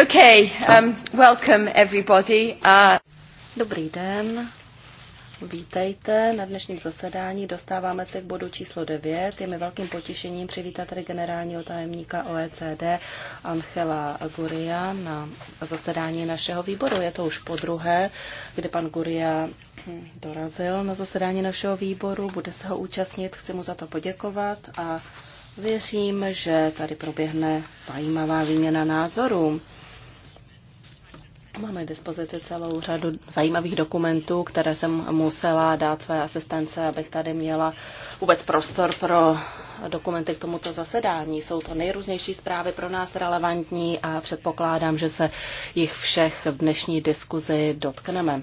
Okay, um, welcome everybody. Uh... Dobrý den, vítejte na dnešním zasedání. Dostáváme se k bodu číslo 9. Je mi velkým potěšením přivítat tady generálního tajemníka OECD Angela Guria na zasedání našeho výboru. Je to už po druhé, kde pan Guria dorazil na zasedání našeho výboru, bude se ho účastnit, chci mu za to poděkovat a věřím, že tady proběhne zajímavá výměna názorů. Máme k dispozici celou řadu zajímavých dokumentů, které jsem musela dát své asistence, abych tady měla vůbec prostor pro dokumenty k tomuto zasedání. Jsou to nejrůznější zprávy pro nás relevantní a předpokládám, že se jich všech v dnešní diskuzi dotkneme.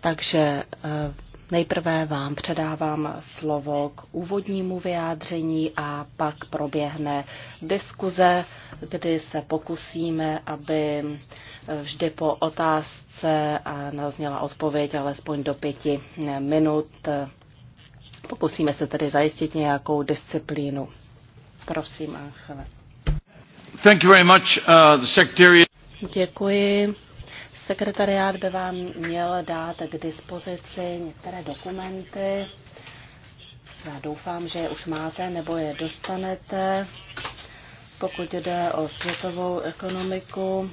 Takže eh, Nejprve vám předávám slovo k úvodnímu vyjádření a pak proběhne diskuze, kdy se pokusíme, aby vždy po otázce nazněla odpověď alespoň do pěti minut. Pokusíme se tedy zajistit nějakou disciplínu. Prosím, Angele. Thank you very much, uh, the Děkuji. Sekretariát by vám měl dát k dispozici některé dokumenty. Já doufám, že je už máte nebo je dostanete. Pokud jde o světovou ekonomiku,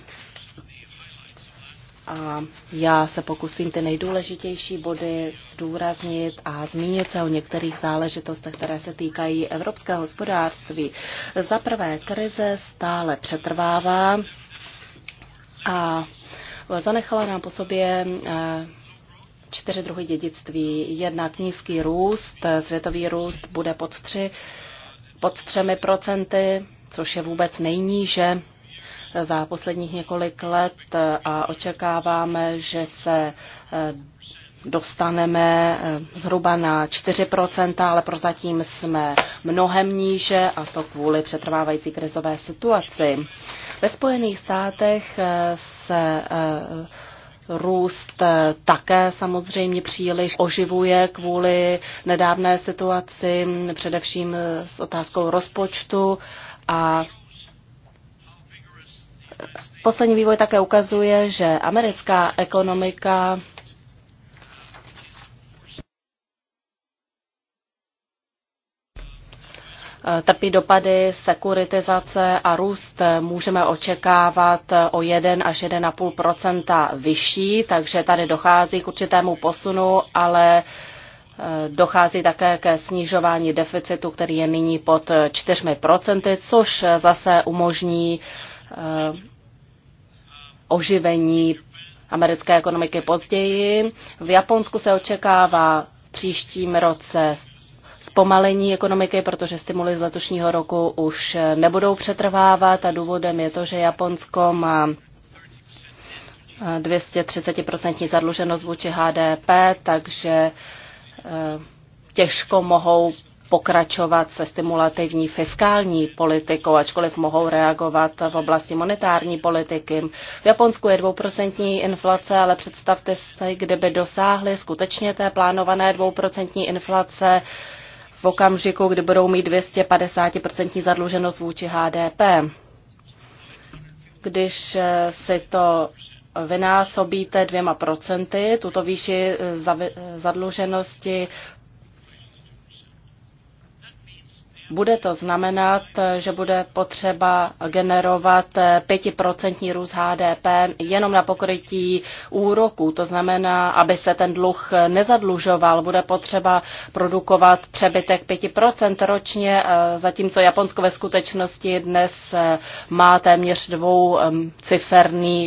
a já se pokusím ty nejdůležitější body zdůraznit a zmínit se o některých záležitostech, které se týkají evropského hospodářství. Za prvé, krize stále přetrvává a Zanechala nám po sobě eh, čtyři druhy dědictví. Jednak nízký růst, eh, světový růst bude pod, tři, pod třemi procenty, což je vůbec nejníže za posledních několik let a očekáváme, že se eh, dostaneme zhruba na 4%, ale prozatím jsme mnohem níže a to kvůli přetrvávající krizové situaci. Ve Spojených státech eh, se eh, růst eh, také samozřejmě příliš oživuje kvůli nedávné situaci, především s otázkou rozpočtu a Poslední vývoj také ukazuje, že americká ekonomika trpí dopady sekuritizace a růst můžeme očekávat o 1 až 1,5 vyšší, takže tady dochází k určitému posunu, ale e, dochází také ke snižování deficitu, který je nyní pod 4 což zase umožní e, oživení americké ekonomiky později. V Japonsku se očekává v příštím roce zpomalení ekonomiky, protože stimuly z letošního roku už nebudou přetrvávat a důvodem je to, že Japonsko má 230% zadluženost vůči HDP, takže eh, těžko mohou pokračovat se stimulativní fiskální politikou, ačkoliv mohou reagovat v oblasti monetární politiky. V Japonsku je dvouprocentní inflace, ale představte si, kdyby dosáhly. skutečně té plánované dvouprocentní inflace, v okamžiku, kdy budou mít 250% zadluženost vůči HDP. Když eh, si to vynásobíte dvěma procenty, tuto výši eh, eh, zadluženosti Bude to znamenat, že bude potřeba generovat 5% růst HDP jenom na pokrytí úroků. To znamená, aby se ten dluh nezadlužoval, bude potřeba produkovat přebytek 5% ročně, eh, zatímco Japonsko ve skutečnosti dnes eh, má téměř dvou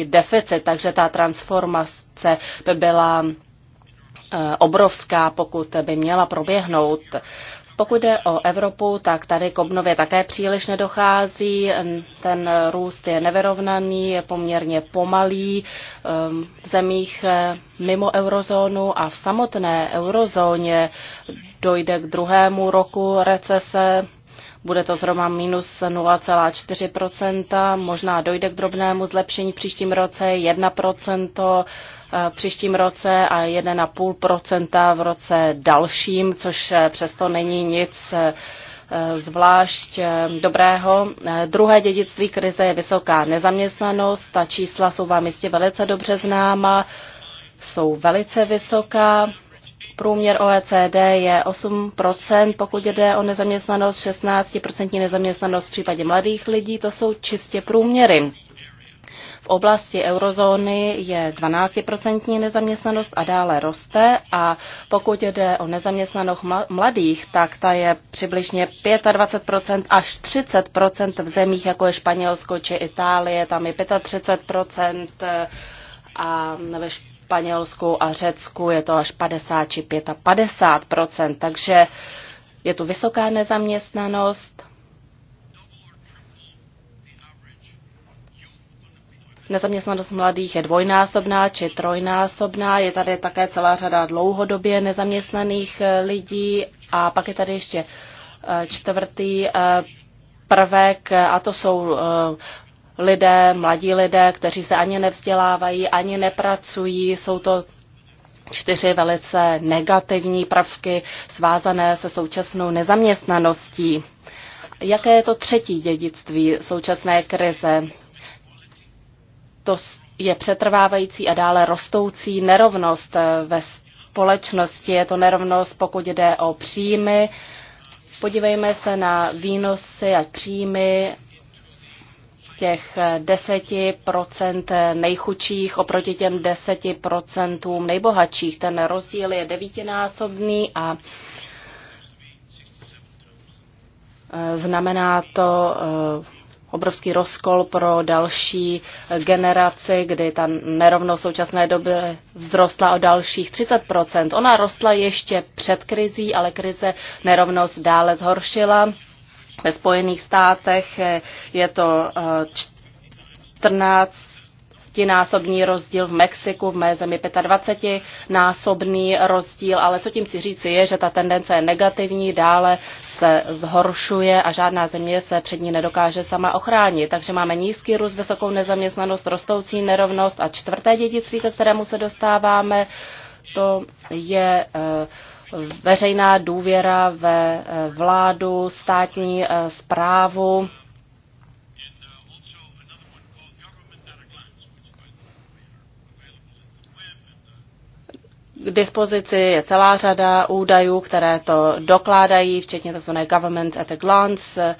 deficit, takže ta transformace by byla eh, obrovská, pokud by měla proběhnout. Pokud jde o Evropu, tak tady k obnově také příliš nedochází. Ten růst je nevyrovnaný, je poměrně pomalý ehm, v zemích eh, mimo eurozónu a v samotné eurozóně dojde k druhému roku recese. Bude to zhruba minus 0,4%, možná dojde k drobnému zlepšení příštím roce 1%, příštím roce a 1,5 v roce dalším, což eh, přesto není nic eh, eh, zvlášť dobrého. Druhé dědictví krize je vysoká nezaměstnanost. Ta čísla jsou vám jistě velice dobře známa, jsou velice vysoká. Průměr OECD je 8%, pokud jde o nezaměstnanost, 16% nezaměstnanost v případě mladých lidí, to jsou čistě průměry oblasti eurozóny je 12% nezaměstnanost a dále roste a pokud jde o nezaměstnanost mladých, tak ta je přibližně 25% až 30% v zemích jako je Španělsko či Itálie, tam je 35% eh, a ve Španělsku a Řecku je to až 50 či 55%, takže je tu vysoká nezaměstnanost, Nezaměstnanost mladých je dvojnásobná či trojnásobná. Je tady také celá řada dlouhodobě nezaměstnaných eh, lidí a pak je tady ještě eh, čtvrtý eh, prvek a to jsou lidé, mladí lidé, kteří se ani nevzdělávají, ani nepracují. Jsou to čtyři velice negativní prvky svázané se současnou nezaměstnaností. Jaké je to třetí dědictví současné krize? to je přetrvávající a dále rostoucí nerovnost eh, ve společnosti. Je to nerovnost, pokud jde o příjmy. Podívejme se na výnosy a příjmy těch 10% eh, eh, nejchudších oproti těm 10% nejbohatších. Ten rozdíl je devítinásobný a znamená to obrovský rozkol pro další generaci, kdy ta nerovnost v současné době vzrostla o dalších 30%. Ona rostla ještě před krizí, ale krize nerovnost dále zhoršila. Ve Spojených státech je to 14 eh, násobný rozdíl v Mexiku, v mé zemi 25 násobný rozdíl, ale co tím chci říci je, že ta tendence je negativní, dále se zhoršuje a žádná země se před ní nedokáže sama ochránit. Takže máme nízký růst, vysokou nezaměstnanost, rostoucí nerovnost a čtvrté dědictví, ke kterému se dostáváme, to je eh, veřejná důvěra ve eh, vládu, státní zprávu eh, K dispozici je celá řada údajů, které to dokládají, včetně tzv. government at a glance,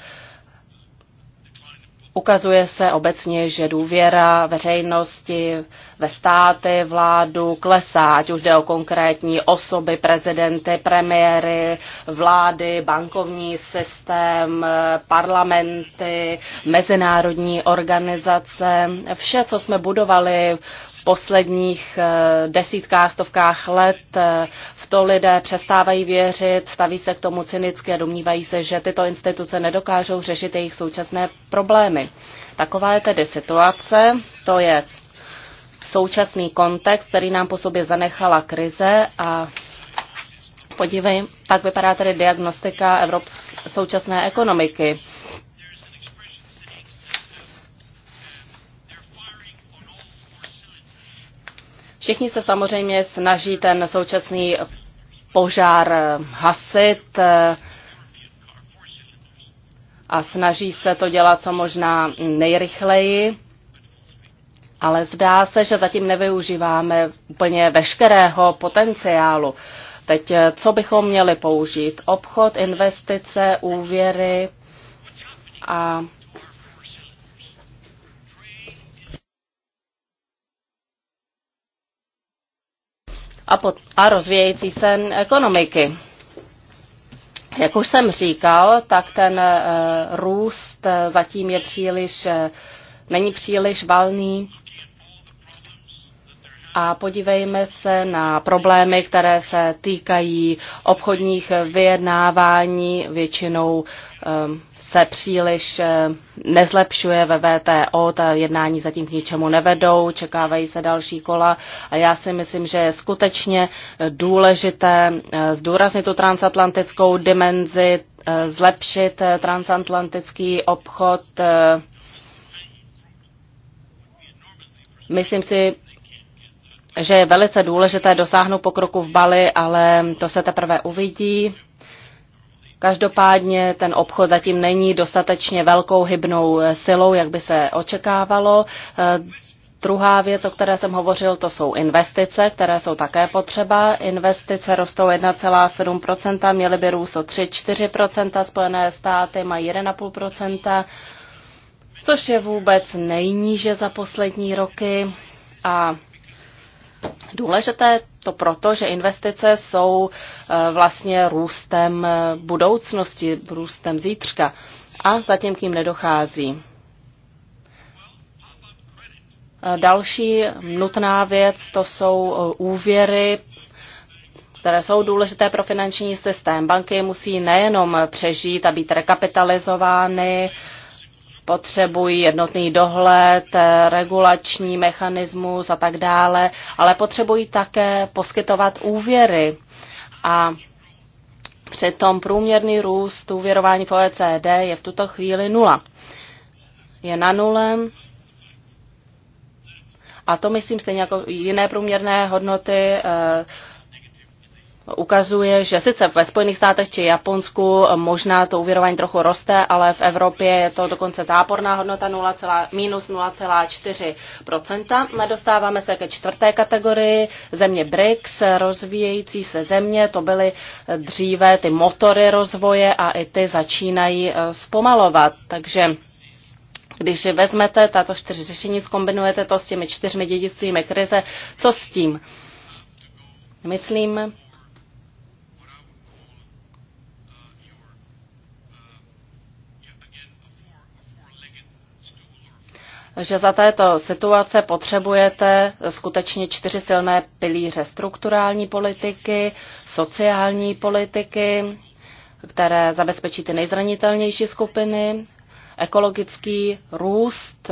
Ukazuje se obecně, že důvěra veřejnosti ve státy, vládu klesá, ať už jde o konkrétní osoby, prezidenty, premiéry, vlády, bankovní systém, parlamenty, mezinárodní organizace. Vše, co jsme budovali v posledních eh, desítkách, stovkách let, eh, v to lidé přestávají věřit, staví se k tomu cynicky a domnívají se, že tyto instituce nedokážou řešit jejich současné problémy. Taková je tedy situace, to je současný kontext, který nám po sobě zanechala krize a podívej, tak vypadá tedy diagnostika evropské současné ekonomiky. Všichni se samozřejmě snaží ten současný požár eh, hasit, eh, a snaží se to dělat co možná nejrychleji, ale zdá se, že zatím nevyužíváme úplně veškerého potenciálu. Teď co bychom měli použít? Obchod, investice, úvěry a a, pod, a rozvíjející se ekonomiky. Jak už jsem říkal, tak ten eh, růst eh, zatím je příliš, eh, není příliš valný. A podívejme se na problémy, které se týkají obchodních vyjednávání většinou Ehm, se příliš ehm, nezlepšuje ve VTO, ta jednání zatím k ničemu nevedou, čekávají se další kola a já si myslím, že je skutečně eh, důležité eh, zdůraznit tu transatlantickou dimenzi, eh, zlepšit transatlantický obchod. Myslím si, že je velice důležité dosáhnout pokroku v Bali, ale to se teprve uvidí. Každopádně ten obchod zatím není dostatečně velkou hybnou eh, silou, jak by se očekávalo. Eh, druhá věc, o které jsem hovořil, to jsou investice, které jsou také potřeba. Investice rostou 1,7%, měly by růst o 3-4%, Spojené státy mají 1,5%, což je vůbec nejníže za poslední roky. A důležité to proto, že investice jsou eh, vlastně růstem eh, budoucnosti, růstem zítřka. A zatím k ním nedochází. Eh, další nutná věc to jsou úvěry, které jsou důležité pro finanční systém. Banky musí nejenom přežít a být rekapitalizovány, potřebují jednotný dohled, eh, regulační mechanismus a tak dále, ale potřebují také poskytovat úvěry. A přitom průměrný růst úvěrování v OECD je v tuto chvíli nula. Je na nule. A to myslím stejně jako jiné průměrné hodnoty eh, ukazuje, že sice ve Spojených státech či Japonsku možná to úvěrování trochu roste, ale v Evropě je to dokonce záporná hodnota 0, minus 0,4%. Nedostáváme se ke čtvrté kategorii země BRICS, rozvíjející se země, to byly dříve ty motory rozvoje a i ty začínají eh, zpomalovat. Takže když vezmete tato čtyři řešení, zkombinujete to s těmi čtyřmi dědictvími krize, co s tím? Myslím, že za této situace potřebujete skutečně čtyři silné pilíře strukturální politiky, sociální politiky, které zabezpečí ty nejzranitelnější skupiny, ekologický růst,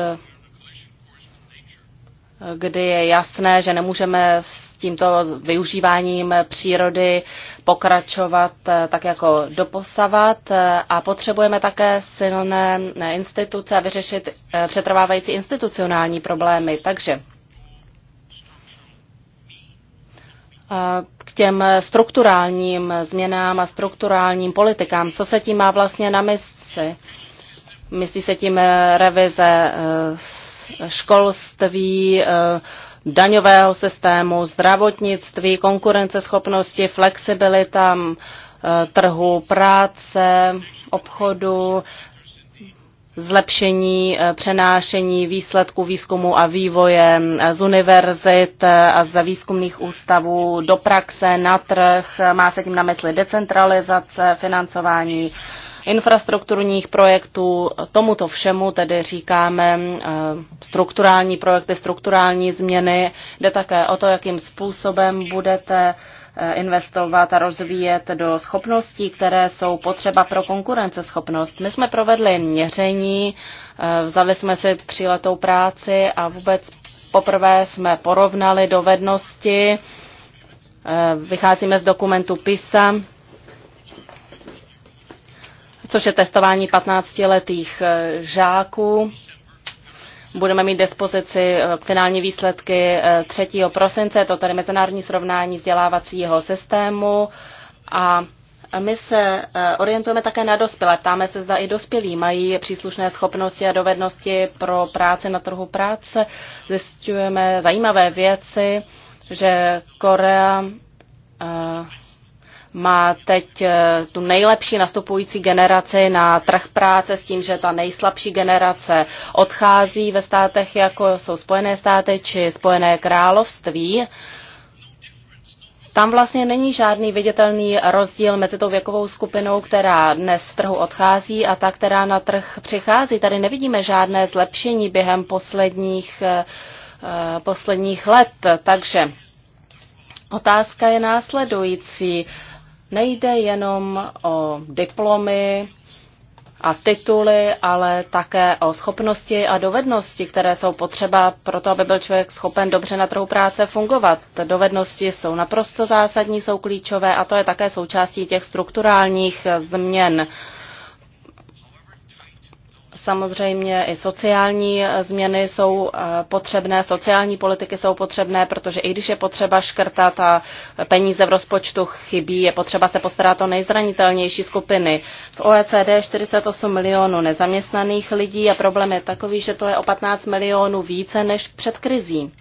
kdy je jasné, že nemůžeme s tímto využíváním přírody pokračovat eh, tak jako doposavat eh, a potřebujeme také silné eh, instituce a vyřešit přetrvávající institucionální problémy. Takže k těm strukturálním změnám a strukturálním politikám, co se tím má vlastně na mysli? Myslí se tím revize školství, eh, daňového systému, zdravotnictví, konkurenceschopnosti, flexibilita eh, trhu práce, obchodu, zlepšení eh, přenášení výsledků výzkumu a vývoje z univerzit a ze výzkumných ústavů do praxe, na trh. Má se tím na mysli decentralizace, financování infrastrukturních projektů. Tomuto všemu tedy říkáme eh, strukturální projekty, strukturální změny. Jde také o to, jakým způsobem budete eh, investovat a rozvíjet do schopností, které jsou potřeba pro konkurenceschopnost. My jsme provedli měření, eh, vzali jsme si tříletou práci a vůbec poprvé jsme porovnali dovednosti. Vycházíme z dokumentu PISA, což je testování 15-letých eh, žáků. Budeme mít dispozici eh, finální výsledky 3. Eh, prosince, to tady mezinárodní srovnání vzdělávacího systému a my se orientujeme také na dospělé. Ptáme se, zda i dospělí mají příslušné schopnosti a dovednosti pro práci na trhu práce. Zjišťujeme zajímavé věci, že Korea má teď eh, tu nejlepší nastupující generaci na trh práce s tím, že ta nejslabší generace odchází ve státech, jako jsou Spojené státy či Spojené království. Tam vlastně není žádný viditelný rozdíl mezi tou věkovou skupinou, která dnes z trhu odchází a ta, která na trh přichází. Tady nevidíme žádné zlepšení během posledních, eh, eh, posledních let. Takže otázka je následující. Nejde jenom o diplomy a tituly, ale také o schopnosti a dovednosti, které jsou potřeba pro to, aby byl člověk schopen dobře na trhu práce fungovat. Dovednosti jsou naprosto zásadní, jsou klíčové a to je také součástí těch strukturálních změn. Samozřejmě i sociální eh, změny jsou eh, potřebné, sociální politiky jsou potřebné, protože i když je potřeba škrtat a peníze v rozpočtu chybí, je potřeba se postarat o nejzranitelnější skupiny. V OECD 48 milionů nezaměstnaných lidí a problém je takový, že to je o 15 milionů více než před krizí.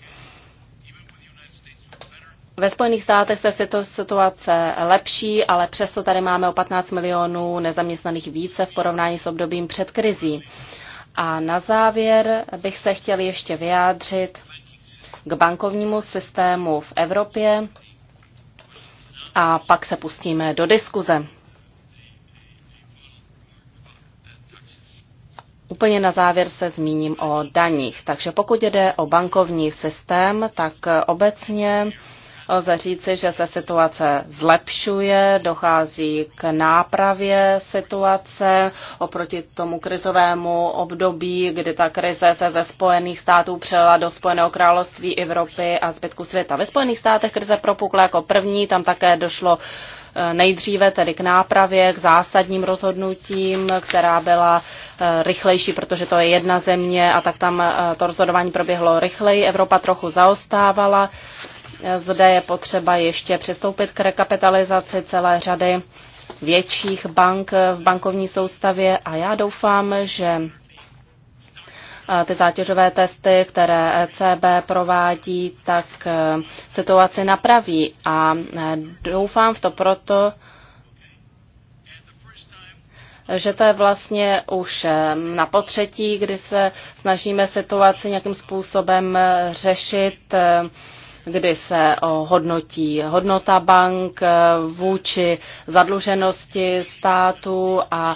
Ve Spojených státech se to situace lepší, ale přesto tady máme o 15 milionů nezaměstnaných více v porovnání s obdobím před krizí. A na závěr bych se chtěl ještě vyjádřit k bankovnímu systému v Evropě a pak se pustíme do diskuze. Úplně na závěr se zmíním o daních. Takže pokud jde o bankovní systém, tak obecně Lze říci, že se situace zlepšuje, dochází k nápravě situace oproti tomu krizovému období, kdy ta krize se ze Spojených států přela do Spojeného království Evropy a zbytku světa. Ve Spojených státech krize propukla jako první, tam také došlo eh, nejdříve tedy k nápravě, k zásadním rozhodnutím, která byla eh, rychlejší, protože to je jedna země a tak tam eh, to rozhodování proběhlo rychleji. Evropa trochu zaostávala. Zde je potřeba ještě přistoupit k rekapitalizaci celé řady větších bank v bankovní soustavě a já doufám, že ty zátěžové testy, které ECB provádí, tak e, situaci napraví. A e, doufám v to proto, že to je vlastně už e, na potřetí, kdy se snažíme situaci nějakým způsobem řešit kdy se hodnotí hodnota bank eh, vůči zadluženosti státu a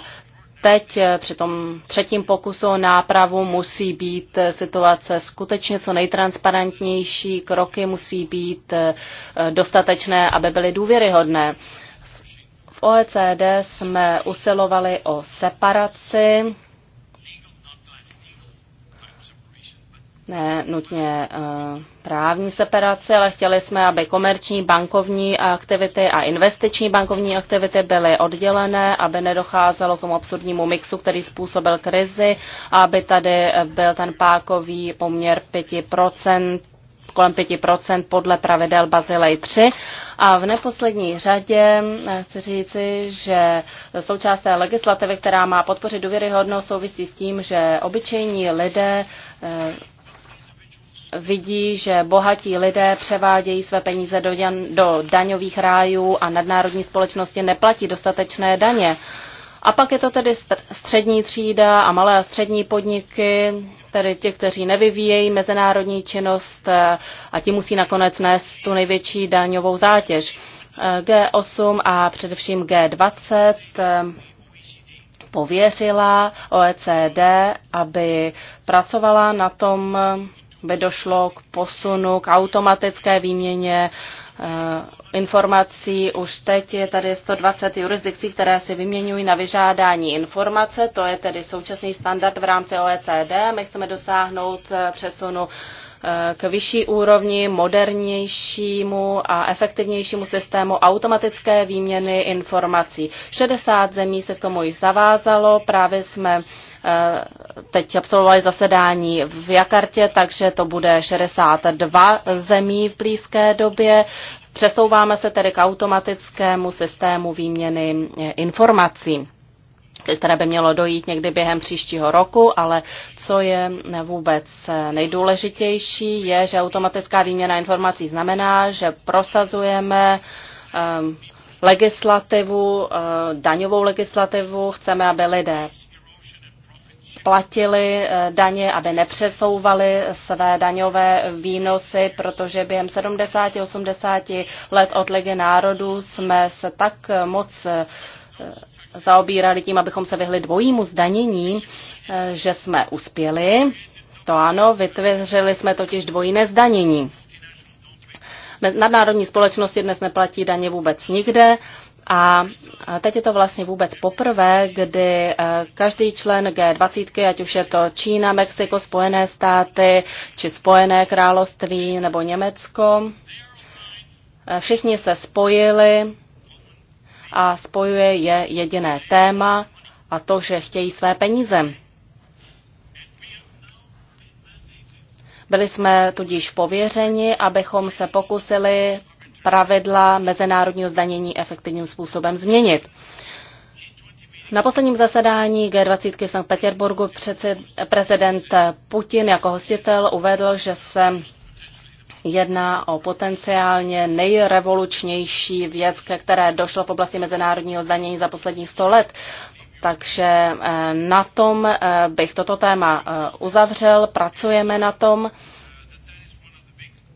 teď eh, při tom třetím pokusu o nápravu musí být eh, situace skutečně co nejtransparentnější, kroky musí být dostatečné, aby byly důvěryhodné. V OECD jsme usilovali o separaci ne nutně eh, právní separaci, ale chtěli jsme, aby komerční bankovní aktivity a investiční bankovní aktivity byly oddělené, aby nedocházelo k tomu absurdnímu mixu, který způsobil krizi, aby tady byl ten pákový poměr 5%, kolem 5% podle pravidel Bazilej 3. A v neposlední řadě eh, chci říci, že součást té legislativy, která má podpořit důvěryhodnost, souvisí s tím, že obyčejní lidé eh, vidí, že bohatí lidé převádějí své peníze do, jan, do daňových rájů a nadnárodní společnosti neplatí dostatečné daně. A pak je to tedy střední třída a malé a střední podniky, tedy ti, kteří nevyvíjejí mezinárodní činnost eh, a ti musí nakonec nést tu největší daňovou zátěž. Eh, G8 a především G20 eh, pověřila OECD, aby pracovala na tom by došlo k posunu, k automatické výměně eh, informací. Už teď je tady 120 jurisdikcí, které si vyměňují na vyžádání informace. To je tedy současný standard v rámci OECD. My chceme dosáhnout eh, přesunu eh, k vyšší úrovni, modernějšímu a efektivnějšímu systému automatické výměny informací. 60 zemí se k tomu již zavázalo, právě jsme Eh, teď absolvovali zasedání v Jakartě, takže to bude 62 zemí v blízké době. Přesouváme se tedy k automatickému systému výměny eh, informací které by mělo dojít někdy během příštího roku, ale co je vůbec eh, nejdůležitější, je, že automatická výměna informací znamená, že prosazujeme legislativu, daňovou legislativu, chceme, aby lidé platili eh, daně, aby nepřesouvali své daňové výnosy, protože během 70-80 let od Ligy národů jsme se tak moc eh, zaobírali tím, abychom se vyhli dvojímu zdanění, eh, že jsme uspěli. To ano, vytvořili jsme totiž dvojné zdanění. Nadnárodní společnosti dnes neplatí daně vůbec nikde a teď je to vlastně vůbec poprvé, kdy eh, každý člen G20, ať už je to Čína, Mexiko, Spojené státy, či Spojené království nebo Německo, eh, všichni se spojili a spojuje je jediné téma a to, že chtějí své peníze. Byli jsme tudíž pověřeni, abychom se pokusili pravidla mezinárodního zdanění efektivním způsobem změnit. Na posledním zasedání G20 v Sankt Petersburgu prezident Putin jako hostitel uvedl, že se jedná o potenciálně nejrevolučnější věc, ke které došlo v oblasti mezinárodního zdanění za posledních 100 let. Takže eh, na tom eh, bych toto téma eh, uzavřel, pracujeme na tom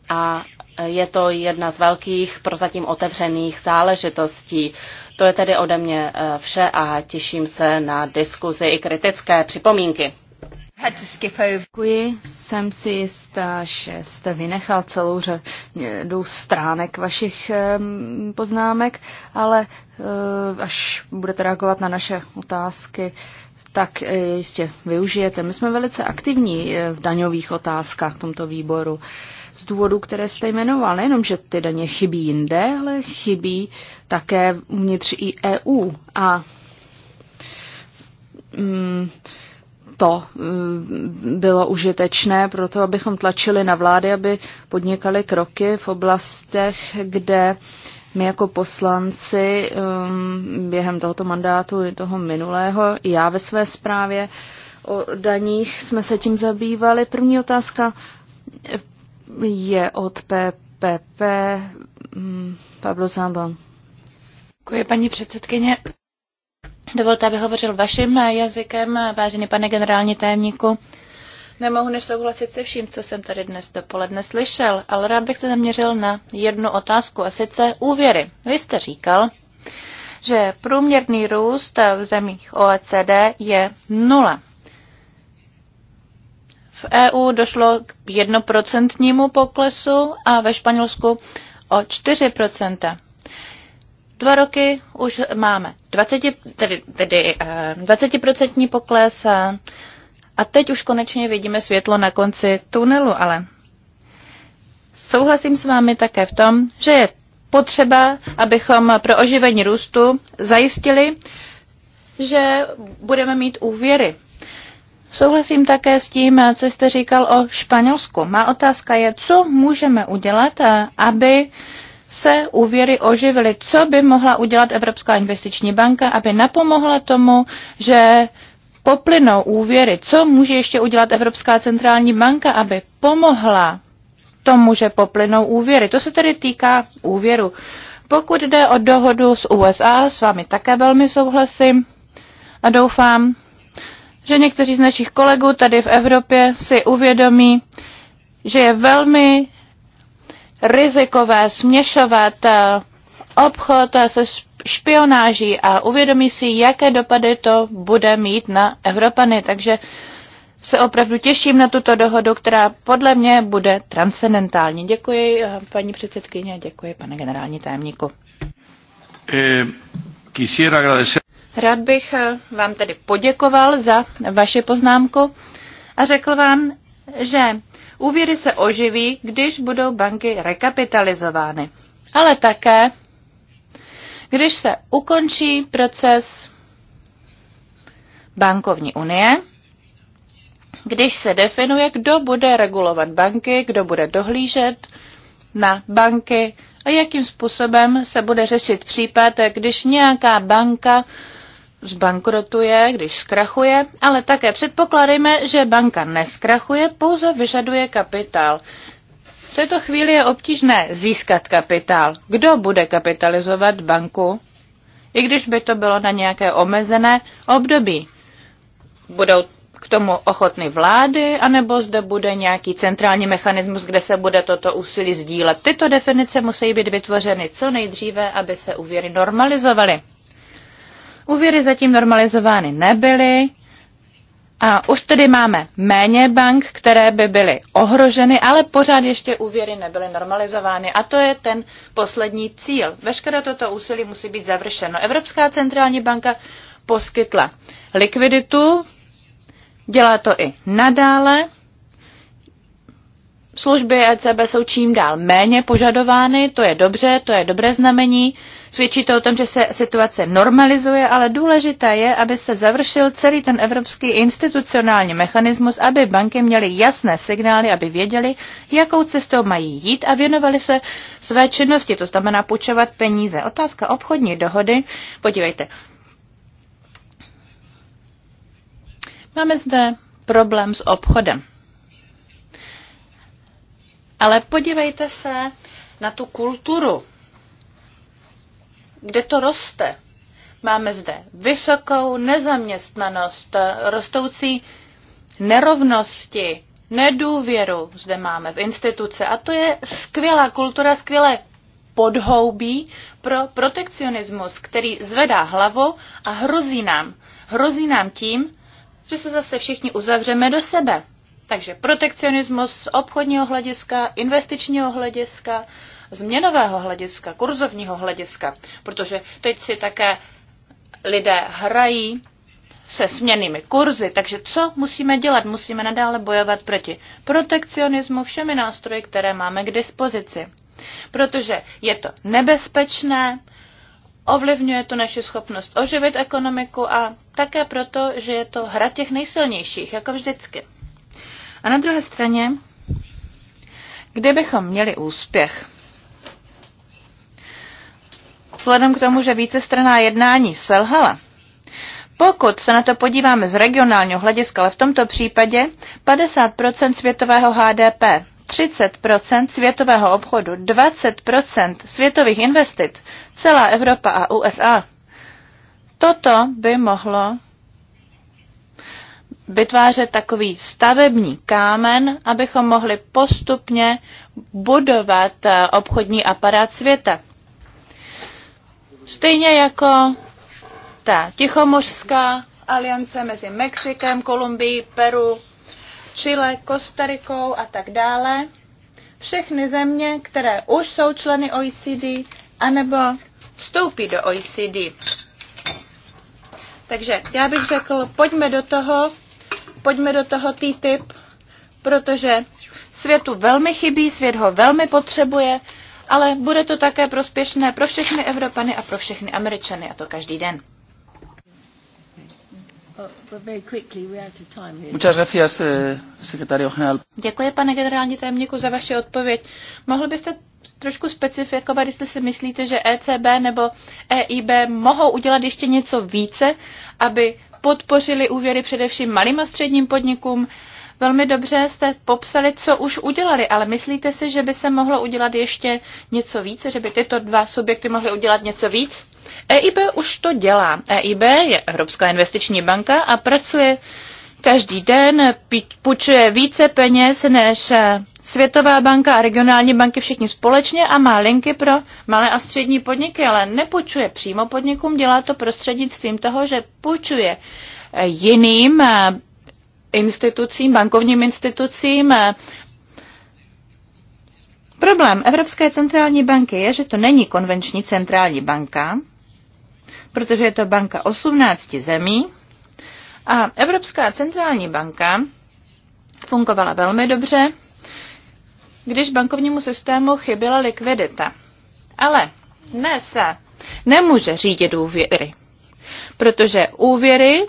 a je to jedna z velkých prozatím otevřených záležitostí. To je tedy ode mě eh, vše a těším se na diskuzi i kritické připomínky. Děkuji, jsem si jistá, že jste vynechal celou řadu stránek vašich ehm, poznámek, ale eh, až budete reagovat na naše otázky, tak eh, jistě využijete. My jsme velice aktivní v daňových otázkách tomto výboru z důvodů, které jste jmenoval. Nejenom, že ty daně chybí jinde, ale chybí také uvnitř i EU. A mm, to mm, bylo užitečné pro to, abychom tlačili na vlády, aby podnikali kroky v oblastech, kde my jako poslanci mm, během tohoto mandátu i toho minulého, i já ve své zprávě o daních jsme se tím zabývali. První otázka, je od PPP mm, Pablo Zambon. Děkuji, paní předsedkyně. Dovolte, abych hovořil vaším jazykem, vážený pane generální tajemníku. Nemohu než souhlasit se vším, co jsem tady dnes dopoledne slyšel, ale rád bych se zaměřil na jednu otázku, a sice úvěry. Vy jste říkal, že průměrný růst v zemích OECD je nula. V EU došlo k jednoprocentnímu poklesu a ve Španělsku o 4%. Dva roky už máme 20, tedy, tedy 20% eh, pokles a, a teď už konečně vidíme světlo na konci tunelu, ale souhlasím s vámi také v tom, že je potřeba, abychom pro oživení růstu zajistili, že budeme mít úvěry Souhlasím také s tím, co jste říkal o Španělsku. Má otázka je, co můžeme udělat, eh, aby se úvěry oživily. Co by mohla udělat Evropská investiční banka, aby napomohla tomu, že poplynou úvěry? Co může ještě udělat Evropská centrální banka, aby pomohla tomu, že poplynou úvěry? To se tedy týká úvěru. Pokud jde o dohodu s USA, s vámi také velmi souhlasím a doufám, že někteří z našich kolegů tady v Evropě si uvědomí, že je velmi rizikové směšovat eh, obchod eh, se špionáží a uvědomí si, jaké dopady to bude mít na Evropany. Takže se opravdu těším na tuto dohodu, která podle mě bude transcendentální. Děkuji eh, paní předsedkyně, děkuji pane generální tajemníku. Eh, Rád bych eh, vám tedy poděkoval za vaše poznámku a řekl vám, že úvěry se oživí, když budou banky rekapitalizovány, ale také, když se ukončí proces bankovní unie, když se definuje, kdo bude regulovat banky, kdo bude dohlížet na banky a jakým způsobem se bude řešit případ, když nějaká banka zbankrotuje, když zkrachuje, ale také předpokladejme, že banka neskrachuje, pouze vyžaduje kapitál. V této chvíli je obtížné získat kapitál. Kdo bude kapitalizovat banku, i když by to bylo na nějaké omezené období? Budou k tomu ochotny vlády, anebo zde bude nějaký centrální mechanismus, kde se bude toto úsilí sdílet. Tyto definice musí být vytvořeny co nejdříve, aby se úvěry normalizovaly. Úvěry zatím normalizovány nebyly a už tedy máme méně bank, které by byly ohroženy, ale pořád ještě úvěry nebyly normalizovány. A to je ten poslední cíl. Veškeré toto úsilí musí být završeno. Evropská centrální banka poskytla likviditu, dělá to i nadále služby ECB jsou čím dál méně požadovány, to je dobře, to je dobré znamení. Svědčí to o tom, že se situace normalizuje, ale důležité je, aby se završil celý ten evropský institucionální mechanismus, aby banky měly jasné signály, aby věděli, jakou cestou mají jít a věnovaly se své činnosti, to znamená půjčovat peníze. Otázka obchodní dohody, podívejte. Máme zde problém s obchodem. Ale podívejte se na tu kulturu, kde to roste. Máme zde vysokou nezaměstnanost, rostoucí nerovnosti, nedůvěru zde máme v instituce. A to je skvělá kultura, skvělé podhoubí pro protekcionismus, který zvedá hlavu a hrozí nám. Hrozí nám tím, že se zase všichni uzavřeme do sebe. Takže protekcionismus z obchodního hlediska, investičního hlediska, změnového hlediska, kurzovního hlediska, protože teď si také lidé hrají se směnými kurzy, takže co musíme dělat? Musíme nadále bojovat proti protekcionismu všemi nástroji, které máme k dispozici. Protože je to nebezpečné, ovlivňuje to naši schopnost oživit ekonomiku a také proto, že je to hra těch nejsilnějších, jako vždycky. A na druhé straně, kdybychom měli úspěch, vzhledem k tomu, že vícestraná jednání selhala, pokud se na to podíváme z regionálního hlediska, ale v tomto případě 50% světového HDP, 30% světového obchodu, 20% světových investic, celá Evropa a USA, toto by mohlo vytvářet takový stavební kámen, abychom mohli postupně budovat eh, obchodní aparát světa. Stejně jako ta Tichomořská aliance mezi Mexikem, Kolumbií, Peru, Chile, Kostarikou a tak dále. Všechny země, které už jsou členy OECD, anebo vstoupí do OECD. Takže já bych řekl, pojďme do toho, pojďme do toho TTIP, protože světu velmi chybí, svět ho velmi potřebuje, ale bude to také prospěšné pro všechny Evropany a pro všechny Američany, a to každý den. Eh, Děkuji, pane generální tajemníku, za vaši odpověď. Mohl byste trošku specifikovat, jestli si myslíte, že ECB nebo EIB mohou udělat ještě něco více, aby podpořili úvěry především malým a středním podnikům. Velmi dobře jste popsali, co už udělali, ale myslíte si, že by se mohlo udělat ještě něco víc, že by tyto dva subjekty mohly udělat něco víc? EIB už to dělá. EIB je Evropská investiční banka a pracuje každý den půjčuje více peněz než eh, Světová banka a regionální banky všichni společně a má linky pro malé a střední podniky, ale nepůjčuje přímo podnikům, dělá to prostřednictvím toho, že půjčuje eh, jiným eh, institucím, bankovním institucím. Problém Evropské centrální banky je, že to není konvenční centrální banka, protože je to banka 18 zemí, a Evropská centrální banka fungovala velmi dobře, když bankovnímu systému chyběla likvidita. Ale dnes nemůže řídit úvěry, protože úvěry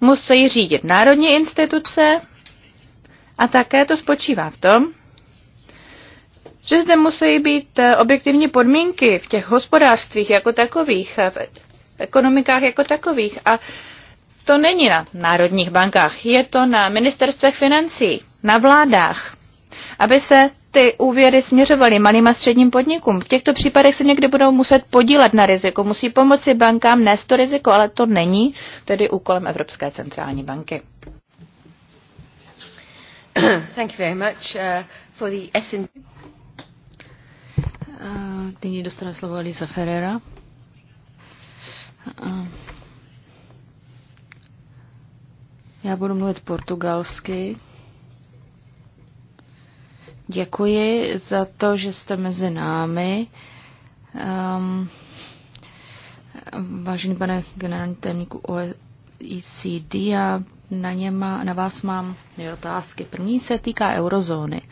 musí řídit národní instituce a také to spočívá v tom, že zde musí být eh, objektivní podmínky v těch hospodářstvích jako takových, eh, ekonomikách jako takových. A to není na národních bankách, je to na ministerstvech financí, na vládách, aby se ty úvěry směřovaly malým a středním podnikům. V těchto případech se někdy budou muset podílet na riziku, musí pomoci bankám nést to riziko, ale to není tedy úkolem Evropské centrální banky. Thank you very much uh, for the uh, Nyní dostane slovo Elisa Ferreira. Já budu mluvit portugalsky. Děkuji za to, že jste mezi námi. Um, vážený pane generální tajemníku OECD, já na, něm, na vás mám dvě otázky. První se týká eurozóny.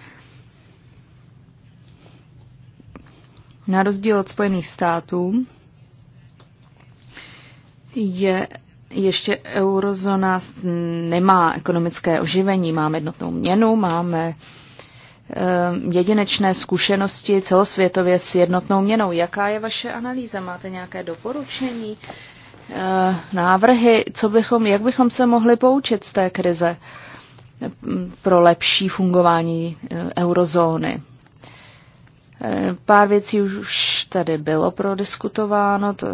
Na rozdíl od Spojených států, je ještě eurozona nemá ekonomické oživení, máme jednotnou měnu, máme eh, jedinečné zkušenosti celosvětově s jednotnou měnou. Jaká je vaše analýza? Máte nějaké doporučení, eh, návrhy, co bychom, jak bychom se mohli poučit z té krize mm, pro lepší fungování eh, eurozóny? Eh, pár věcí už tady bylo prodiskutováno, to, eh,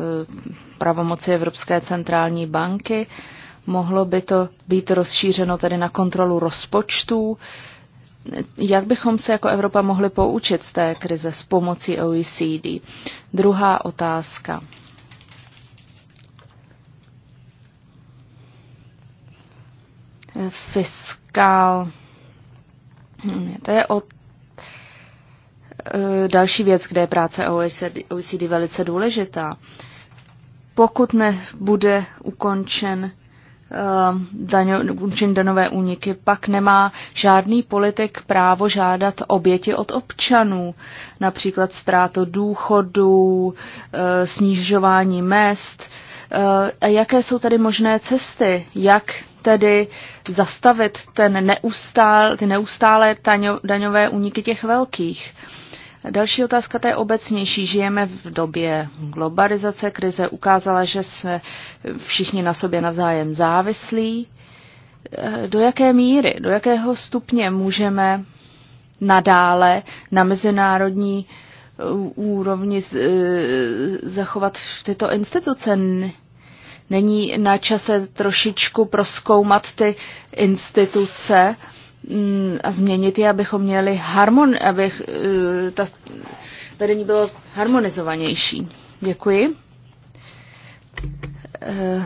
pravomoci Evropské centrální banky, mohlo by to být rozšířeno tedy na kontrolu rozpočtů. Eh, jak bychom se jako Evropa mohli poučit z té krize s pomocí OECD? Druhá otázka. Fiskál. Hmm, to je od Eh, další věc, kde je práce OECD, OECD velice důležitá. Pokud nebude ukončen eh, daňo, danové úniky, pak nemá žádný politik právo žádat oběti od občanů, například ztrátu důchodů, eh, snižování mest. A jaké jsou tady možné cesty, jak tedy zastavit ten neustál, ty neustálé daňové úniky těch velkých? Další otázka, to je obecnější. Žijeme v době globalizace. Krize ukázala, že se všichni na sobě navzájem závislí. Eh, do jaké míry, do jakého stupně můžeme nadále na mezinárodní eh, úrovni eh, zachovat tyto instituce? Není na čase trošičku proskoumat ty instituce Mm, a změnit je, abychom měli harmon, uh, ta vedení bylo harmonizovanější. Děkuji. Eh,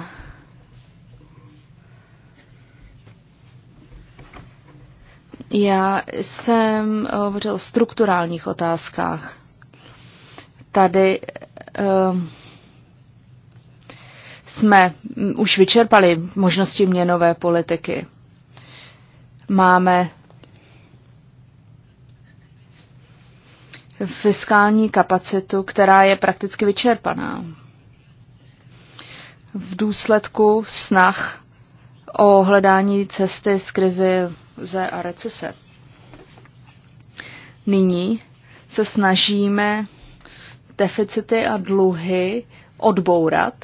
já jsem hovořil o strukturálních otázkách. Tady eh, jsme už vyčerpali možnosti měnové politiky máme fiskální kapacitu, která je prakticky vyčerpaná. V důsledku snah o hledání cesty z krize a recese. Nyní se snažíme deficity a dluhy odbourat.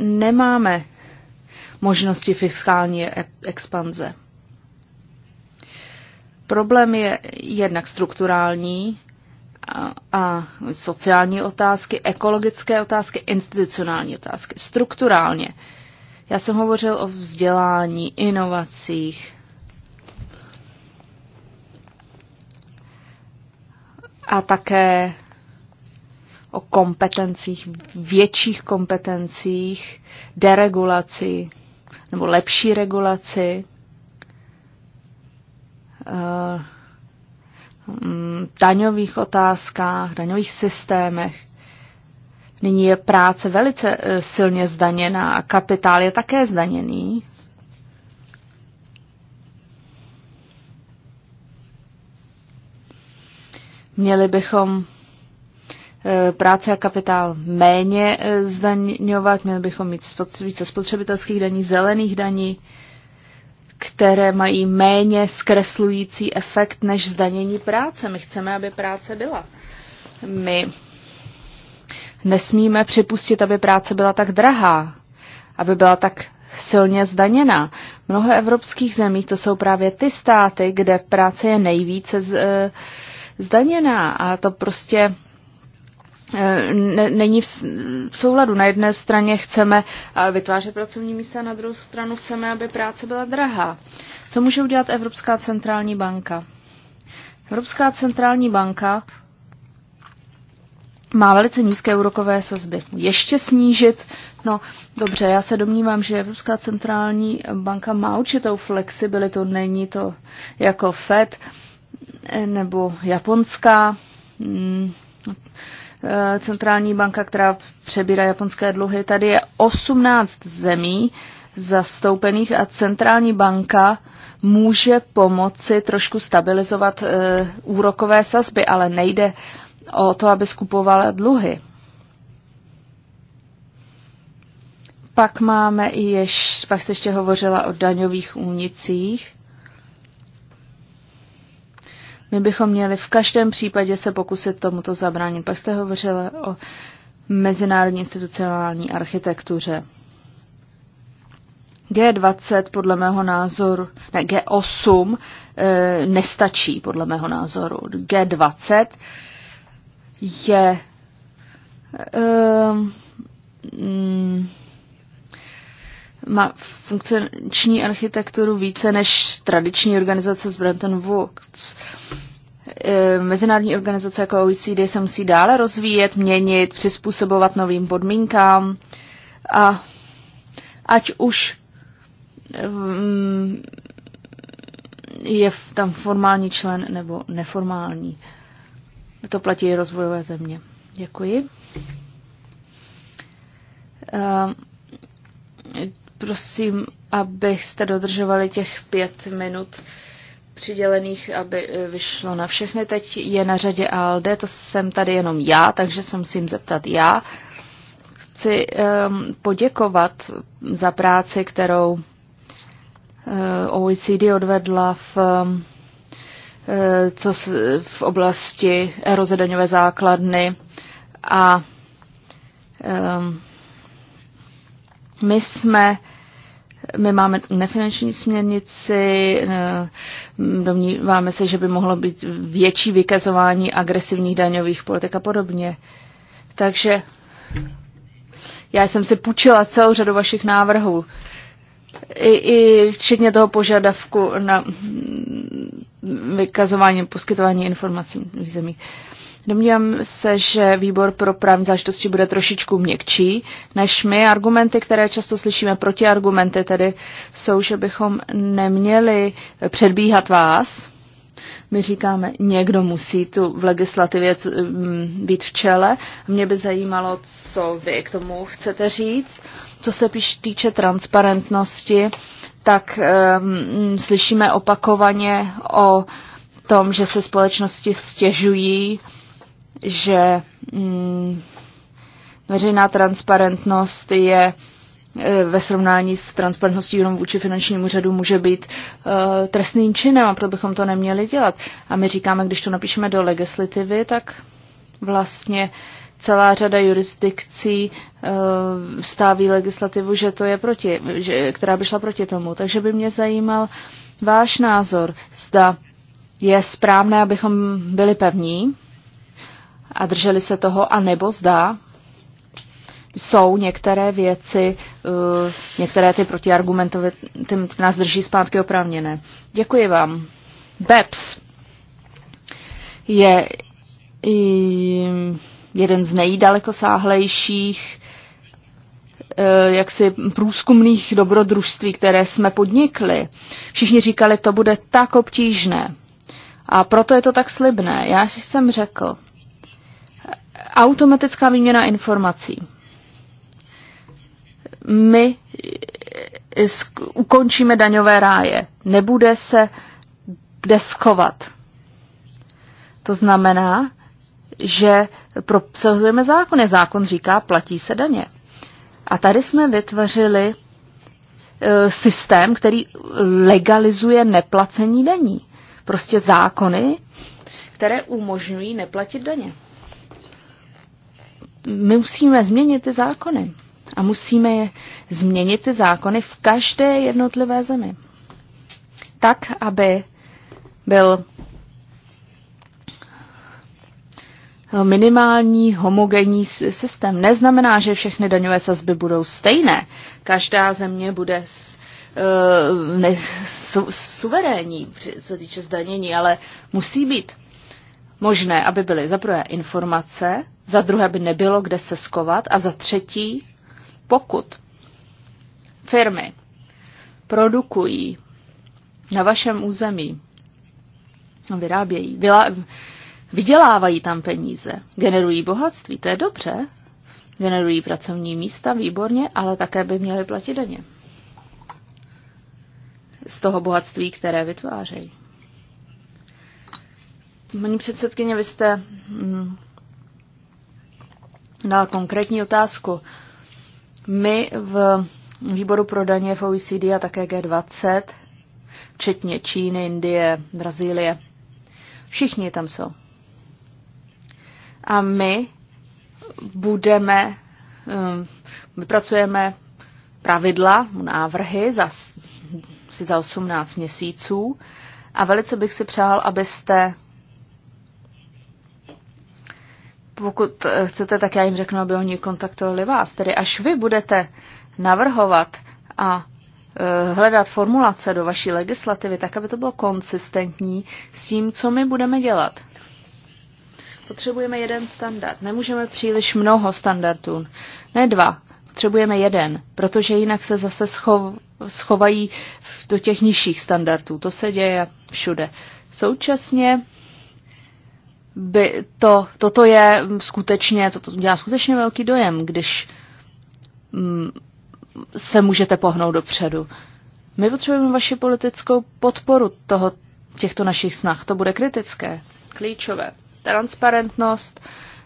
Nemáme možnosti fiskální e- expanze. Problém je jednak strukturální a, a sociální otázky, ekologické otázky, institucionální otázky. Strukturálně. Já jsem hovořil o vzdělání, inovacích, a také o kompetencích, větších kompetencích, deregulaci nebo lepší regulaci. Eh, daňových otázkách, daňových systémech. Nyní je práce velice eh, silně zdaněná a kapitál je také zdaněný. Měli bychom eh, práce a kapitál méně zdaňovat, měli bychom mít více spotřebitelských daní, zelených daní, které mají méně zkreslující efekt než zdanění práce. My chceme, aby práce byla. My nesmíme připustit, aby práce byla tak drahá, aby byla tak silně zdaněná. Mnoho evropských zemí to jsou právě ty státy, kde práce je nejvíce eh, zdaněná a to prostě Eh, není v souladu. Na jedné straně chceme eh, vytvářet pracovní místa, na druhou stranu chceme, aby práce byla drahá. Co může udělat Evropská centrální banka? Evropská centrální banka má velice nízké úrokové sazby. Ještě snížit, no dobře, já se domnívám, že Evropská centrální banka má určitou flexibilitu, není to jako FED eh, nebo japonská hmm, Eh, centrální banka, která přebírá japonské dluhy. Tady je 18 zemí zastoupených a centrální banka může pomoci trošku stabilizovat eh, úrokové sazby, ale nejde o to, aby skupovala dluhy. Pak máme i ješ, pak jste ještě hovořila o daňových únicích. My bychom měli v každém případě se pokusit tomuto zabránit. Pak jste hovořila o mezinárodní institucionální architektuře. G20 podle mého názoru, ne, G8 e, eh, nestačí podle mého názoru. G20 je e, mm, má funkční architekturu více než tradiční organizace z Bretton Woods. E, mezinárodní organizace jako OECD se musí dále rozvíjet, měnit, přizpůsobovat novým podmínkám a ať už mm, je tam formální člen nebo neformální. To platí rozvojové země. Děkuji. E, Prosím, abyste dodržovali těch pět minut přidělených, aby eh, vyšlo na všechny. Teď je na řadě ALD, to jsem tady jenom já, takže se musím zeptat já. Chci um, poděkovat za práci, kterou uh, eh, OECD odvedla v, uh, co se, v oblasti eroze daňové základny a um, my jsme uh, my máme nefinanční směrnici, eh, domníváme se, že by mohlo být větší vykazování agresivních daňových politik a podobně. Takže já jsem si půjčila celou řadu vašich návrhů. I, i včetně toho požadavku na mm, vykazování, poskytování informací v zemích. Domnívám se, že výbor pro právní záležitosti bude trošičku měkčí než my. Argumenty, které často slyšíme, protiargumenty tedy jsou, že bychom neměli předbíhat vás. My říkáme, někdo musí tu v legislativě mm, být v čele. Mě by zajímalo, co vy k tomu chcete říct. Co se píš týče transparentnosti, tak um, slyšíme opakovaně o tom, že se společnosti stěžují že mm, veřejná transparentnost je eh, ve srovnání s transparentností jenom vůči finančnímu úřadu může být uh, trestným činem a proto bychom to neměli dělat. A my říkáme, když to napíšeme do legislativy, tak vlastně celá řada jurisdikcí uh, eh, stáví legislativu, že to je proti, že, která by šla proti tomu. Takže by mě zajímal váš názor, zda je správné, abychom byli pevní a drželi se toho, a nebo zdá, jsou některé věci, eh, některé ty ty nás drží zpátky oprávněné. Děkuji vám. BEPS je jeden z nejdalekosáhlejších eh, jaksi průzkumných dobrodružství, které jsme podnikli. Všichni říkali, to bude tak obtížné. A proto je to tak slibné. Já jsem řekl, automatická výměna informací. My eh, ukončíme daňové ráje. Nebude se kde schovat. To znamená, že prosazujeme zákony. Zákon říká, platí se daně. A tady jsme vytvořili eh, systém, který legalizuje neplacení daní. Prostě zákony, které umožňují neplatit daně my musíme změnit ty zákony. A musíme je změnit ty zákony v každé jednotlivé zemi. Tak, aby byl minimální homogenní systém. Neznamená, že všechny daňové sazby budou stejné. Každá země bude eh, ne, su, suverénní, co týče zdanění, ale musí být možné, aby byly za prvé informace, za druhé, aby nebylo kde se skovat a za třetí, pokud firmy produkují na vašem území, vyrábějí, vydělávají tam peníze, generují bohatství, to je dobře, generují pracovní místa, výborně, ale také by měly platit daně z toho bohatství, které vytvářejí. Paní předsedkyně, vy jste na mm, konkrétní otázku. My v výboru pro daně v OECD a také G20, včetně Číny, Indie, Brazílie, všichni tam jsou. A my budeme, vypracujeme mm, pravidla, návrhy za, si za 18 měsíců a velice bych si přál, abyste Pokud eh, chcete, tak já jim řeknu, aby oni kontaktovali vás. Tedy až vy budete navrhovat a eh, hledat formulace do vaší legislativy, tak aby to bylo konsistentní s tím, co my budeme dělat. Potřebujeme jeden standard. Nemůžeme příliš mnoho standardů. Ne dva. Potřebujeme jeden, protože jinak se zase schov, schovají do těch nižších standardů. To se děje všude. Současně by to, toto je mm, skutečně, toto dělá skutečně velký dojem, když mm, se můžete pohnout dopředu. My potřebujeme vaši politickou podporu toho, těchto našich snah. To bude kritické, klíčové. Transparentnost,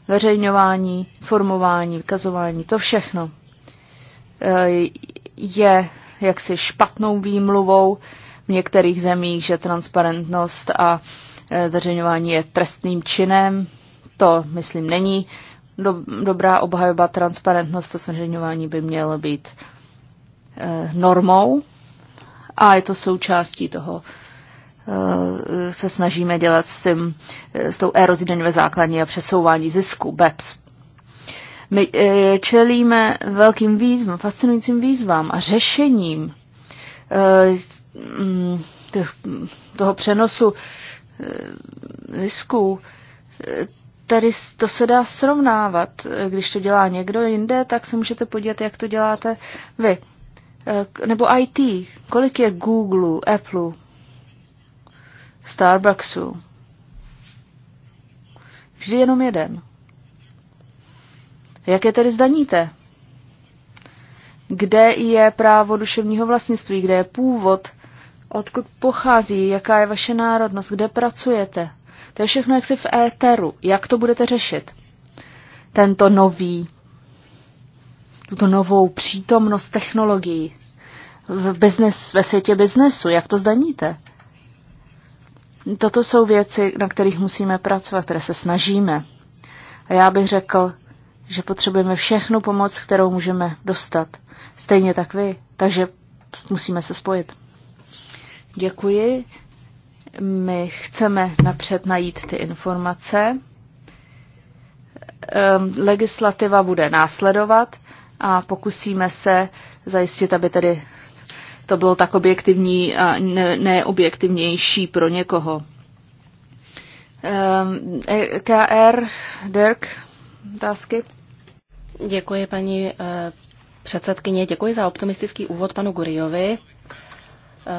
veřejňování, formování, vykazování, to všechno e, je jaksi špatnou výmluvou v některých zemích, že transparentnost a Zveřejňování je trestným činem, to, myslím, není do, dobrá obhajoba. Transparentnost a zveřejňování by mělo být eh, normou a je to součástí toho, eh, se snažíme dělat s, tím, eh, s tou erozí daňové základní a přesouvání zisku, BEPS. My čelíme velkým výzvám, fascinujícím výzvám a řešením mm, toho přenosu zisků. Eh, eh, tady to se dá srovnávat. Eh, když to dělá někdo jinde, tak se můžete podívat, jak to děláte vy. Nebo IT. Kolik je Google, Apple, Starbucksu? Vždy jenom jeden. Jak je tedy zdaníte? Kde je právo duševního vlastnictví? Kde je původ odkud pochází, jaká je vaše národnost, kde pracujete. To je všechno jaksi v éteru. Jak to budete řešit? Tento nový, tuto novou přítomnost technologií v business, ve světě biznesu, jak to zdaníte? Toto jsou věci, na kterých musíme pracovat, které se snažíme. A já bych řekl, že potřebujeme všechnu pomoc, kterou můžeme dostat. Stejně tak vy. Takže musíme se spojit. Děkuji. My chceme napřed najít ty informace. Ehm, legislativa bude následovat a pokusíme se zajistit, aby tedy to bylo tak objektivní a neobjektivnější pro někoho. Ehm, e KR Dirk, otázky? Děkuji, paní eh, předsedkyně. Děkuji za optimistický úvod panu Guriovi.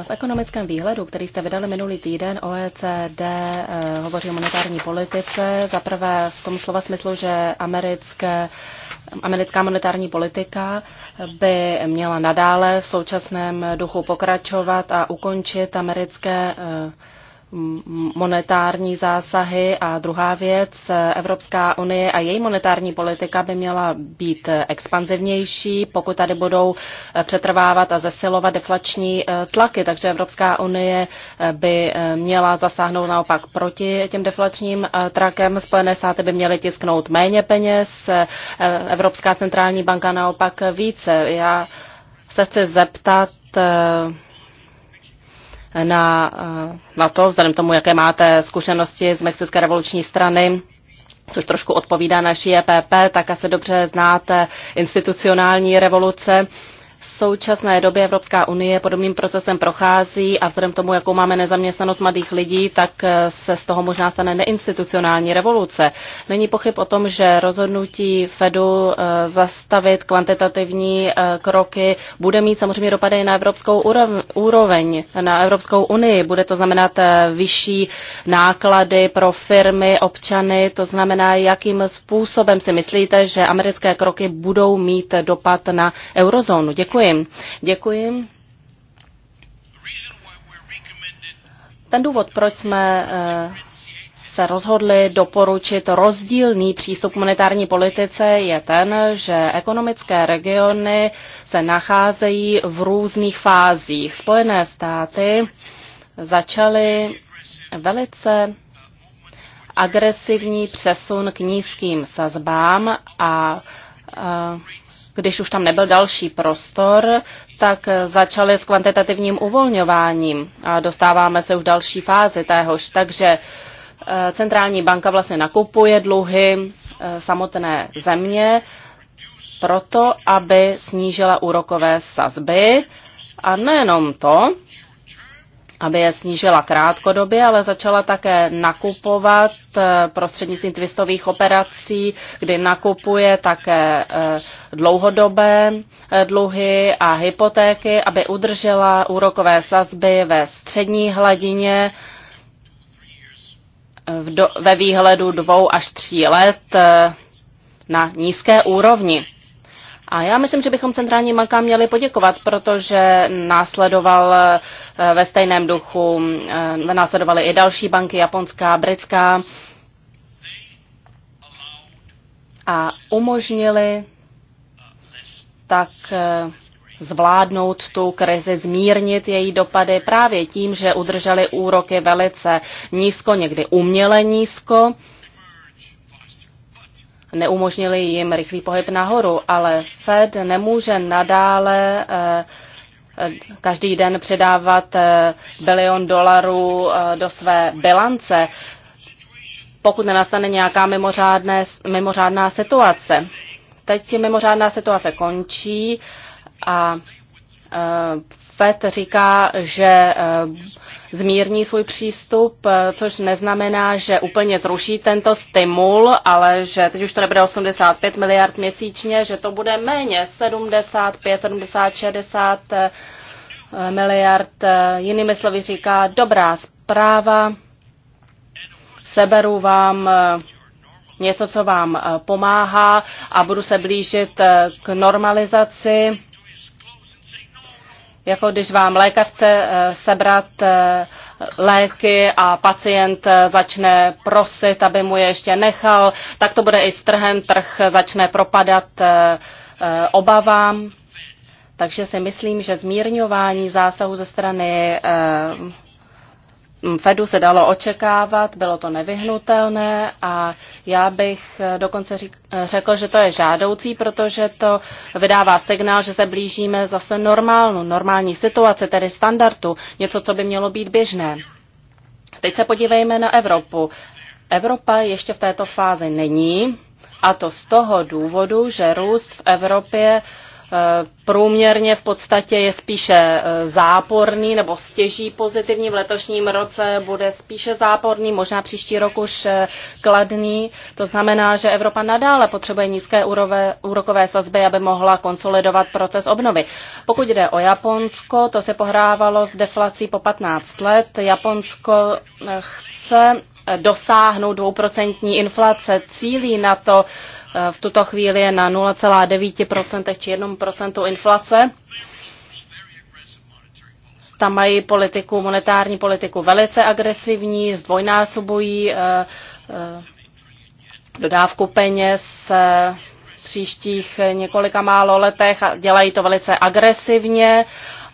V ekonomickém výhledu, který jste vydali minulý týden, OECD eh, hovoří o monetární politice. Zaprvé v tom slova smyslu, že americké, americká monetární politika by měla nadále v současném duchu pokračovat a ukončit americké eh, monetární zásahy a druhá věc, Evropská unie a její monetární politika by měla být expanzivnější, pokud tady budou eh, přetrvávat a zesilovat deflační eh, tlaky, takže Evropská unie eh, by měla zasáhnout naopak proti těm deflačním trakem. Spojené státy by měly tisknout méně peněz, Evropská centrální banka naopak více. Já se chci zeptat, na, na to, vzhledem tomu, jaké máte zkušenosti z Mexické revoluční strany, což trošku odpovídá naší EPP, tak asi dobře znáte institucionální revoluce. V současné době Evropská unie podobným procesem prochází a vzhledem k tomu, jakou máme nezaměstnanost mladých lidí, tak eh, se z toho možná stane neinstitucionální revoluce. Není pochyb o tom, že rozhodnutí Fedu eh, zastavit kvantitativní eh, kroky bude mít samozřejmě dopady na evropskou úroveň, na Evropskou unii. Bude to znamenat vyšší náklady pro firmy, občany, to znamená, jakým způsobem si myslíte, že americké kroky budou mít dopad na eurozónu. Děkuji. Děkuji. Děkuji. Ten důvod, proč jsme eh, se rozhodli doporučit rozdílný přístup k monetární politice, je ten, že ekonomické regiony se nacházejí v různých fázích. Spojené státy začaly velice agresivní přesun k nízkým sazbám a když už tam nebyl další prostor, tak začaly s kvantitativním uvolňováním a dostáváme se už další fázi téhož. Takže e, centrální banka vlastně nakupuje dluhy e, samotné země proto, aby snížila úrokové sazby a nejenom to, aby je snížila krátkodobě, ale začala také nakupovat eh, prostřednictvím twistových operací, kdy nakupuje také eh, dlouhodobé eh, dluhy a hypotéky, aby udržela úrokové sazby ve střední hladině do, ve výhledu dvou až tří let na nízké úrovni. A já myslím, že bychom centrální banka měli poděkovat, protože následoval eh, ve stejném duchu, eh, následovaly i další banky, japonská, britská, a umožnili tak eh, zvládnout tu krizi, zmírnit její dopady právě tím, že udrželi úroky velice nízko, někdy uměle nízko neumožnili jim rychlý pohyb nahoru, ale Fed nemůže nadále eh, každý den předávat eh, bilion dolarů eh, do své bilance, pokud nenastane nějaká mimořádné, mimořádná situace. Teď mimořádná situace končí a FED říká, že eh, zmírní svůj přístup, eh, což neznamená, že úplně zruší tento stimul, ale že teď už to nebude 85 miliard měsíčně, že to bude méně 75, 70, 60 miliard. Eh, jinými slovy říká, dobrá zpráva, seberu vám něco, co vám pomáhá a budu se blížit k normalizaci jako když vám lékař chce eh, sebrat eh, léky a pacient eh, začne prosit, aby mu je ještě nechal, tak to bude i s trhem, trh začne propadat obavám. Takže si myslím, že zmírňování zásahu ze strany Mm, Fedu se dalo očekávat, bylo to nevyhnutelné a já bych eh, dokonce eh, řekl, že to je žádoucí, protože to vydává signál, že se blížíme zase normálnu, normální situaci, tedy standardu, něco, co by mělo být běžné. Teď se podívejme na Evropu. Evropa ještě v této fázi není, a to z toho důvodu, že růst v Evropě uh, Eh, průměrně v podstatě je spíše eh, záporný nebo stěží pozitivní. V letošním roce bude spíše záporný, možná příští rok už eh, kladný. To znamená, že Evropa nadále potřebuje nízké úrokové sazby, aby mohla konsolidovat proces obnovy. Pokud jde o Japonsko, to se pohrávalo s deflací po 15 let. Japonsko chce dosáhnout dvouprocentní inflace, cílí na to, v tuto chvíli je na 0,9% či 1% inflace. Tam mají politiku, monetární politiku velice agresivní, zdvojnásobují eh, eh, dodávku peněz eh, příštích několika málo letech a dělají to velice agresivně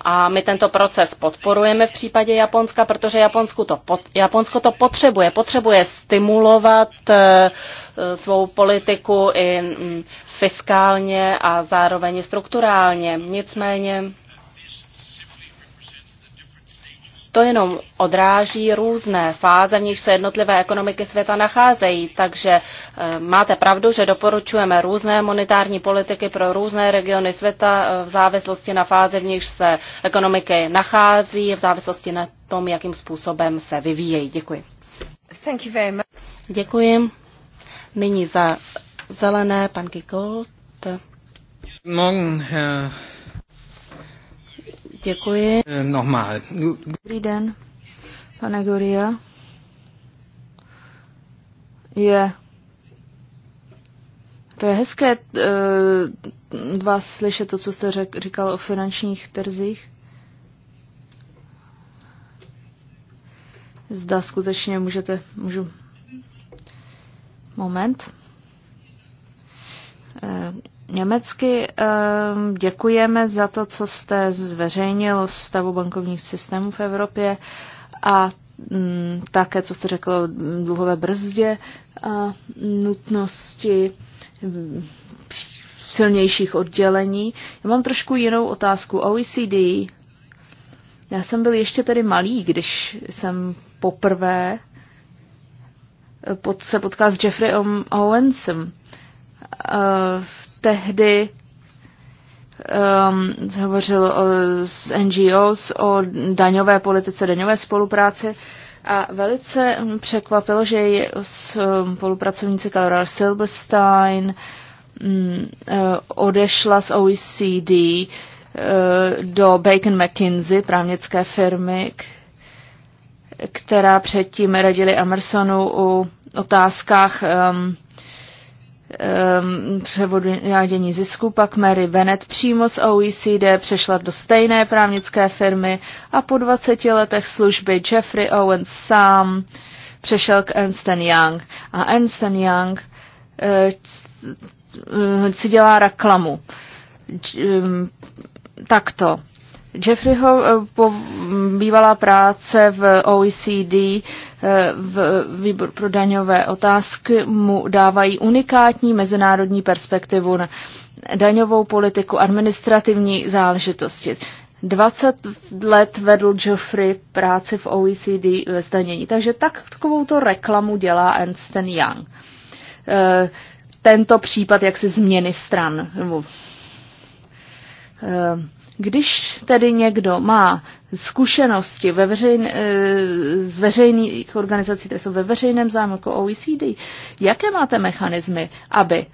a my tento proces podporujeme v případě Japonska, protože Japonsku to pot, Japonsko to potřebuje. Potřebuje stimulovat eh, eh, svou politiku i mm, fiskálně a zároveň strukturálně. Nicméně To jenom odráží různé fáze, v nich se jednotlivé ekonomiky světa nacházejí. Takže eh, máte pravdu, že doporučujeme různé monetární politiky pro různé regiony světa eh, v závislosti na fázi, v nichž se ekonomiky nachází, v závislosti na tom, jakým způsobem se vyvíjejí. Děkuji. Thank you very much. Děkuji. Nyní za zelené pan Kikolt. Morgen, Herr Děkuji. Nochmal. Dobrý den, pane Guria. Je. To je hezké uh, vás slyšet to, co jste řek, říkal o finančních trzích. Zda skutečně můžete, můžu. Moment. Uh, Německy ehm, děkujeme za to, co jste zveřejnil stavu bankovních systémů v Evropě a mm, také, co jste řekl o dluhové brzdě a nutnosti mm, silnějších oddělení. Já mám trošku jinou otázku. OECD, já jsem byl ještě tedy malý, když jsem poprvé eh, pod, se potkal s Jeffrey Owensem. Uh, tehdy um, hovořil o, s NGOs o daňové politice, daňové spolupráci a velice překvapilo, že je um, spolupracovníci Colorado Silberstein um, odešla z OECD eh, do Bacon McKinsey, právnické firmy, která předtím radili Emersonu o otázkách um, Um, převodění zisku, pak Mary Bennett přímo z OECD přešla do stejné právnické firmy a po 20 letech služby Jeffrey Owens sám přešel k Ernst Young. A Ernst Young eh, eh, si dělá reklamu. Eh, takto. Jeffreyho eh, mm, bývalá práce v OECD eh, v výbor pro daňové otázky mu dávají unikátní mezinárodní perspektivu na daňovou politiku, administrativní záležitosti. 20 let vedl Geoffrey práci v OECD ve zdanění, takže tak to reklamu dělá Ernst Young. Eh, tento případ jaksi změny stran. Když tedy někdo má zkušenosti ve veřejn, eh, z veřejných organizací, které jsou ve veřejném zájmu jako OECD, jaké máte mechanismy, aby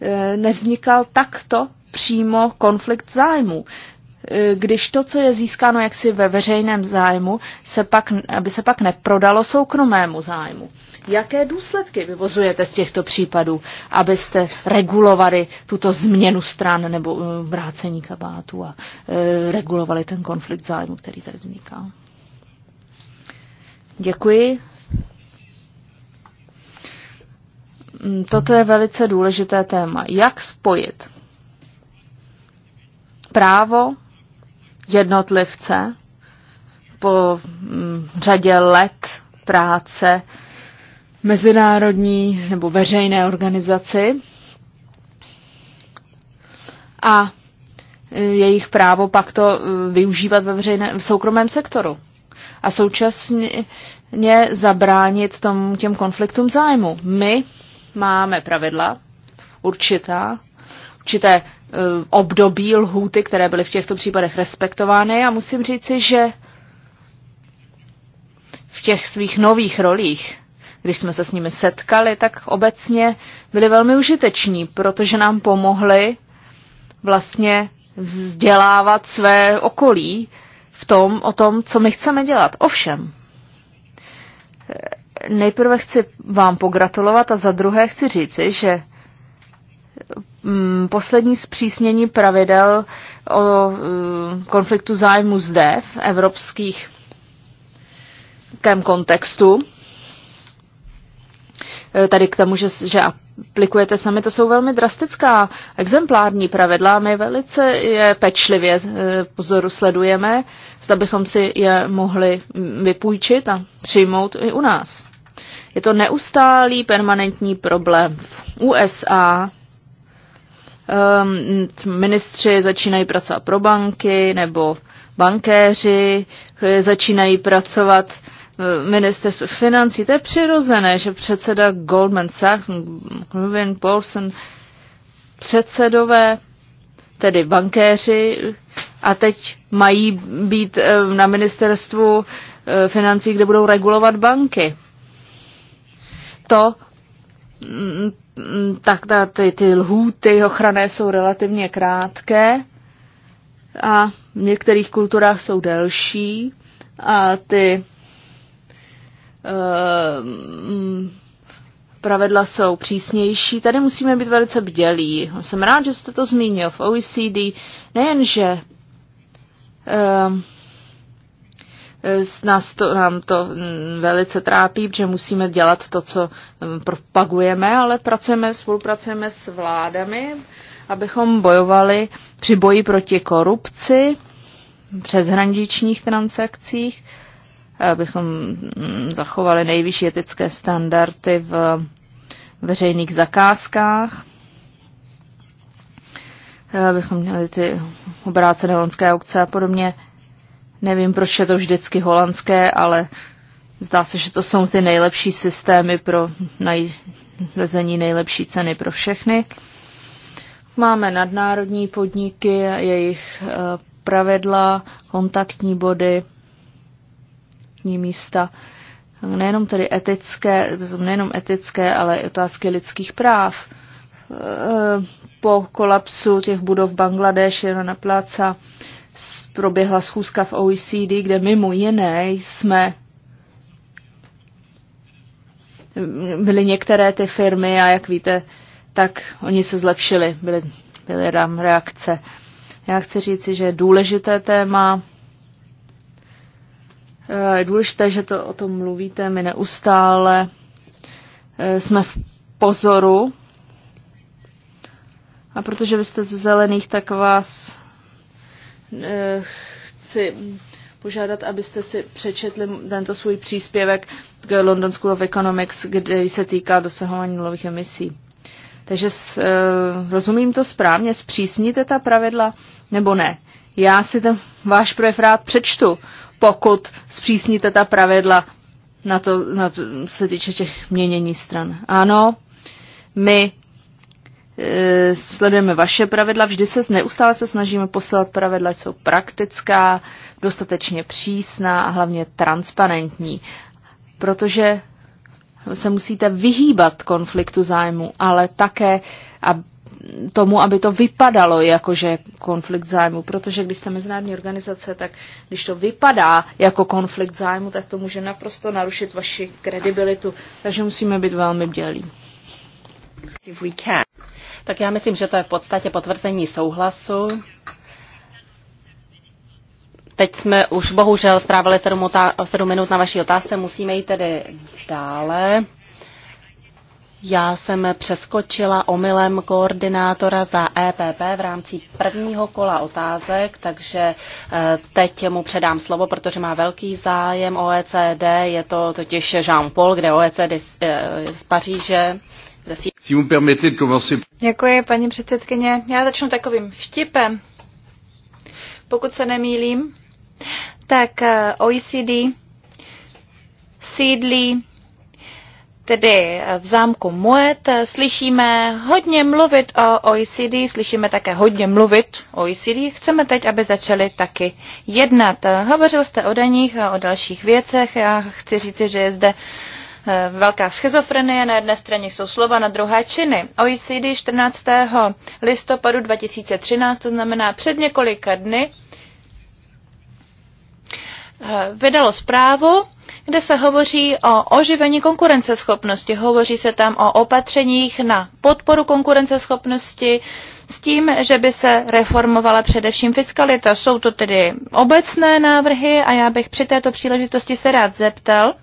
eh, nevznikal takto přímo konflikt zájmů? Eh, když to, co je získáno jaksi ve veřejném zájmu, se pak, aby se pak neprodalo soukromému zájmu. Jaké důsledky vyvozujete z těchto případů, abyste regulovali tuto změnu stran nebo eh, vrácení kabátu a eh, regulovali ten konflikt zájmu, který tady vzniká? Děkuji. Mm, toto je velice důležité téma. Jak spojit právo jednotlivce po mm, řadě let práce mezinárodní nebo veřejné organizaci a e, jejich právo pak to e, využívat ve veřejném, v soukromém sektoru. A současně zabránit tom, těm konfliktům zájmu. My máme pravidla určitá, určité e, období lhůty, které byly v těchto případech respektovány a musím říci, že v těch svých nových rolích když jsme se s nimi setkali, tak obecně byli velmi užiteční, protože nám pomohli vlastně vzdělávat své okolí v tom, o tom, co my chceme dělat. Ovšem, nejprve chci vám pogratulovat a za druhé chci říci, že mm, poslední zpřísnění pravidel o mm, konfliktu zájmu zde v evropských kontextu Eh, tady k tomu, že, že aplikujete sami, to jsou velmi drastická exemplární pravidla. My velice je pečlivě pozoru eh, sledujeme, zda bychom si je mohli mm, vypůjčit a přijmout i u nás. Je to neustálý permanentní problém. V USA um, ehm, ministři začínají pracovat pro banky nebo bankéři eh, začínají pracovat Eh, ministerstvu financí. To je přirozené, že předseda Goldman Sachs, Rubin Paulson, předsedové, tedy bankéři, a teď mají být eh, na ministerstvu eh, financí, kde budou regulovat banky. To, mm, tak ta, ty, ty lhůty ochranné jsou relativně krátké a v některých kulturách jsou delší a ty Eh, mm, pravidla jsou přísnější. Tady musíme být velice bdělí. Jsem rád, že jste to zmínil v OECD. Nejenže eh, nás to, nám to mm, velice trápí, protože musíme dělat to, co mm, propagujeme, ale pracujeme, spolupracujeme s vládami, abychom bojovali při boji proti korupci, přeshraničních transakcích abychom mm, zachovali nejvyšší etické standardy v veřejných zakázkách, abychom měli ty obrácené holandské aukce a podobně. Nevím, proč je to vždycky holandské, ale zdá se, že to jsou ty nejlepší systémy pro nalezení nejlepší ceny pro všechny. Máme nadnárodní podniky, jejich eh, pravidla, kontaktní body, místa, nejenom tedy etické, nejenom etické, ale i otázky lidských práv. E, po kolapsu těch budov Bangladeše na pláca proběhla schůzka v OECD, kde mimo jiné jsme byly některé ty firmy a jak víte, tak oni se zlepšili, byly, byly tam reakce. Já chci říci, že je důležité téma, je eh, důležité, že to o tom mluvíte, my neustále eh, jsme v pozoru. A protože vy jste ze zelených, tak vás eh, chci požádat, abyste si přečetli tento svůj příspěvek k London School of Economics, kde se týká dosahování nulových emisí. Takže s, rozumím to správně, zpřísníte ta pravidla nebo ne? Já si ten váš projev rád přečtu pokud zpřísníte ta pravidla na to, na to se týče těch měnění stran. Ano, my e, sledujeme vaše pravidla, vždy se neustále se snažíme poslat pravidla, jsou praktická, dostatečně přísná a hlavně transparentní, protože se musíte vyhýbat konfliktu zájmu, ale také, a tomu, aby to vypadalo jako, že konflikt zájmu, protože když jste mezinárodní organizace, tak když to vypadá jako konflikt zájmu, tak to může naprosto narušit vaši kredibilitu, takže musíme být velmi bdělí. Tak já myslím, že to je v podstatě potvrzení souhlasu. Teď jsme už bohužel strávili 7, minut na vaší otázce, musíme jít tedy dále. Já jsem přeskočila omylem koordinátora za EPP v rámci prvního kola otázek, takže eh, teď mu předám slovo, protože má velký zájem OECD. Je to totiž Jean-Paul, kde OECD eh, z Paříže. Kde si... Děkuji, paní předsedkyně. Já začnu takovým vtipem. Pokud se nemýlím, tak eh, OECD sídlí tedy v zámku Moet slyšíme hodně mluvit o OECD, slyšíme také hodně mluvit o OECD. Chceme teď, aby začali taky jednat. Hovořil jste o daních a o dalších věcech. Já chci říct, že je zde eh, velká schizofrenie. Na jedné straně jsou slova, na druhé činy. OECD 14. listopadu 2013, to znamená před několika dny, eh, vydalo zprávu, kde se hovoří o oživení konkurenceschopnosti. Hovoří se tam o opatřeních na podporu konkurenceschopnosti s tím, že by se reformovala především fiskalita. Jsou to tedy obecné návrhy a já bych při této příležitosti se rád zeptal,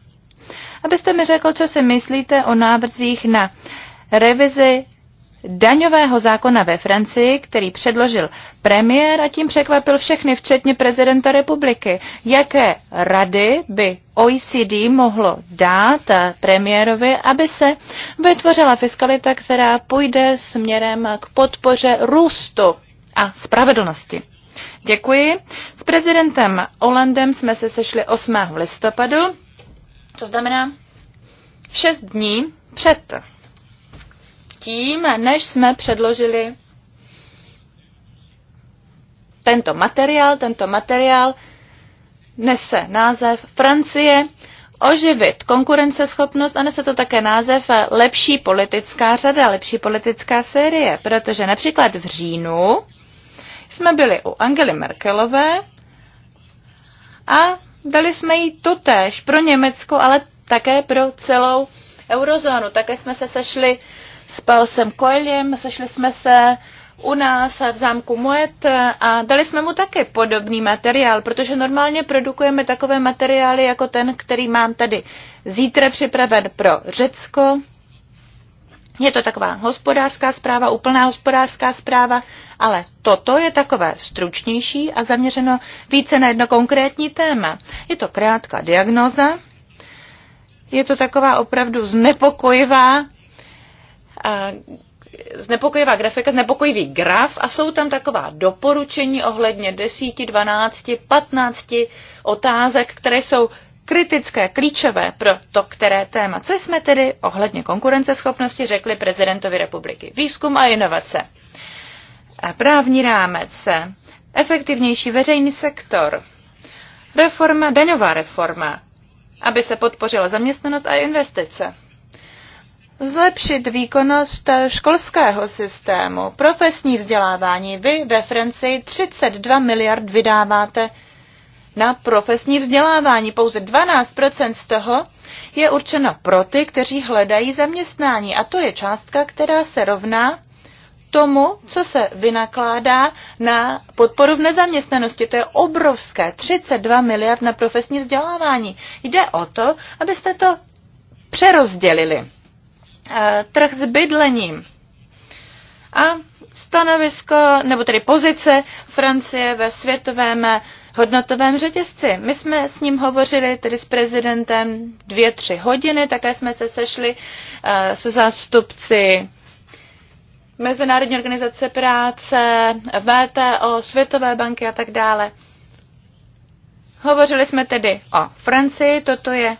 abyste mi řekl, co si myslíte o návrzích na revizi daňového zákona ve Francii, který předložil premiér a tím překvapil všechny, včetně prezidenta republiky. Jaké rady by OECD mohlo dát premiérovi, aby se vytvořila fiskalita, která půjde směrem k podpoře růstu a spravedlnosti? Děkuji. S prezidentem Olandem jsme se sešli 8. listopadu, to znamená 6 dní před předtím, než jsme předložili tento materiál. Tento materiál nese název Francie oživit konkurenceschopnost a nese to také název lepší politická řada, lepší politická série, protože například v říjnu jsme byli u Angely Merkelové a dali jsme jí totéž pro Německo, ale také pro celou eurozónu. Také jsme se sešli spal jsem Coelhem, sešli jsme se u nás v zámku Moet a dali jsme mu také podobný materiál, protože normálně produkujeme takové materiály jako ten, který mám tady zítra připraven pro Řecko. Je to taková hospodářská zpráva, úplná hospodářská zpráva, ale toto je takové stručnější a zaměřeno více na jedno konkrétní téma. Je to krátká diagnoza, je to taková opravdu znepokojivá znepokojivá grafika, znepokojivý graf a jsou tam taková doporučení ohledně 10, 12, 15 otázek, které jsou kritické, klíčové pro to, které téma. Co jsme tedy ohledně konkurenceschopnosti řekli prezidentovi republiky? Výzkum a inovace. A právní rámec, efektivnější veřejný sektor, reforma, daňová reforma, aby se podpořila zaměstnanost a investice zlepšit výkonnost školského systému, profesní vzdělávání. Vy ve Francii 32 miliard vydáváte na profesní vzdělávání. Pouze 12% z toho je určeno pro ty, kteří hledají zaměstnání. A to je částka, která se rovná tomu, co se vynakládá na podporu v nezaměstnanosti. To je obrovské, 32 miliard na profesní vzdělávání. Jde o to, abyste to přerozdělili. Eh, trh s bydlením. A stanovisko, nebo tedy pozice Francie ve světovém hodnotovém řetězci. My jsme s ním hovořili, tedy s prezidentem, dvě, tři hodiny, také jsme se sešli eh, se zástupci Mezinárodní organizace práce, VTO, Světové banky a tak dále. Hovořili jsme tedy o Francii, toto je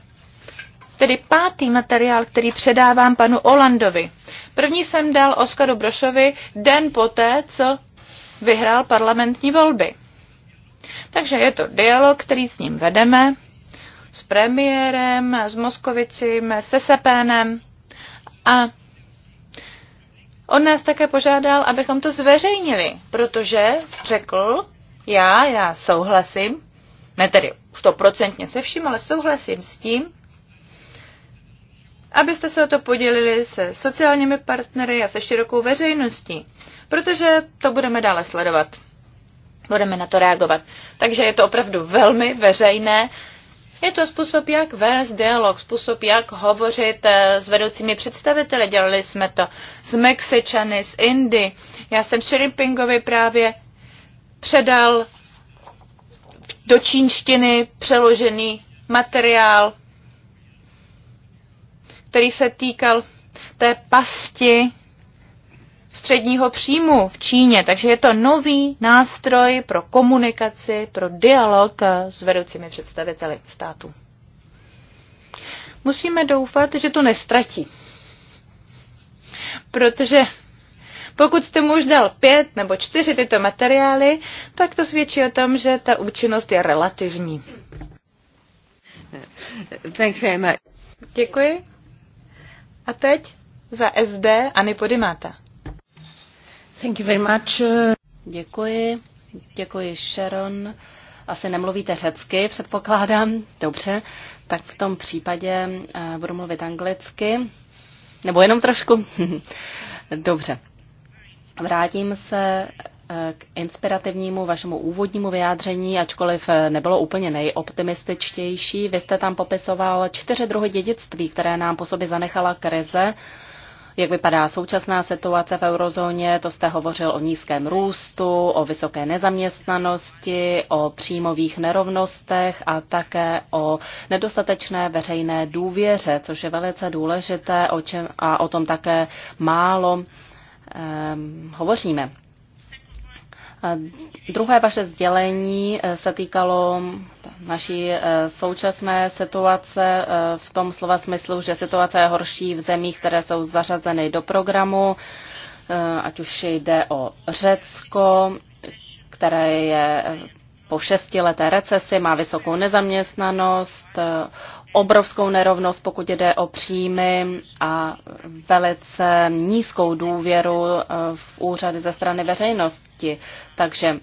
tedy pátý materiál, který předávám panu Olandovi. První jsem dal Oskaru Brošovi den poté, co vyhrál parlamentní volby. Takže je to dialog, který s ním vedeme, s premiérem, s Moskovicím, se Sepénem a on nás také požádal, abychom to zveřejnili, protože řekl, já, já souhlasím, ne tedy stoprocentně se vším, ale souhlasím s tím, abyste se o to podělili se sociálními partnery a se širokou veřejností, protože to budeme dále sledovat. Budeme na to reagovat. Takže je to opravdu velmi veřejné. Je to způsob, jak vést dialog, způsob, jak hovořit eh, s vedoucími představiteli. Dělali jsme to s Mexičany, z Indy. Já jsem Xi právě předal do čínštiny přeložený materiál který se týkal té pasti středního příjmu v Číně. Takže je to nový nástroj pro komunikaci, pro dialog s vedoucími představiteli státu. Musíme doufat, že to nestratí. Protože pokud jste mu už dal pět nebo čtyři tyto materiály, tak to svědčí o tom, že ta účinnost je relativní. very much. Děkuji. A teď za SD Ani Podimata. Thank you very much. Děkuji. Děkuji, Sharon. Asi nemluvíte řecky, předpokládám. Dobře, tak v tom případě uh, budu mluvit anglicky. Nebo jenom trošku. Dobře. Vrátím se k inspirativnímu vašemu úvodnímu vyjádření, ačkoliv nebylo úplně nejoptimističtější. Vy jste tam popisoval čtyři druhy dědictví, které nám po sobě zanechala krize. Jak vypadá současná situace v eurozóně, to jste hovořil o nízkém růstu, o vysoké nezaměstnanosti, o příjmových nerovnostech a také o nedostatečné veřejné důvěře, což je velice důležité o čem, a o tom také málo um, hovoříme. Druhé vaše sdělení eh, se týkalo naší eh, současné situace eh, v tom slova smyslu, že situace je horší v zemích, které jsou zařazeny do programu, ať už jde o Řecko, které je po šestileté recesi, má vysokou nezaměstnanost, obrovskou nerovnost, pokud jde o příjmy a velice nízkou důvěru eh, v úřady ze strany veřejnosti. Takže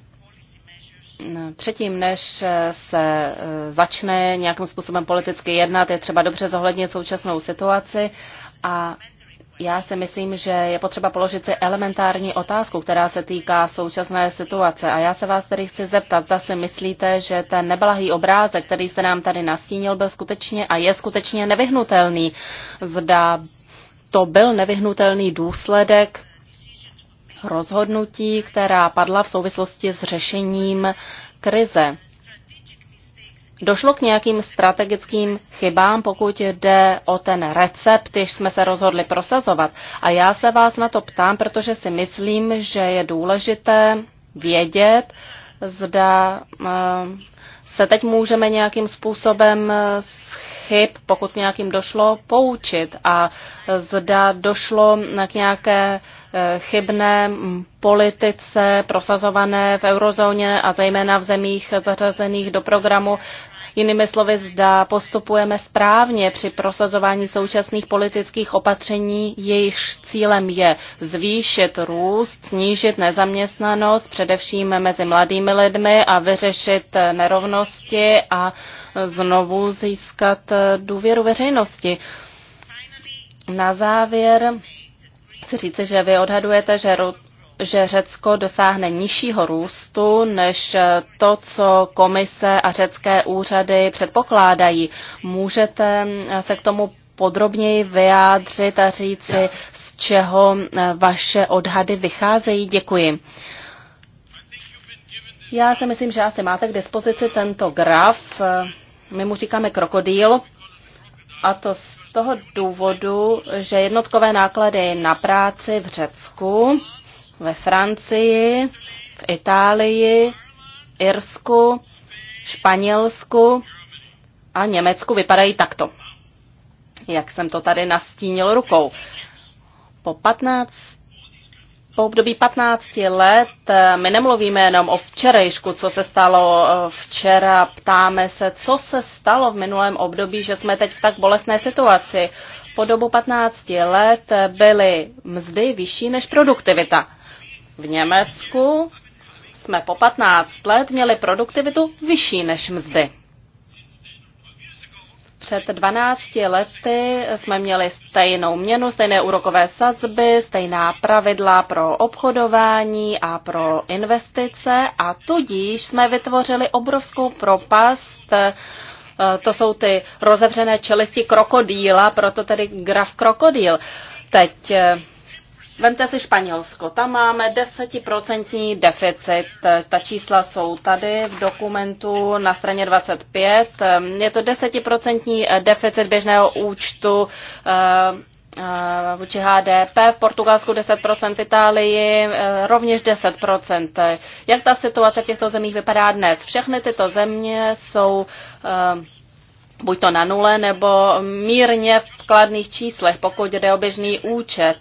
mm, Předtím, než eh, se eh, začne nějakým způsobem politicky jednat, je třeba dobře zohlednit současnou situaci a já si myslím, že je potřeba položit si elementární otázku, která se týká současné situace. A já se vás tedy chci zeptat, zda si myslíte, že ten neblahý obrázek, který se nám tady nastínil, byl skutečně a je skutečně nevyhnutelný. Zda to byl nevyhnutelný důsledek rozhodnutí, která padla v souvislosti s řešením krize. Došlo k nějakým strategickým chybám, pokud jde o ten recept, jež jsme se rozhodli prosazovat. A já se vás na to ptám, protože si myslím, že je důležité vědět, zda eh, se teď můžeme nějakým způsobem eh, z chyb, pokud nějakým došlo, poučit a zda došlo k nějaké eh, chybné politice prosazované v eurozóně a zejména v zemích zařazených do programu Jinými slovy, zda postupujeme správně při prosazování současných politických opatření, jejichž cílem je zvýšit růst, snížit nezaměstnanost, především mezi mladými lidmi a vyřešit nerovnosti a znovu získat důvěru veřejnosti. Na závěr chci říci, že vy odhadujete, že že Řecko dosáhne nižšího růstu než to, co komise a řecké úřady předpokládají. Můžete se k tomu podrobněji vyjádřit a říci, z čeho vaše odhady vycházejí? Děkuji. Já si myslím, že asi máte k dispozici tento graf. My mu říkáme krokodýl. A to z toho důvodu, že jednotkové náklady na práci v Řecku ve Francii, v Itálii, Irsku, Španělsku a Německu vypadají takto. Jak jsem to tady nastínil rukou. Po 15 po období 15 let eh, my nemluvíme jenom o včerejšku, co se stalo eh, včera, ptáme se, co se stalo v minulém období, že jsme teď v tak bolestné situaci. Po dobu 15 let byly mzdy vyšší než produktivita v Německu jsme po 15 let měli produktivitu vyšší než mzdy. Před 12 lety jsme měli stejnou měnu, stejné úrokové sazby, stejná pravidla pro obchodování a pro investice a tudíž jsme vytvořili obrovskou propast eh, to jsou ty rozevřené čelisti krokodýla, proto tedy graf krokodýl. Teď eh, Vemte si Španělsko, tam máme desetiprocentní deficit. Ta čísla jsou tady v dokumentu na straně 25. Je to desetiprocentní eh, deficit běžného účtu eh, eh, vůči HDP, v Portugalsku 10%, v Itálii rovněž 10%. Jak ta situace v těchto zemích vypadá dnes? Všechny tyto země jsou buď to na nule nebo mírně v kladných číslech, pokud jde o běžný účet.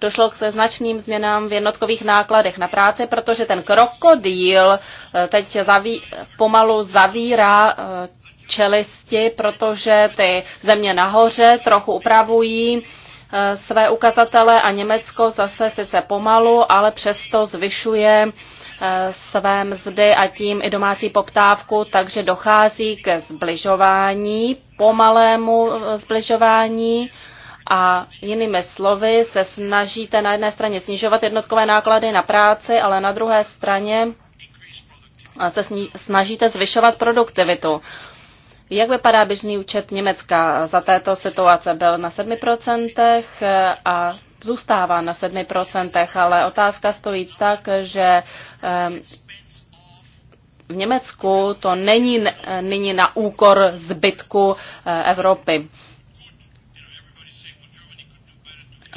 Došlo k se značným změnám v jednotkových nákladech na práci, protože ten krokodýl eh, teď zaví, pomalu zavírá eh, čelisti, protože ty země nahoře trochu upravují eh, své ukazatele a Německo zase sice pomalu, ale přesto zvyšuje své mzdy a tím i domácí poptávku, takže dochází ke zbližování, pomalému e, zbližování a jinými slovy se snažíte na jedné straně snižovat jednotkové náklady na práci, ale na druhé straně se snažíte zvyšovat produktivitu. Jak vypadá běžný účet Německa za této situace? Byl na 7% e, a zůstává na 7%, ale otázka stojí tak, že ehm, v Německu to není nyní na úkor zbytku eh, Evropy.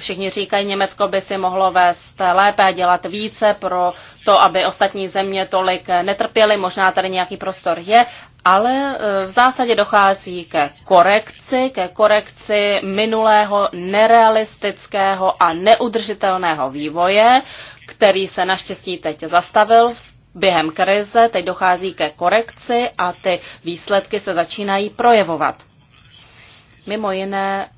Všichni říkají, Německo by si mohlo vést lépe a dělat více pro to, aby ostatní země tolik netrpěly. Možná tady nějaký prostor je, ale e, v zásadě dochází ke korekci, ke korekci minulého nerealistického a neudržitelného vývoje, který se naštěstí teď zastavil během krize, teď dochází ke korekci a ty výsledky se začínají projevovat. Mimo jiné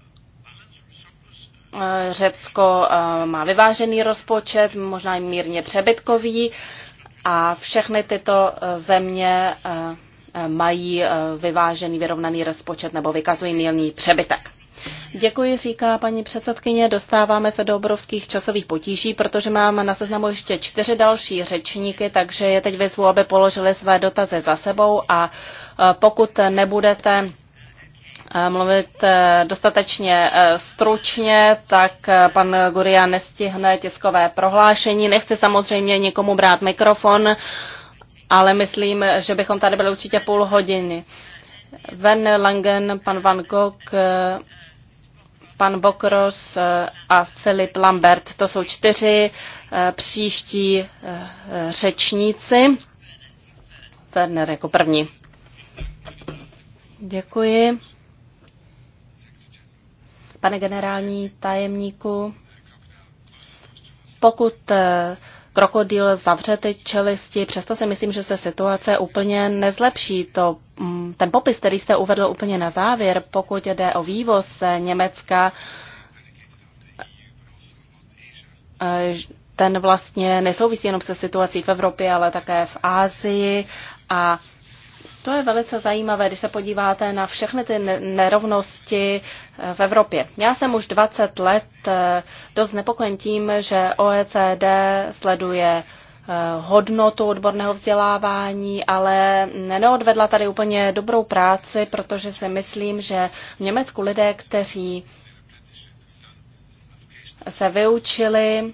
Řecko eh, má vyvážený rozpočet, možná i mírně přebytkový a všechny tyto eh, země eh, mají vyvážený, vyrovnaný rozpočet nebo vykazují mírný přebytek. Děkuji, říká paní předsedkyně. Dostáváme se do obrovských časových potíží, protože mám na seznamu ještě čtyři další řečníky, takže je teď vyzvu, aby položili své dotazy za sebou a pokud nebudete Eh, mluvit eh, dostatečně eh, stručně, tak pan Guria nestihne tiskové prohlášení. Nechci samozřejmě nikomu brát mikrofon, ale myslím, že bychom tady byli určitě půl hodiny. Van Langen, pan Van Gogh, pan Bokros a Filip Lambert. To jsou čtyři příští řečníci. Werner jako první. Děkuji. Pane generální tajemníku, pokud eh, krokodýl zavře ty čelisti, přesto si myslím, že se situace úplně nezlepší. To, mm, ten popis, který jste uvedl úplně na závěr, pokud jde o vývoz eh, Německa, eh, ten vlastně nesouvisí jenom se situací v Evropě, ale také v Ázii a to je velice zajímavé, když se podíváte na všechny ty nerovnosti eh, v Evropě. Já jsem už 20 let eh, dost znepokojen tím, že OECD sleduje eh, hodnotu odborného vzdělávání, ale neodvedla tady úplně dobrou práci, protože si myslím, že v Německu lidé, kteří se vyučili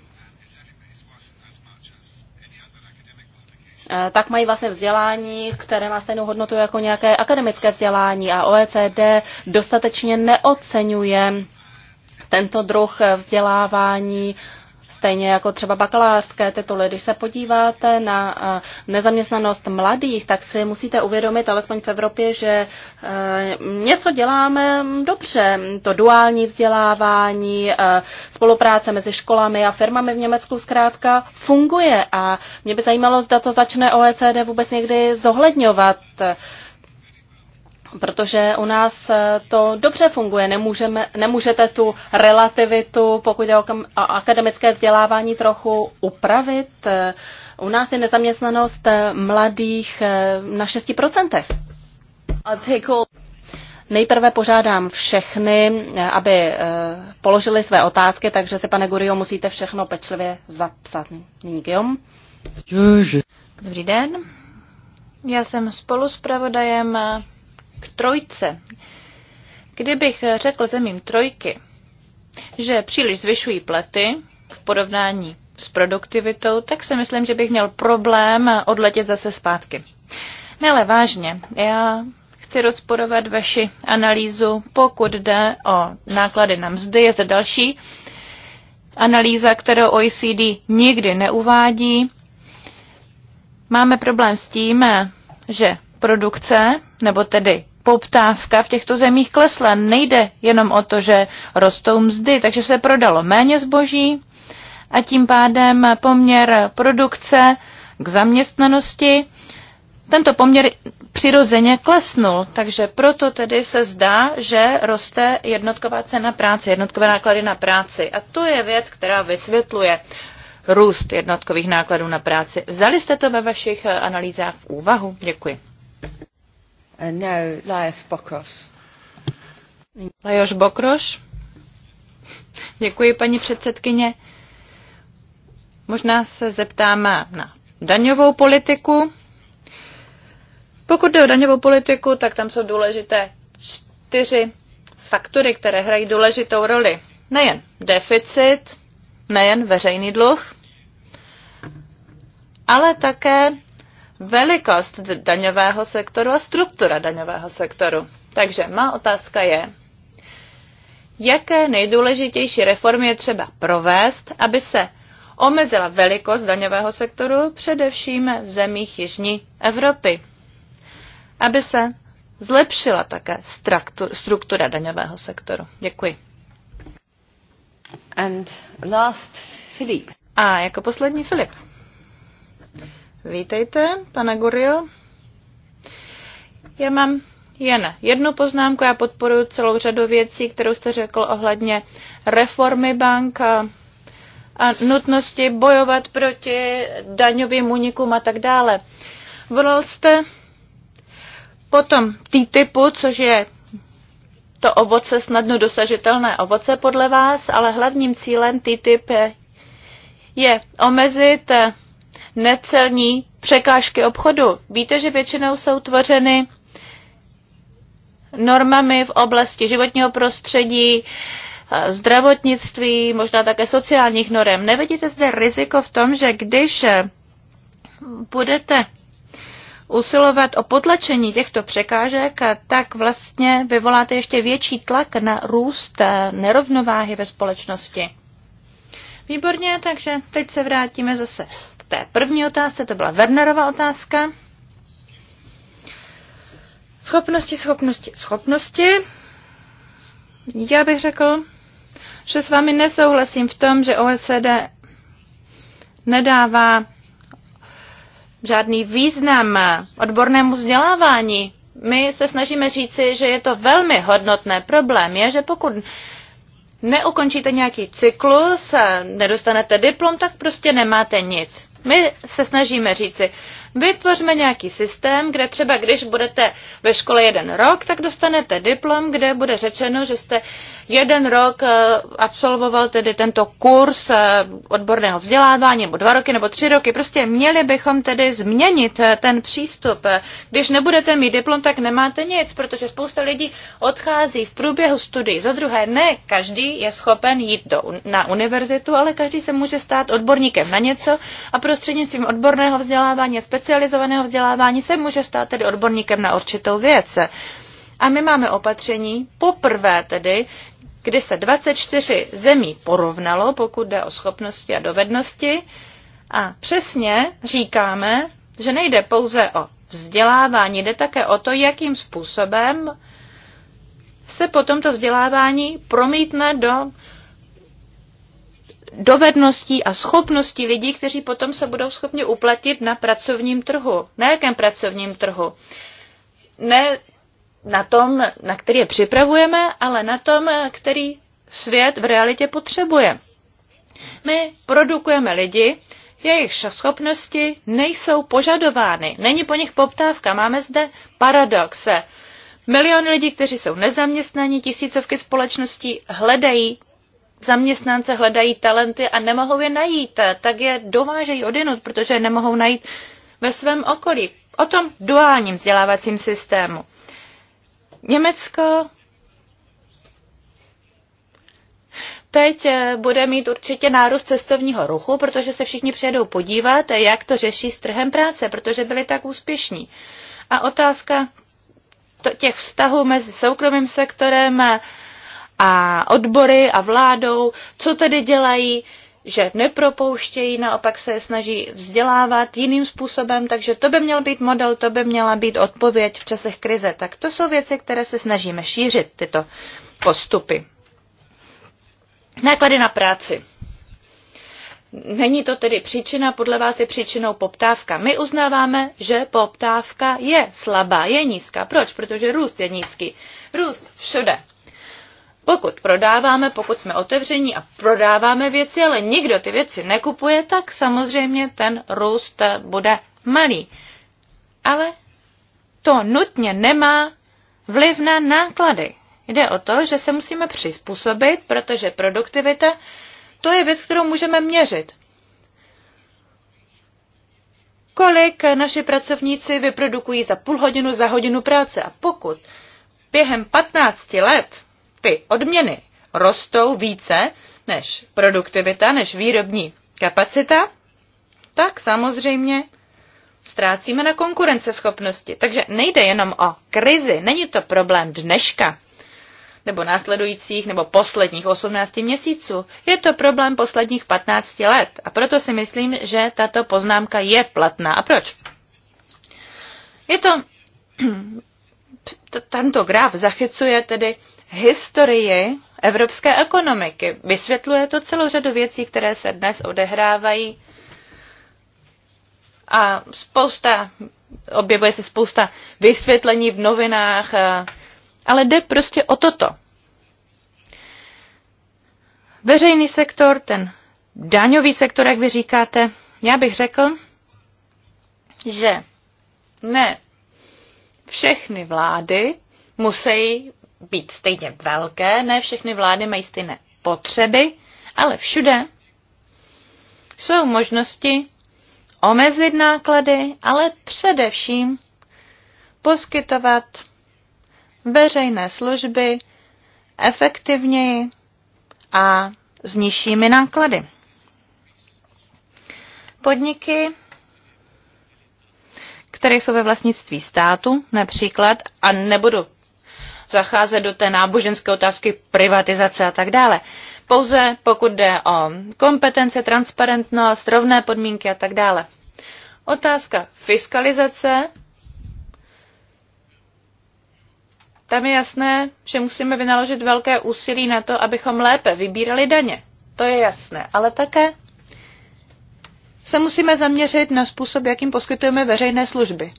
Eh, tak mají vlastně vzdělání, které má stejnou hodnotu jako nějaké akademické vzdělání a OECD dostatečně neocenuje tento druh vzdělávání stejně jako třeba bakalářské tituly. Když se podíváte na nezaměstnanost mladých, tak si musíte uvědomit, alespoň v Evropě, že e, něco děláme dobře. To duální vzdělávání, e, spolupráce mezi školami a firmami v Německu zkrátka funguje a mě by zajímalo, zda to začne OECD vůbec někdy zohledňovat protože u nás eh, to dobře funguje. Nemůžeme, nemůžete tu relativitu, pokud je o akademické vzdělávání, trochu upravit. Eh, u nás je nezaměstnanost eh, mladých na 6%. Nejprve požádám všechny, aby položili své otázky, takže si, pane Gurio, musíte všechno pečlivě zapsat. Nyní Dobrý den. Já jsem spolu s pravodajem k trojce. Kdybych řekl zemím trojky, že příliš zvyšují plety v porovnání s produktivitou, tak si myslím, že bych měl problém odletět zase zpátky. Ne, ale vážně, já chci rozporovat vaši analýzu, pokud jde o náklady na mzdy. Je zde další analýza, kterou OECD nikdy neuvádí. Máme problém s tím, že produkce, nebo tedy poptávka v těchto zemích klesla. Nejde jenom o to, že rostou mzdy, takže se prodalo méně zboží a tím pádem poměr produkce k zaměstnanosti, tento poměr přirozeně klesnul, takže proto tedy se zdá, že roste jednotková cena práce, jednotkové náklady na práci. A to je věc, která vysvětluje růst jednotkových nákladů na práci. Vzali jste to ve vašich analýzách v úvahu? Děkuji. And now Lajos Bokros. Lajos Bokros. Děkuji, paní předsedkyně. Možná se zeptám na daňovou politiku. Pokud jde o daňovou politiku, tak tam jsou důležité čtyři faktory, které hrají důležitou roli. Nejen deficit, nejen veřejný dluh, ale také velikost daňového sektoru a struktura daňového sektoru. Takže má otázka je, jaké nejdůležitější reformy je třeba provést, aby se omezila velikost daňového sektoru především v zemích Jižní Evropy, aby se zlepšila také struktura daňového sektoru. Děkuji. And last, Filip. A jako poslední Filip. Vítejte, pane Gurio. Já mám jen jednu poznámku. Já podporuji celou řadu věcí, kterou jste řekl ohledně reformy bank a, a nutnosti bojovat proti daňovým únikům a tak dále. Volal jste potom TTIPu, což je to ovoce, snadno dosažitelné ovoce podle vás, ale hlavním cílem TTIP je omezit necelní překážky obchodu. Víte, že většinou jsou tvořeny normami v oblasti životního prostředí, zdravotnictví, možná také sociálních norem. Nevidíte zde riziko v tom, že když budete usilovat o potlačení těchto překážek, tak vlastně vyvoláte ještě větší tlak na růst nerovnováhy ve společnosti. Výborně, takže teď se vrátíme zase té první otázce, to byla Wernerova otázka. Schopnosti, schopnosti, schopnosti. Já bych řekl, že s vámi nesouhlasím v tom, že OSD nedává žádný význam odbornému vzdělávání. My se snažíme říci, že je to velmi hodnotné. Problém je, že pokud neukončíte nějaký cyklus a nedostanete diplom, tak prostě nemáte nic. My se snažíme říci, Vytvořme nějaký systém, kde třeba když budete ve škole jeden rok, tak dostanete diplom, kde bude řečeno, že jste jeden rok eh, absolvoval tedy tento kurz eh, odborného vzdělávání, nebo dva roky, nebo tři roky. Prostě měli bychom tedy změnit eh, ten přístup. Když nebudete mít diplom, tak nemáte nic, protože spousta lidí odchází v průběhu studií. Za druhé, ne každý je schopen jít do, na univerzitu, ale každý se může stát odborníkem na něco a prostřednictvím odborného vzdělávání a specializovaného vzdělávání se může stát tedy odborníkem na určitou věc. A my máme opatření poprvé tedy, kdy se 24 zemí porovnalo, pokud jde o schopnosti a dovednosti. A přesně říkáme, že nejde pouze o vzdělávání, jde také o to, jakým způsobem se potom to vzdělávání promítne do dovedností a schopností lidí, kteří potom se budou schopni uplatit na pracovním trhu. Na jakém pracovním trhu? Ne na tom, na který je připravujeme, ale na tom, který svět v realitě potřebuje. My produkujeme lidi, jejich schopnosti nejsou požadovány, není po nich poptávka. Máme zde paradoxe. Miliony lidí, kteří jsou nezaměstnaní, tisícovky společností hledají zaměstnance hledají talenty a nemohou je najít, tak je dovážejí odinut, protože je nemohou najít ve svém okolí. O tom duálním vzdělávacím systému. Německo teď eh, bude mít určitě nárůst cestovního ruchu, protože se všichni přijedou podívat, jak to řeší s trhem práce, protože byli tak úspěšní. A otázka těch vztahů mezi soukromým sektorem, a a odbory a vládou, co tedy dělají, že nepropouštějí, naopak se snaží vzdělávat jiným způsobem, takže to by měl být model, to by měla být odpověď v časech krize. Tak to jsou věci, které se snažíme šířit, tyto postupy. Náklady na práci. Není to tedy příčina, podle vás je příčinou poptávka. My uznáváme, že poptávka je slabá, je nízká. Proč? Protože růst je nízký. Růst všude pokud prodáváme, pokud jsme otevření a prodáváme věci, ale nikdo ty věci nekupuje, tak samozřejmě ten růst bude malý. Ale to nutně nemá vliv na náklady. Jde o to, že se musíme přizpůsobit, protože produktivita to je věc, kterou můžeme měřit. Kolik naši pracovníci vyprodukují za půl hodinu, za hodinu práce a pokud během 15 let ty odměny rostou více než produktivita, než výrobní kapacita, tak samozřejmě ztrácíme na konkurenceschopnosti. Takže nejde jenom o krizi, není to problém dneška, nebo následujících, nebo posledních 18 měsíců. Je to problém posledních 15 let a proto si myslím, že tato poznámka je platná. A proč? Je to, tento graf zachycuje tedy historii evropské ekonomiky. Vysvětluje to celou řadu věcí, které se dnes odehrávají a spousta, objevuje se spousta vysvětlení v novinách, eh, ale jde prostě o toto. Veřejný sektor, ten daňový sektor, jak vy říkáte, já bych řekl, že ne všechny vlády musí být stejně velké, ne všechny vlády mají stejné potřeby, ale všude jsou možnosti omezit náklady, ale především poskytovat veřejné služby efektivněji a s nižšími náklady. Podniky, které jsou ve vlastnictví státu, například, a nebudu zacházet do té náboženské otázky privatizace a tak dále. Pouze pokud jde o kompetence, transparentnost, rovné podmínky a tak dále. Otázka fiskalizace. Tam je jasné, že musíme vynaložit velké úsilí na to, abychom lépe vybírali daně. To je jasné. Ale také se musíme zaměřit na způsob, jakým poskytujeme veřejné služby.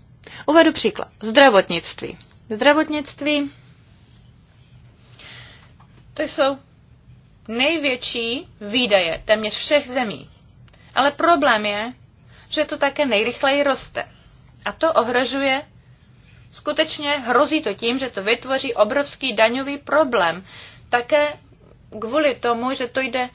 Uvedu příklad. Zdravotnictví. Zdravotnictví to jsou největší výdaje téměř všech zemí. Ale problém je, že to také nejrychleji roste. A to ohrožuje, skutečně hrozí to tím, že to vytvoří obrovský daňový problém. Také kvůli tomu, že to jde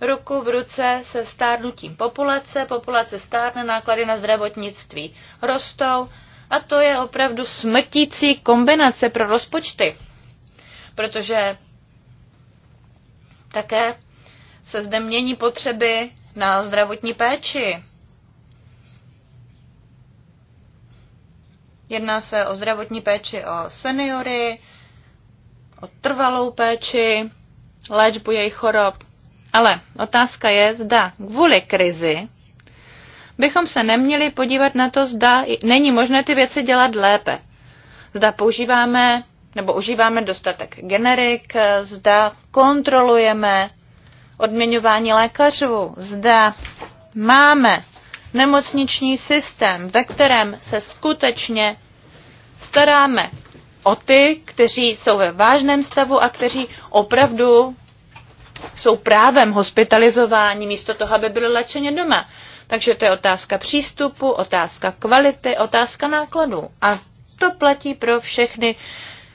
ruku v ruce se stárnutím populace, populace stárne, náklady na zdravotnictví rostou a to je opravdu smrtící kombinace pro rozpočty, protože také se zde mění potřeby na zdravotní péči. Jedná se o zdravotní péči o seniory, o trvalou péči, léčbu jejich chorob. Ale otázka je, zda kvůli krizi bychom se neměli podívat na to, zda není možné ty věci dělat lépe. Zda používáme nebo užíváme dostatek generik, zda kontrolujeme odměňování lékařů, zda máme nemocniční systém, ve kterém se skutečně staráme o ty, kteří jsou ve vážném stavu a kteří opravdu jsou právem hospitalizováni místo toho, aby byli léčeni doma. Takže to je otázka přístupu, otázka kvality, otázka nákladů. A to platí pro všechny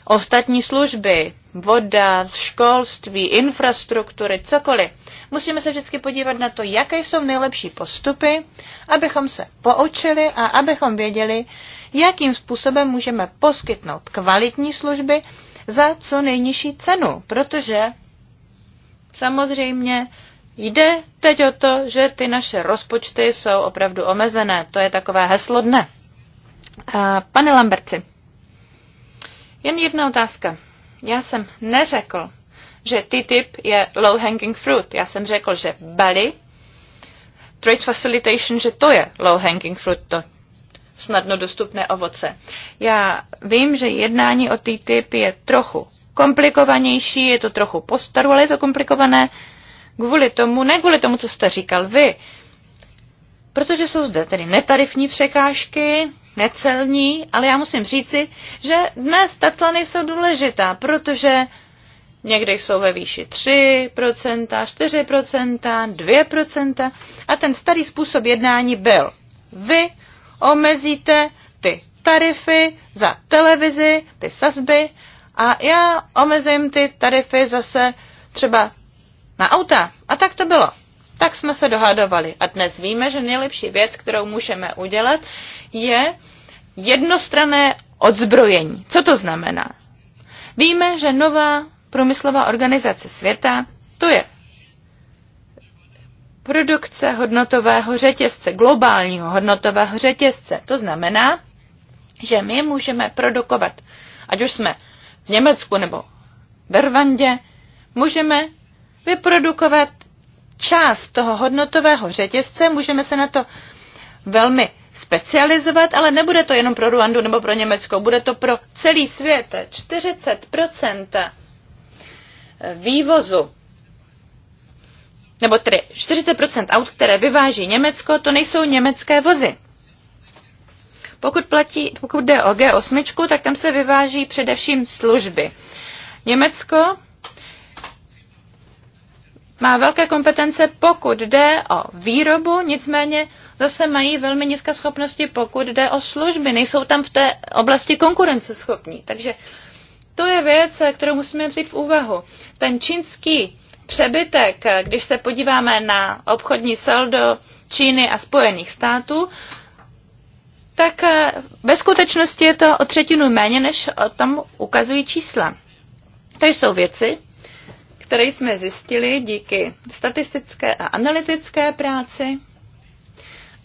ostatní služby, voda, školství, infrastruktury, cokoliv. Musíme se vždycky podívat na to, jaké jsou nejlepší postupy, abychom se poučili a abychom věděli, jakým způsobem můžeme poskytnout kvalitní služby za co nejnižší cenu, protože samozřejmě jde teď o to, že ty naše rozpočty jsou opravdu omezené. To je takové heslo dne. pane Lamberci, jen jedna otázka. Já jsem neřekl, že TTIP je low hanging fruit. Já jsem řekl, že Bali, trade facilitation, že to je low hanging fruit, to snadno dostupné ovoce. Já vím, že jednání o TTIP je trochu komplikovanější, je to trochu postaru, ale je to komplikované kvůli tomu, ne kvůli tomu, co jste říkal vy, protože jsou zde tedy netarifní překážky, necelní, ale já musím říci, že dnes tatla nejsou důležitá, protože někde jsou ve výši 3%, 4%, 2% a ten starý způsob jednání byl. Vy omezíte ty tarify za televizi, ty sazby a já omezím ty tarify zase třeba na auta. A tak to bylo. Tak jsme se dohadovali. A dnes víme, že nejlepší věc, kterou můžeme udělat, je jednostrané odzbrojení. Co to znamená? Víme, že nová průmyslová organizace světa, to je produkce hodnotového řetězce, globálního hodnotového řetězce. To znamená, že my můžeme produkovat, ať už jsme v Německu nebo v Rwandě, můžeme vyprodukovat část toho hodnotového řetězce, můžeme se na to velmi specializovat, ale nebude to jenom pro Ruandu nebo pro Německo, bude to pro celý svět. 40% vývozu nebo tedy 40% aut, které vyváží Německo, to nejsou německé vozy. Pokud, platí, pokud jde o G8, tak tam se vyváží především služby. Německo má velké kompetence, pokud jde o výrobu, nicméně zase mají velmi nízké schopnosti, pokud jde o služby. Nejsou tam v té oblasti konkurenceschopní. Takže to je věc, kterou musíme vzít v úvahu. Ten čínský přebytek, když se podíváme na obchodní saldo Číny a Spojených států, tak eh, ve skutečnosti je to o třetinu méně, než o tom ukazují čísla. To jsou věci, které jsme zjistili díky statistické a analytické práci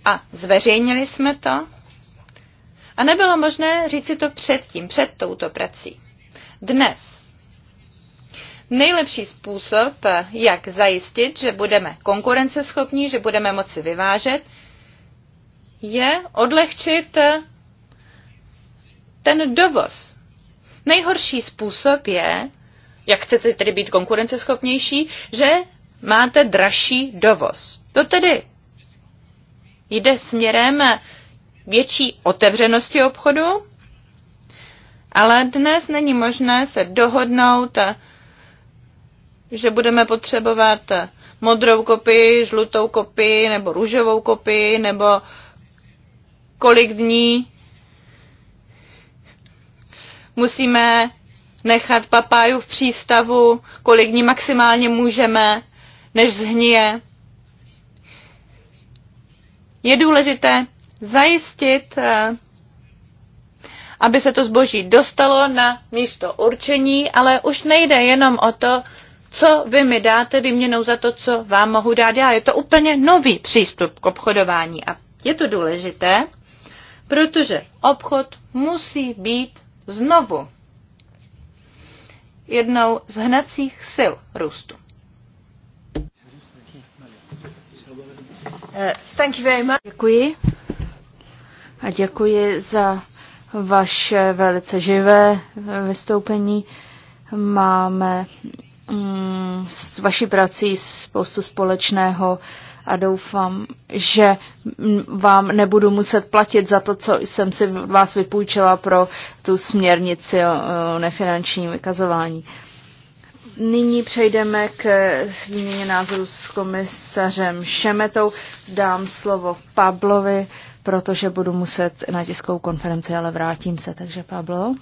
a zveřejnili jsme to. A nebylo možné říct si to předtím, před touto prací. Dnes nejlepší způsob, jak zajistit, že budeme konkurenceschopní, že budeme moci vyvážet, je odlehčit ten dovoz. Nejhorší způsob je jak chcete tedy být konkurenceschopnější, že máte dražší dovoz. To tedy jde směrem větší otevřenosti obchodu, ale dnes není možné se dohodnout, že budeme potřebovat modrou kopii, žlutou kopii nebo růžovou kopii nebo kolik dní musíme nechat papáju v přístavu, kolik ní maximálně můžeme, než zhnije. Je důležité zajistit, eh, aby se to zboží dostalo na místo určení, ale už nejde jenom o to, co vy mi dáte výměnou za to, co vám mohu dát já. Je to úplně nový přístup k obchodování a je to důležité, protože obchod musí být znovu jednou z hnacích sil růstu. Eh, thank you very much. Děkuji. A děkuji za vaše velice živé eh, vystoupení. Máme mm, s vaší prací spoustu společného a doufám, že vám nebudu muset platit za to, co jsem si vás vypůjčila pro tu směrnici o nefinančním vykazování. Nyní přejdeme k výměně názoru s komisařem Šemetou. Dám slovo Pablovi, protože budu muset na tiskovou konferenci, ale vrátím se. Takže Pablo.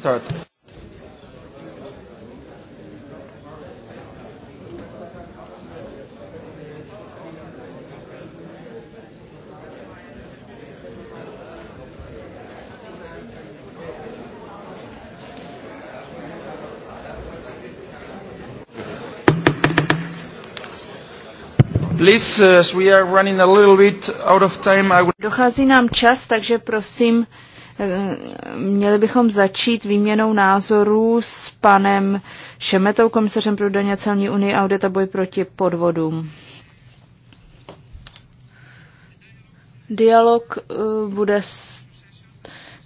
start. Please, uh, as we are running a little bit out of time, I would... Dochází nám čas, takže prosím, eh, Měli bychom začít výměnou názorů s panem Šemetou, komisařem pro daně celní unie a a boj proti podvodům. Dialog eh, bude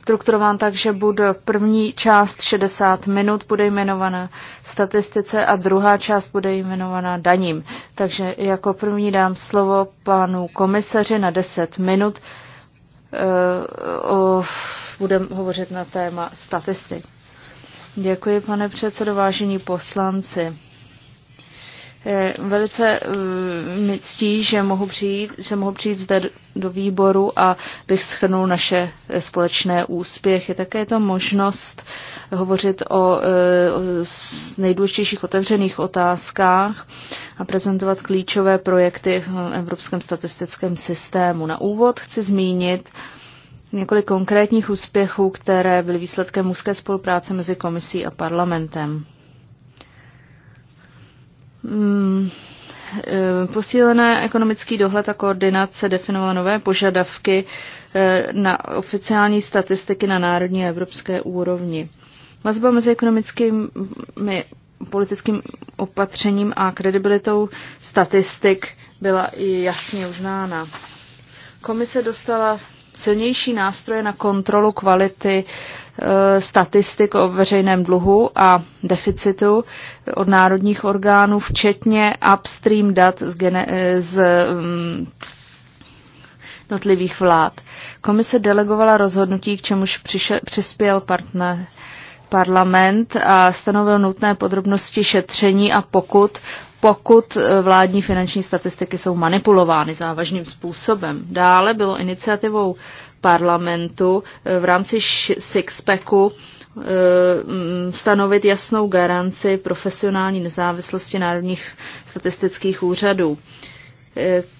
strukturován tak, že bude první část 60 minut bude jmenovaná statistice a druhá část bude jmenovaná daním. Takže jako první dám slovo panu komisaři na 10 minut. Uh, uh, budeme hovořit na téma statistik. Děkuji, pane předsedo, vážení poslanci. Velice mm, mi ctí, že mohu přijít, že mohu přijít zde do výboru a bych schrnul naše společné úspěchy. Také je to možnost hovořit o, e, o nejdůležitějších otevřených otázkách a prezentovat klíčové projekty v Evropském statistickém systému. Na úvod chci zmínit, několik konkrétních úspěchů, které byly výsledkem úzké spolupráce mezi komisí a parlamentem. Hmm. Eh, posílené ekonomický dohled a koordinace definovala nové požadavky eh, na oficiální statistiky na národní a evropské úrovni. Vazba mezi ekonomickými politickým opatřením a kredibilitou statistik byla i jasně uznána. Komise dostala silnější nástroje na kontrolu kvality e, statistik o veřejném dluhu a deficitu od národních orgánů, včetně upstream dat z, gene, e, z mm, notlivých vlád. Komise delegovala rozhodnutí, k čemuž přišel, přispěl partner parlament a stanovil nutné podrobnosti šetření a pokud pokud eh, vládní finanční statistiky jsou manipulovány závažným způsobem. Dále bylo iniciativou parlamentu eh, v rámci Sixpacku eh, mm, stanovit jasnou garanci profesionální nezávislosti národních statistických úřadů.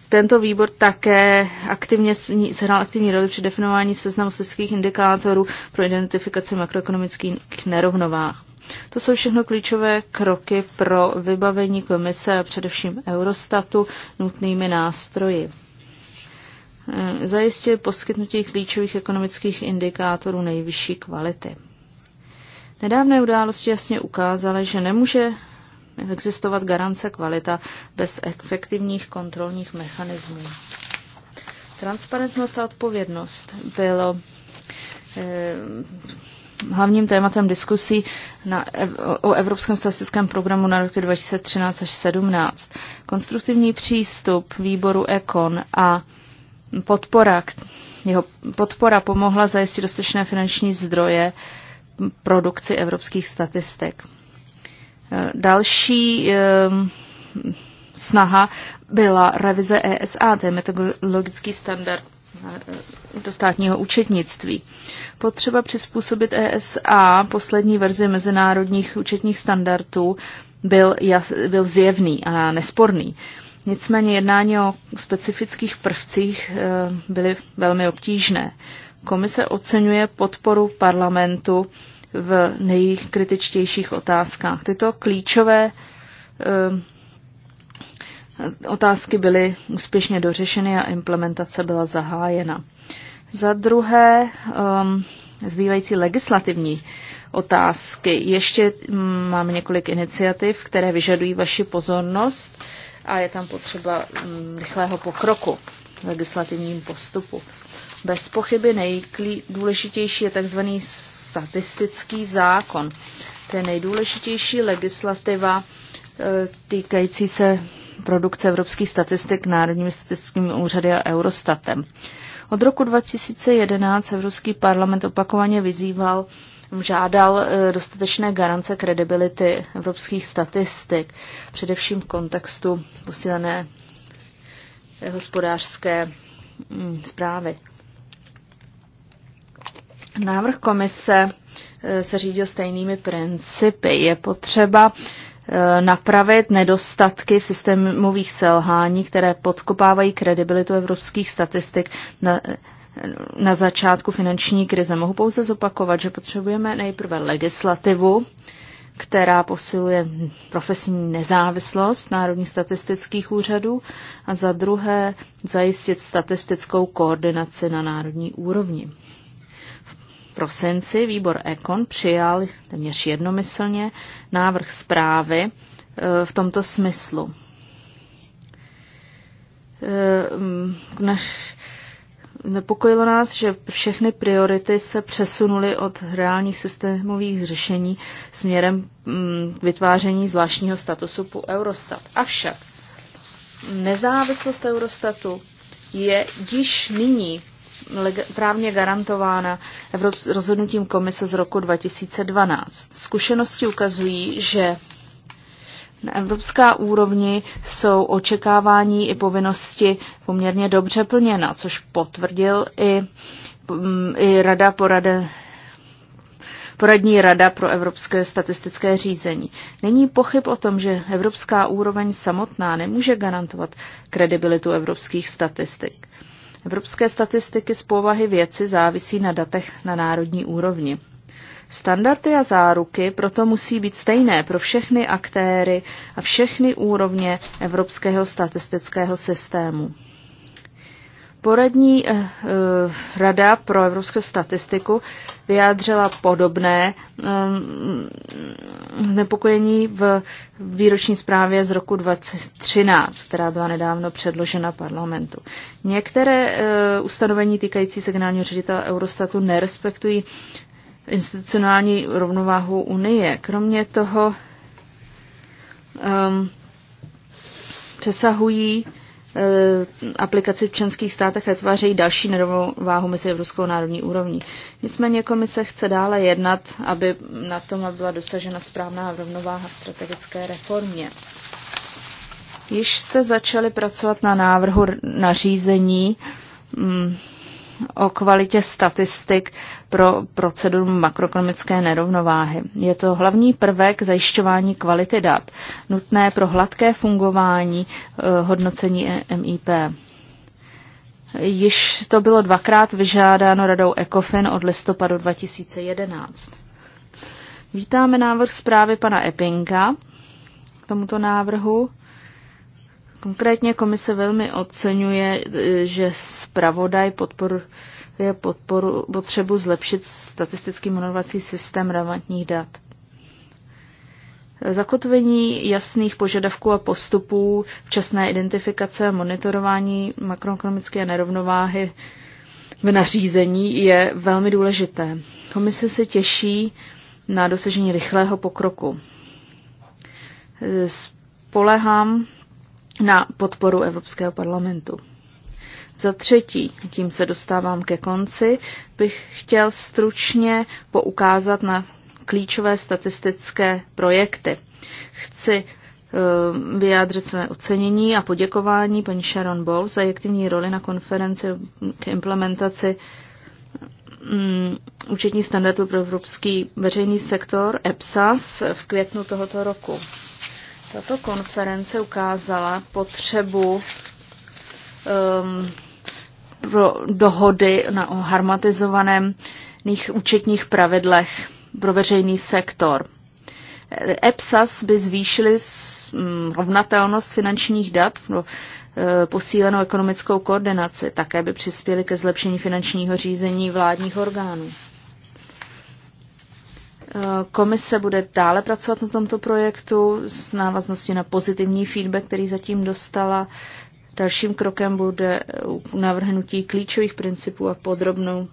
Tento výbor také aktivně sehrál aktivní roli při definování seznamu statistických indikátorů pro identifikaci makroekonomických nerovnovách. To jsou všechno klíčové kroky pro vybavení komise a především Eurostatu nutnými nástroji. Eh, zajistě poskytnutí klíčových ekonomických indikátorů nejvyšší kvality. Nedávné události jasně ukázaly, že nemůže existovat garance kvalita bez efektivních kontrolních mechanismů. Transparentnost a odpovědnost bylo eh, hlavním tématem diskusí na, o Evropském statistickém programu na roky 2013 až 2017. Konstruktivní přístup výboru ECON a podpora, jeho podpora pomohla zajistit dostatečné finanční zdroje produkci evropských statistik. E, další e, snaha byla revize ESA, to je metodologický standard Eh, do státního účetnictví. Potřeba přizpůsobit ESA poslední verzi mezinárodních účetních standardů byl, byl zjevný a nesporný. Nicméně jednání o specifických prvcích eh, byly velmi obtížné. Komise oceňuje podporu parlamentu v nejkritičtějších otázkách. Tyto klíčové eh, Otázky byly úspěšně dořešeny a implementace byla zahájena. Za druhé, um, zbývající legislativní otázky. Ještě mm, máme několik iniciativ, které vyžadují vaši pozornost a je tam potřeba mm, rychlého pokroku v legislativním postupu. Bez pochyby nejdůležitější je tzv. statistický zákon. To je nejdůležitější legislativa e, týkající se produkce evropských statistik národními statistickými úřady a Eurostatem. Od roku 2011 Evropský parlament opakovaně vyzýval, žádal eh, dostatečné garance kredibility evropských statistik, především v kontextu posílené eh, hospodářské mm, zprávy. Návrh komise eh, se řídil stejnými principy. Je potřeba Eh, napravit nedostatky systémových selhání, které podkopávají kredibilitu evropských statistik na, na začátku finanční krize. Mohu pouze zopakovat, že potřebujeme nejprve legislativu, která posiluje profesní nezávislost národních statistických úřadů a za druhé zajistit statistickou koordinaci na národní úrovni prosinci výbor Ekon přijal téměř jednomyslně návrh zprávy e, v tomto smyslu. E, naš, nepokojilo nás, že všechny priority se přesunuly od reálních systémových řešení směrem k vytváření zvláštního statusu po Eurostat. Avšak nezávislost Eurostatu je již nyní právně garantována rozhodnutím komise z roku 2012. Zkušenosti ukazují, že na evropská úrovni jsou očekávání i povinnosti poměrně dobře plněna, což potvrdil i, mm, i rada porade, poradní rada pro evropské statistické řízení. Není pochyb o tom, že evropská úroveň samotná nemůže garantovat kredibilitu evropských statistik. Evropské statistiky z povahy věci závisí na datech na národní úrovni. Standardy a záruky proto musí být stejné pro všechny aktéry a všechny úrovně evropského statistického systému. Poradní eh, eh, rada pro evropskou statistiku vyjádřila podobné eh, nepokojení v výroční zprávě z roku 2013, která byla nedávno předložena parlamentu. Některé ustanovení týkající se generálního ředitele Eurostatu nerespektují institucionální rovnováhu Unie. Kromě toho eh, přesahují Eh, aplikaci v členských státech vytvářejí další váhu mezi evropskou národní úrovní. Nicméně komise chce dále jednat, aby na tom byla dosažena správná rovnováha v strategické reformě. Již jste začali pracovat na návrhu nařízení mm, o kvalitě statistik pro proceduru makroekonomické nerovnováhy. Je to hlavní prvek zajišťování kvality dat, nutné pro hladké fungování eh, hodnocení MIP. Již to bylo dvakrát vyžádáno radou ECOFIN od listopadu 2011. Vítáme návrh zprávy pana Eppinga k tomuto návrhu Konkrétně komise velmi oceňuje, e, že zpravodaj podporuje podporu, potřebu zlepšit statistický monitorovací systém relevantních dat. Zakotvení jasných požadavků a postupů, včasné identifikace a monitorování makroekonomické nerovnováhy v nařízení je velmi důležité. Komise se těší na dosažení rychlého pokroku. E, spolehám na podporu Evropského parlamentu. Za třetí, tím se dostávám ke konci, bych chtěl stručně poukázat na klíčové statistické projekty. Chci eh, vyjádřit své ocenění a poděkování paní Sharon Bowles za aktivní roli na konferenci k implementaci mm, účetní standardů pro evropský veřejný sektor EPSAS v květnu tohoto roku. Tato konference ukázala potřebu um, pro dohody na o harmatizovaném účetních pravidlech pro veřejný sektor. EPSAS by zvýšily mm, rovnatelnost finančních dat pro e, posílenou ekonomickou koordinaci. Také by přispěly ke zlepšení finančního řízení vládních orgánů. Komise bude dále pracovat na tomto projektu s návazností na pozitivní feedback, který zatím dostala. Dalším krokem bude navrhnutí klíčových principů a podrobnou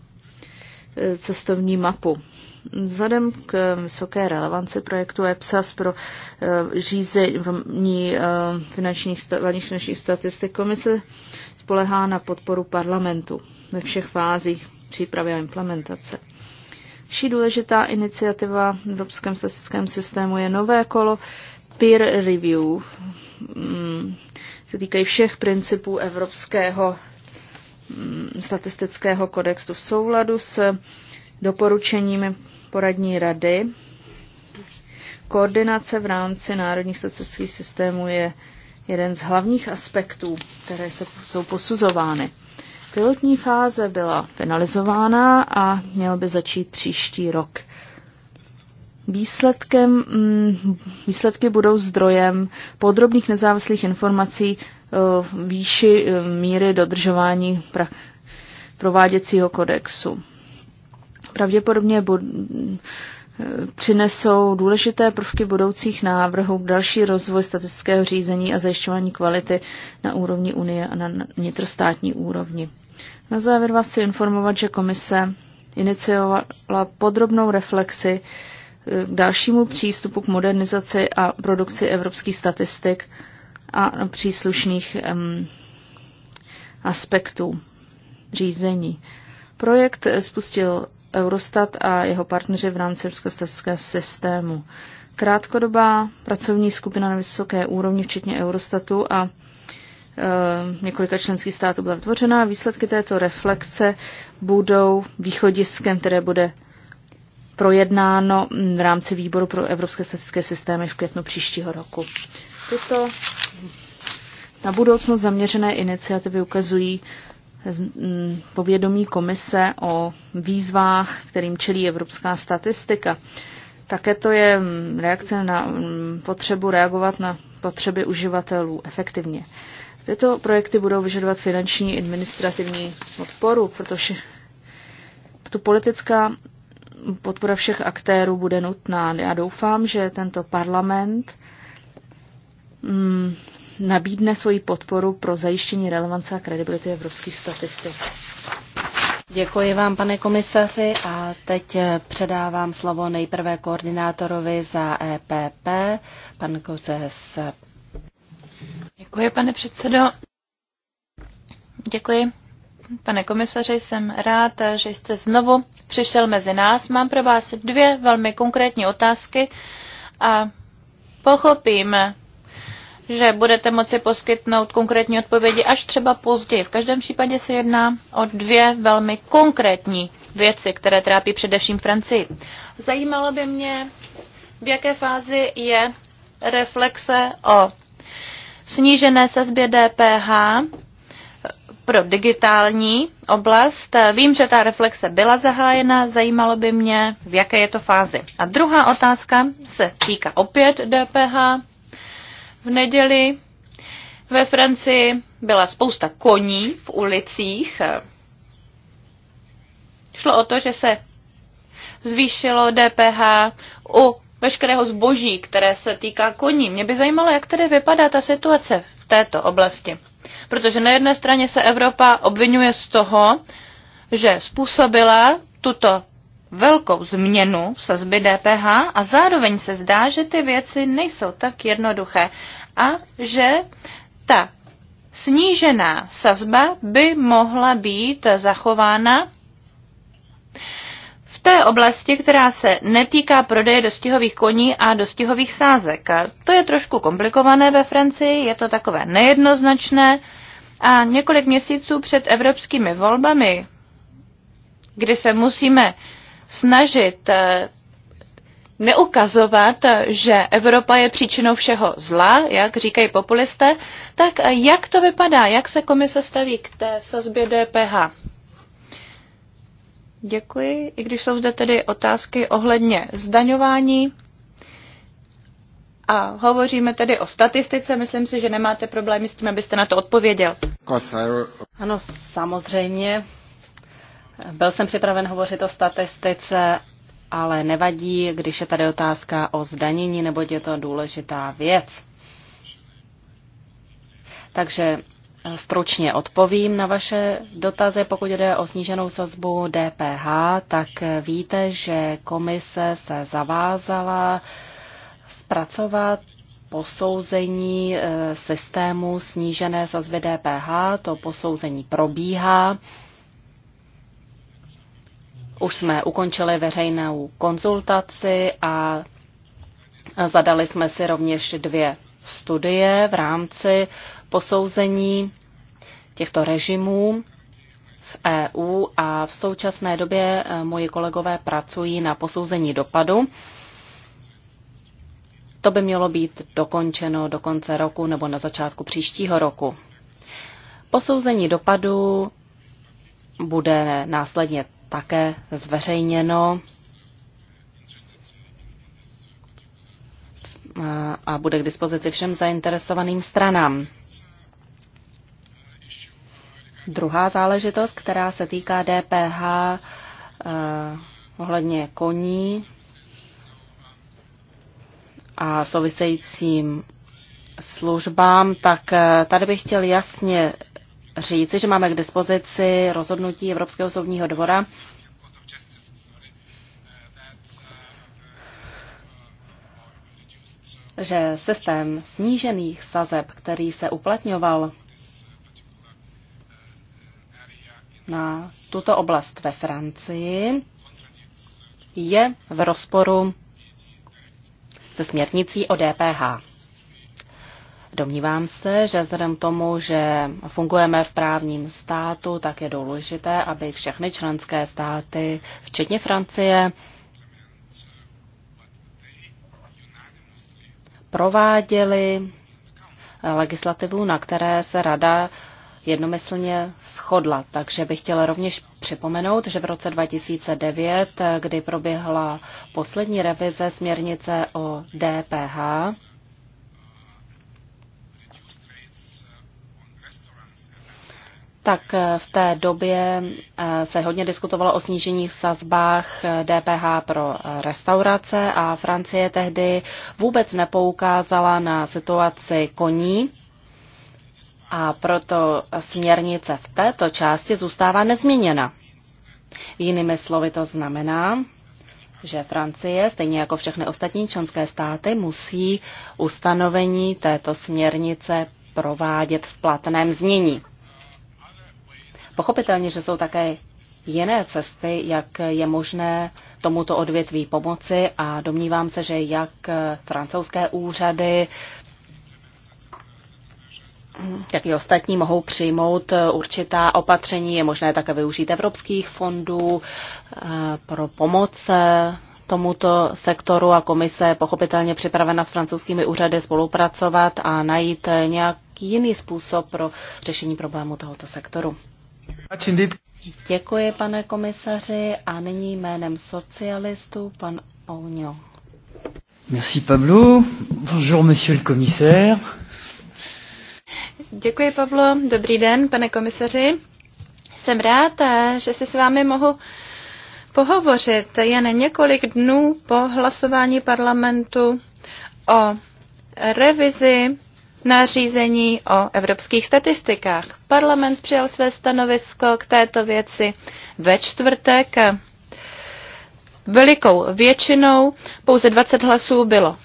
e, cestovní mapu. Vzhledem k vysoké relevanci projektu EPSAS pro e, řízení e, finančních, finančních statistik komise spolehá na podporu parlamentu ve všech fázích přípravy a implementace. Další důležitá iniciativa v Evropském statistickém systému je nové kolo peer review. Mm, se týkají všech principů Evropského mm, statistického kodexu v souladu s doporučeními poradní rady. Koordinace v rámci národních statistických systémů je jeden z hlavních aspektů, které se, jsou posuzovány. Pilotní fáze byla finalizována a měl by začít příští rok. Výsledkem, mm, výsledky budou zdrojem podrobných nezávislých informací e, výši e, míry dodržování pra, prováděcího kodexu. Pravděpodobně bod, e, přinesou důležité prvky budoucích návrhů k další rozvoj statického řízení a zajišťování kvality na úrovni Unie a na vnitrostátní úrovni. Na závěr vás chci informovat, že komise iniciovala podrobnou reflexi eh, k dalšímu přístupu k modernizaci a produkci evropských statistik a příslušných um, aspektů řízení. Projekt spustil Eurostat a jeho partneři v rámci evropského systému. Krátkodobá pracovní skupina na vysoké úrovni, včetně Eurostatu a Eh, několika členských států byla vytvořena. Výsledky této reflexe budou východiskem, které bude projednáno v rámci výboru pro evropské statistické systémy v květnu příštího roku. Tyto na budoucnost zaměřené iniciativy ukazují mm, povědomí komise o výzvách, kterým čelí evropská statistika. Také to je mm, reakce na mm, potřebu reagovat na potřeby uživatelů efektivně. Tyto projekty budou vyžadovat finanční i administrativní podporu, protože tu politická podpora všech aktérů bude nutná. Já doufám, že tento parlament mm, nabídne svoji podporu pro zajištění relevance a kredibility evropských statistik. Děkuji vám, pane komisaři, a teď eh, předávám slovo nejprve koordinátorovi za EPP, pan Kozes Děkuji, pane předsedo. Děkuji. Pane komisaři, jsem rád, že jste znovu přišel mezi nás. Mám pro vás dvě velmi konkrétní otázky a pochopím, že budete moci poskytnout konkrétní odpovědi až třeba později. V každém případě se jedná o dvě velmi konkrétní věci, které trápí především Francii. Zajímalo by mě, v jaké fázi je reflexe o snížené sazbě DPH pro digitální oblast. Vím, že ta reflexe byla zahájena, zajímalo by mě, v jaké je to fázi. A druhá otázka se týká opět DPH. V neděli ve Francii byla spousta koní v ulicích. Šlo o to, že se zvýšilo DPH u veškerého zboží, které se týká koní. Mě by zajímalo, jak tedy vypadá ta situace v této oblasti. Protože na jedné straně se Evropa obvinuje z toho, že způsobila tuto velkou změnu v sazby DPH a zároveň se zdá, že ty věci nejsou tak jednoduché a že ta snížená sazba by mohla být zachována té oblasti, která se netýká prodeje dostihových koní a dostihových sázek. To je trošku komplikované ve Francii, je to takové nejednoznačné a několik měsíců před evropskými volbami, kdy se musíme snažit eh, neukazovat, že Evropa je příčinou všeho zla, jak říkají populisté, tak jak to vypadá, jak se komise staví k té sazbě DPH? Děkuji. I když jsou zde tedy otázky ohledně zdaňování, a hovoříme tedy o statistice, myslím si, že nemáte problémy s tím, abyste na to odpověděl. Ano, samozřejmě. Byl jsem připraven hovořit o statistice, ale nevadí, když je tady otázka o zdanění, nebo je to důležitá věc. Takže Stručně odpovím na vaše dotazy. Pokud jde o sníženou sazbu DPH, tak víte, že komise se zavázala zpracovat posouzení eh, systému snížené sazby DPH. To posouzení probíhá. Už jsme ukončili veřejnou konzultaci a zadali jsme si rovněž dvě studie v rámci posouzení těchto režimů v EU a v současné době e, moji kolegové pracují na posouzení dopadu. To by mělo být dokončeno do konce roku nebo na začátku příštího roku. Posouzení dopadu bude následně také zveřejněno a bude k dispozici všem zainteresovaným stranám. Druhá záležitost, která se týká DPH eh, ohledně koní a souvisejícím službám, tak tady bych chtěl jasně říci, že máme k dispozici rozhodnutí Evropského soudního dvora že systém snížených sazeb, který se uplatňoval na tuto oblast ve Francii, je v rozporu se směrnicí o DPH. Domnívám se, že vzhledem tomu, že fungujeme v právním státu, tak je důležité, aby všechny členské státy, včetně Francie, prováděli legislativu, na které se rada jednomyslně shodla. Takže bych chtěla rovněž připomenout, že v roce 2009, kdy proběhla poslední revize směrnice o DPH, tak eh, v té době eh, se hodně diskutovalo o snížených sazbách DPH eh, pro restaurace a Francie tehdy vůbec nepoukázala na situaci koní a proto směrnice v této části zůstává nezměněna. Jinými slovy to znamená, že Francie, stejně jako všechny ostatní členské státy, musí ustanovení této směrnice provádět v platném znění. Pochopitelně, že jsou také jiné cesty, jak je možné tomuto odvětví pomoci a domnívám se, že jak francouzské úřady, tak i ostatní mohou přijmout určitá opatření. Je možné také využít evropských fondů eh, pro pomoc eh, tomuto sektoru a komise je pochopitelně připravena s francouzskými úřady spolupracovat a najít nějaký jiný způsob pro řešení problému tohoto sektoru. Děkuji, pane komisaři, a nyní jménem socialistů pan Ouňo. Merci Pablo. Bonjour, monsieur le commissaire. Děkuji, Pablo. Dobrý den, pane komisaři. Jsem rád, eh, že si s vámi mohu pohovořit jen několik dnů po hlasování parlamentu o revizi nařízení o evropských statistikách. Parlament přijal své stanovisko k této věci ve čtvrtek velikou většinou, pouze 20 hlasů bylo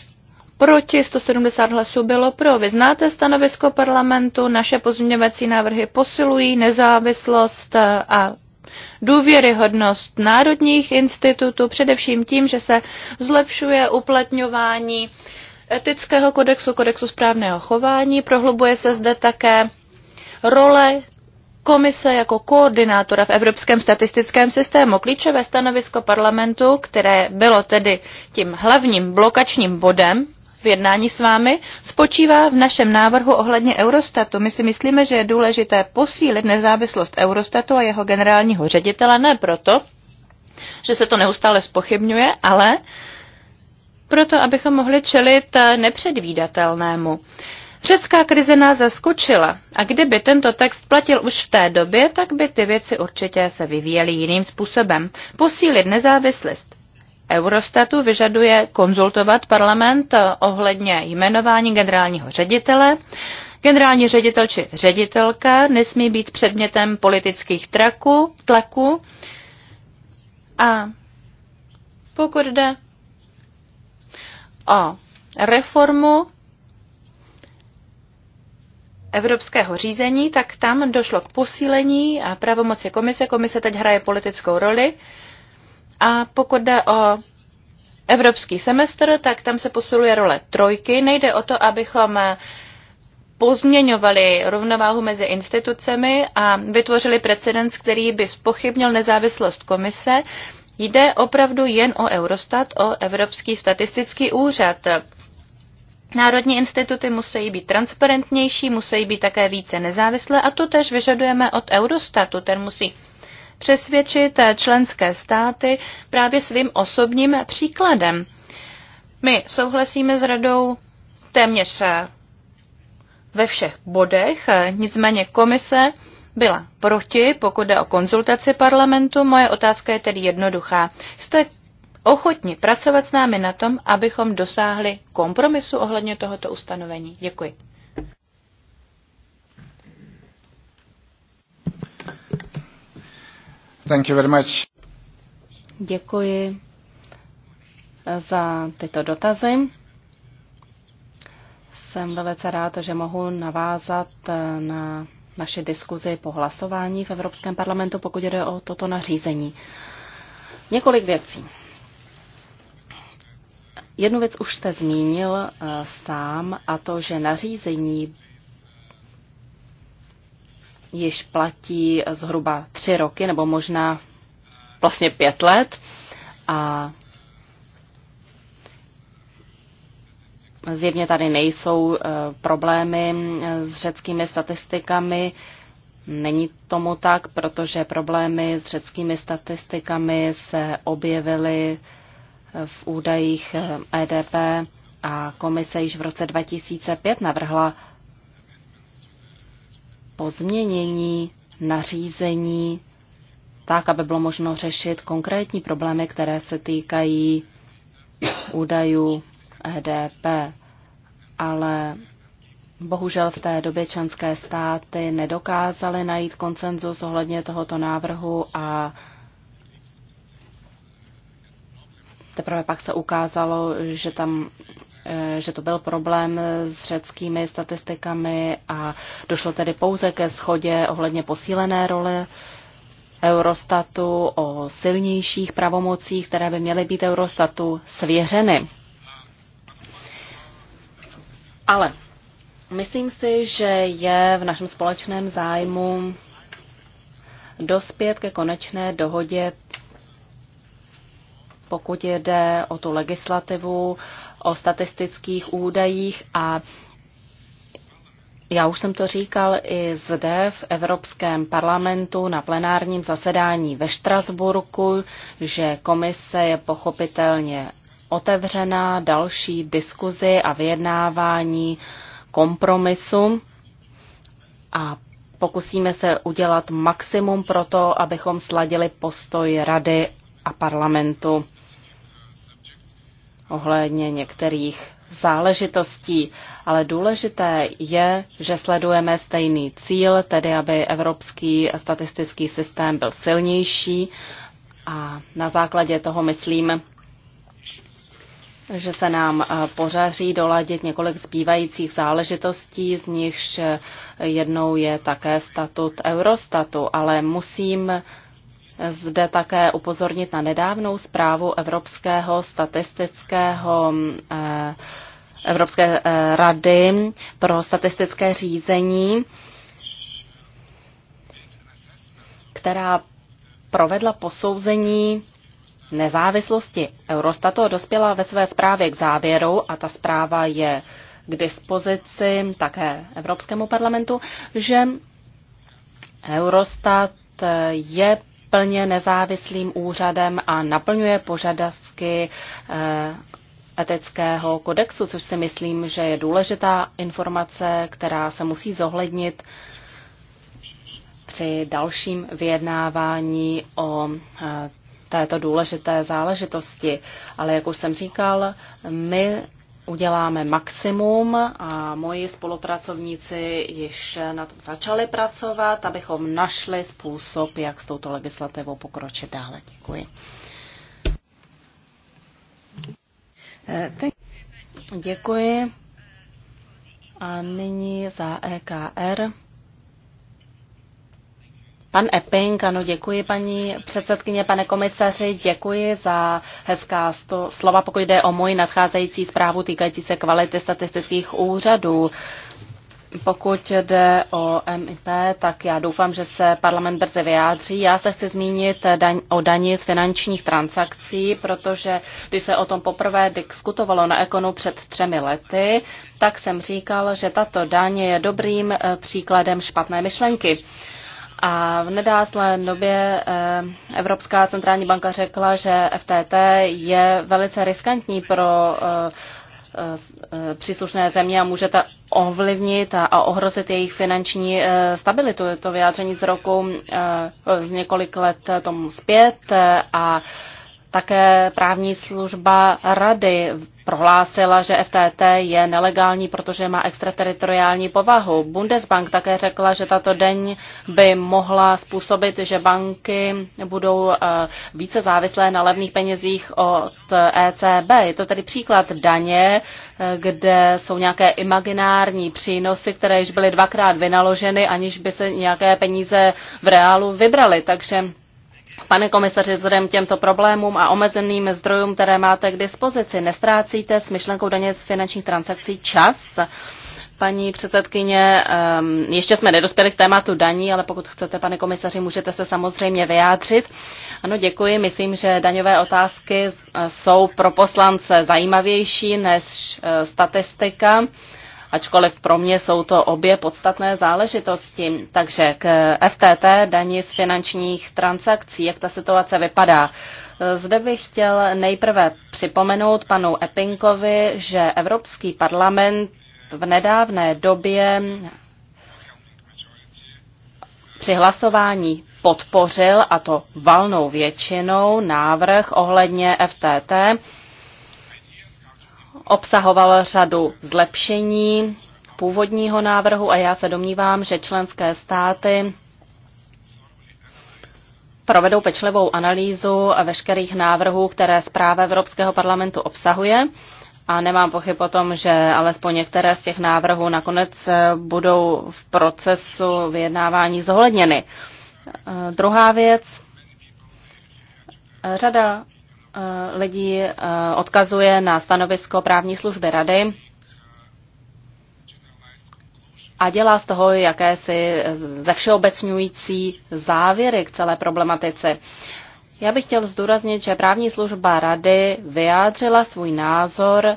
proti, 170 hlasů bylo pro. Vy znáte stanovisko parlamentu, naše pozměňovací návrhy posilují nezávislost a důvěryhodnost národních institutů, především tím, že se zlepšuje uplatňování etického kodexu, kodexu správného chování. Prohlubuje se zde také role komise jako koordinátora v Evropském statistickém systému. Klíčové stanovisko parlamentu, které bylo tedy tím hlavním blokačním bodem v jednání s vámi, spočívá v našem návrhu ohledně Eurostatu. My si myslíme, že je důležité posílit nezávislost Eurostatu a jeho generálního ředitele, ne proto, že se to neustále spochybňuje, ale proto abychom mohli čelit eh, nepředvídatelnému. Řecká krize nás zaskočila a kdyby tento text platil už v té době, tak by ty věci určitě se vyvíjely jiným způsobem. Posílit nezávislost Eurostatu vyžaduje konzultovat parlament eh, ohledně jmenování generálního ředitele. Generální ředitel či ředitelka nesmí být předmětem politických traku, tlaku a pokud jde o reformu evropského řízení, tak tam došlo k posílení a pravomoci komise. Komise teď hraje politickou roli. A pokud jde o evropský semestr, tak tam se posiluje role trojky. Nejde o to, abychom pozměňovali rovnováhu mezi institucemi a vytvořili precedens, který by spochybnil nezávislost komise. Jde opravdu jen o Eurostat, o Evropský statistický úřad. Národní instituty musí být transparentnější, musí být také více nezávislé a to tež vyžadujeme od Eurostatu. Ten musí přesvědčit členské státy právě svým osobním příkladem. My souhlasíme s radou téměř ve všech bodech, nicméně komise byla proti, pokud jde o konzultaci parlamentu. Moje otázka je tedy jednoduchá. Jste ochotni pracovat s námi na tom, abychom dosáhli kompromisu ohledně tohoto ustanovení? Děkuji. Thank you very much. Děkuji za tyto dotazy. Jsem velice rád, že mohu navázat na naše diskuzi po hlasování v Evropském parlamentu, pokud jde o toto nařízení. Několik věcí. Jednu věc už jste zmínil eh, sám, a to, že nařízení již platí zhruba tři roky, nebo možná vlastně pět let. A Zjevně tady nejsou eh, problémy eh, s řeckými statistikami. Není tomu tak, protože problémy s řeckými statistikami se objevily eh, v údajích EDP e a komise již v roce 2005 navrhla pozměnění nařízení tak, aby bylo možno řešit konkrétní problémy, které se týkají údajů HDP, e ale bohužel v té době členské státy nedokázaly najít koncenzus ohledně tohoto návrhu a teprve pak se ukázalo, že tam e, že to byl problém s řeckými statistikami a došlo tedy pouze ke schodě ohledně posílené role Eurostatu o silnějších pravomocích, které by měly být Eurostatu svěřeny. Ale myslím si, že je v našem společném zájmu dospět ke konečné dohodě, pokud jde o tu legislativu, o statistických údajích a já už jsem to říkal i zde v Evropském parlamentu na plenárním zasedání ve Štrasburku, že komise je pochopitelně otevřená další diskuzi a vyjednávání kompromisu a pokusíme se udělat maximum pro to, abychom sladili postoj Rady a parlamentu ohledně některých záležitostí, ale důležité je, že sledujeme stejný cíl, tedy aby evropský statistický systém byl silnější a na základě toho myslím, že se nám eh, pořaří doladit několik zbývajících záležitostí, z nichž eh, jednou je také statut Eurostatu, ale musím zde také upozornit na nedávnou zprávu Evropského statistického eh, Evropské rady pro statistické řízení, která provedla posouzení nezávislosti Eurostatu dospěla ve své zprávě k závěru, a ta zpráva je k dispozici také Evropskému parlamentu, že Eurostat je plně nezávislým úřadem a naplňuje požadavky eh, etického kodexu, což si myslím, že je důležitá informace, která se musí zohlednit při dalším vyjednávání o eh, této důležité záležitosti. Ale jak už jsem říkal, my uděláme maximum a moji spolupracovníci již na tom začali pracovat, abychom našli způsob, jak s touto legislativou pokročit dále. Děkuji. Eh, Děkuji. A nyní za EKR. Pan Epping, ano, děkuji paní předsedkyně, pane komisaři, děkuji za hezká sto, slova, pokud jde o moji nadcházející zprávu týkající se kvality statistických úřadů. Pokud jde o MIP, tak já doufám, že se parlament brzy vyjádří. Já se chci zmínit daň, o daní z finančních transakcí, protože když se o tom poprvé diskutovalo na Ekonu před třemi lety, tak jsem říkal, že tato daň je dobrým eh, příkladem špatné myšlenky. A v nedáslé době eh, Evropská centrální banka řekla, že FTT je velice riskantní pro eh, eh, příslušné země a můžete ovlivnit a ohrozit jejich finanční stabilitu. Je to vyjádření z roku z několik let tomu zpět a také právní služba rady prohlásila, že FTT je nelegální, protože má extrateritoriální povahu. Bundesbank také řekla, že tato deň by mohla způsobit, že banky budou eh, více závislé na levných penězích od ECB. Je to tedy příklad daně, eh, kde jsou nějaké imaginární přínosy, které již byly dvakrát vynaloženy, aniž by se nějaké peníze v reálu vybraly. Takže Pane komisaři, vzhledem k těmto problémům a omezeným zdrojům, které máte k dispozici, nestrácíte s myšlenkou daně z finančních transakcí čas? Paní předsedkyně, ehm, ještě jsme nedospěli k tématu daní, ale pokud chcete, pane komisaři, můžete se samozřejmě vyjádřit. Ano, děkuji. Myslím, že daňové otázky jsou pro poslance zajímavější než eh, statistika ačkoliv pro mě jsou to obě podstatné záležitosti. Takže k FTT, daní z finančních transakcí, jak ta situace vypadá. Zde bych chtěl nejprve připomenout panu Eppinkovi, že Evropský parlament v nedávné době při hlasování podpořil, a to valnou většinou, návrh ohledně FTT, obsahoval řadu zlepšení původního návrhu a já se domnívám, že členské státy provedou pečlivou analýzu veškerých návrhů, které zpráva Evropského parlamentu obsahuje. A nemám pochyb o tom, že alespoň některé z těch návrhů nakonec budou v procesu vyjednávání zohledněny. Druhá věc. Řada Eh, lidí eh, odkazuje na stanovisko právní služby rady a dělá z toho jakési zevšeobecňující závěry k celé problematice. Já bych chtěl zdůraznit, že právní služba rady vyjádřila svůj názor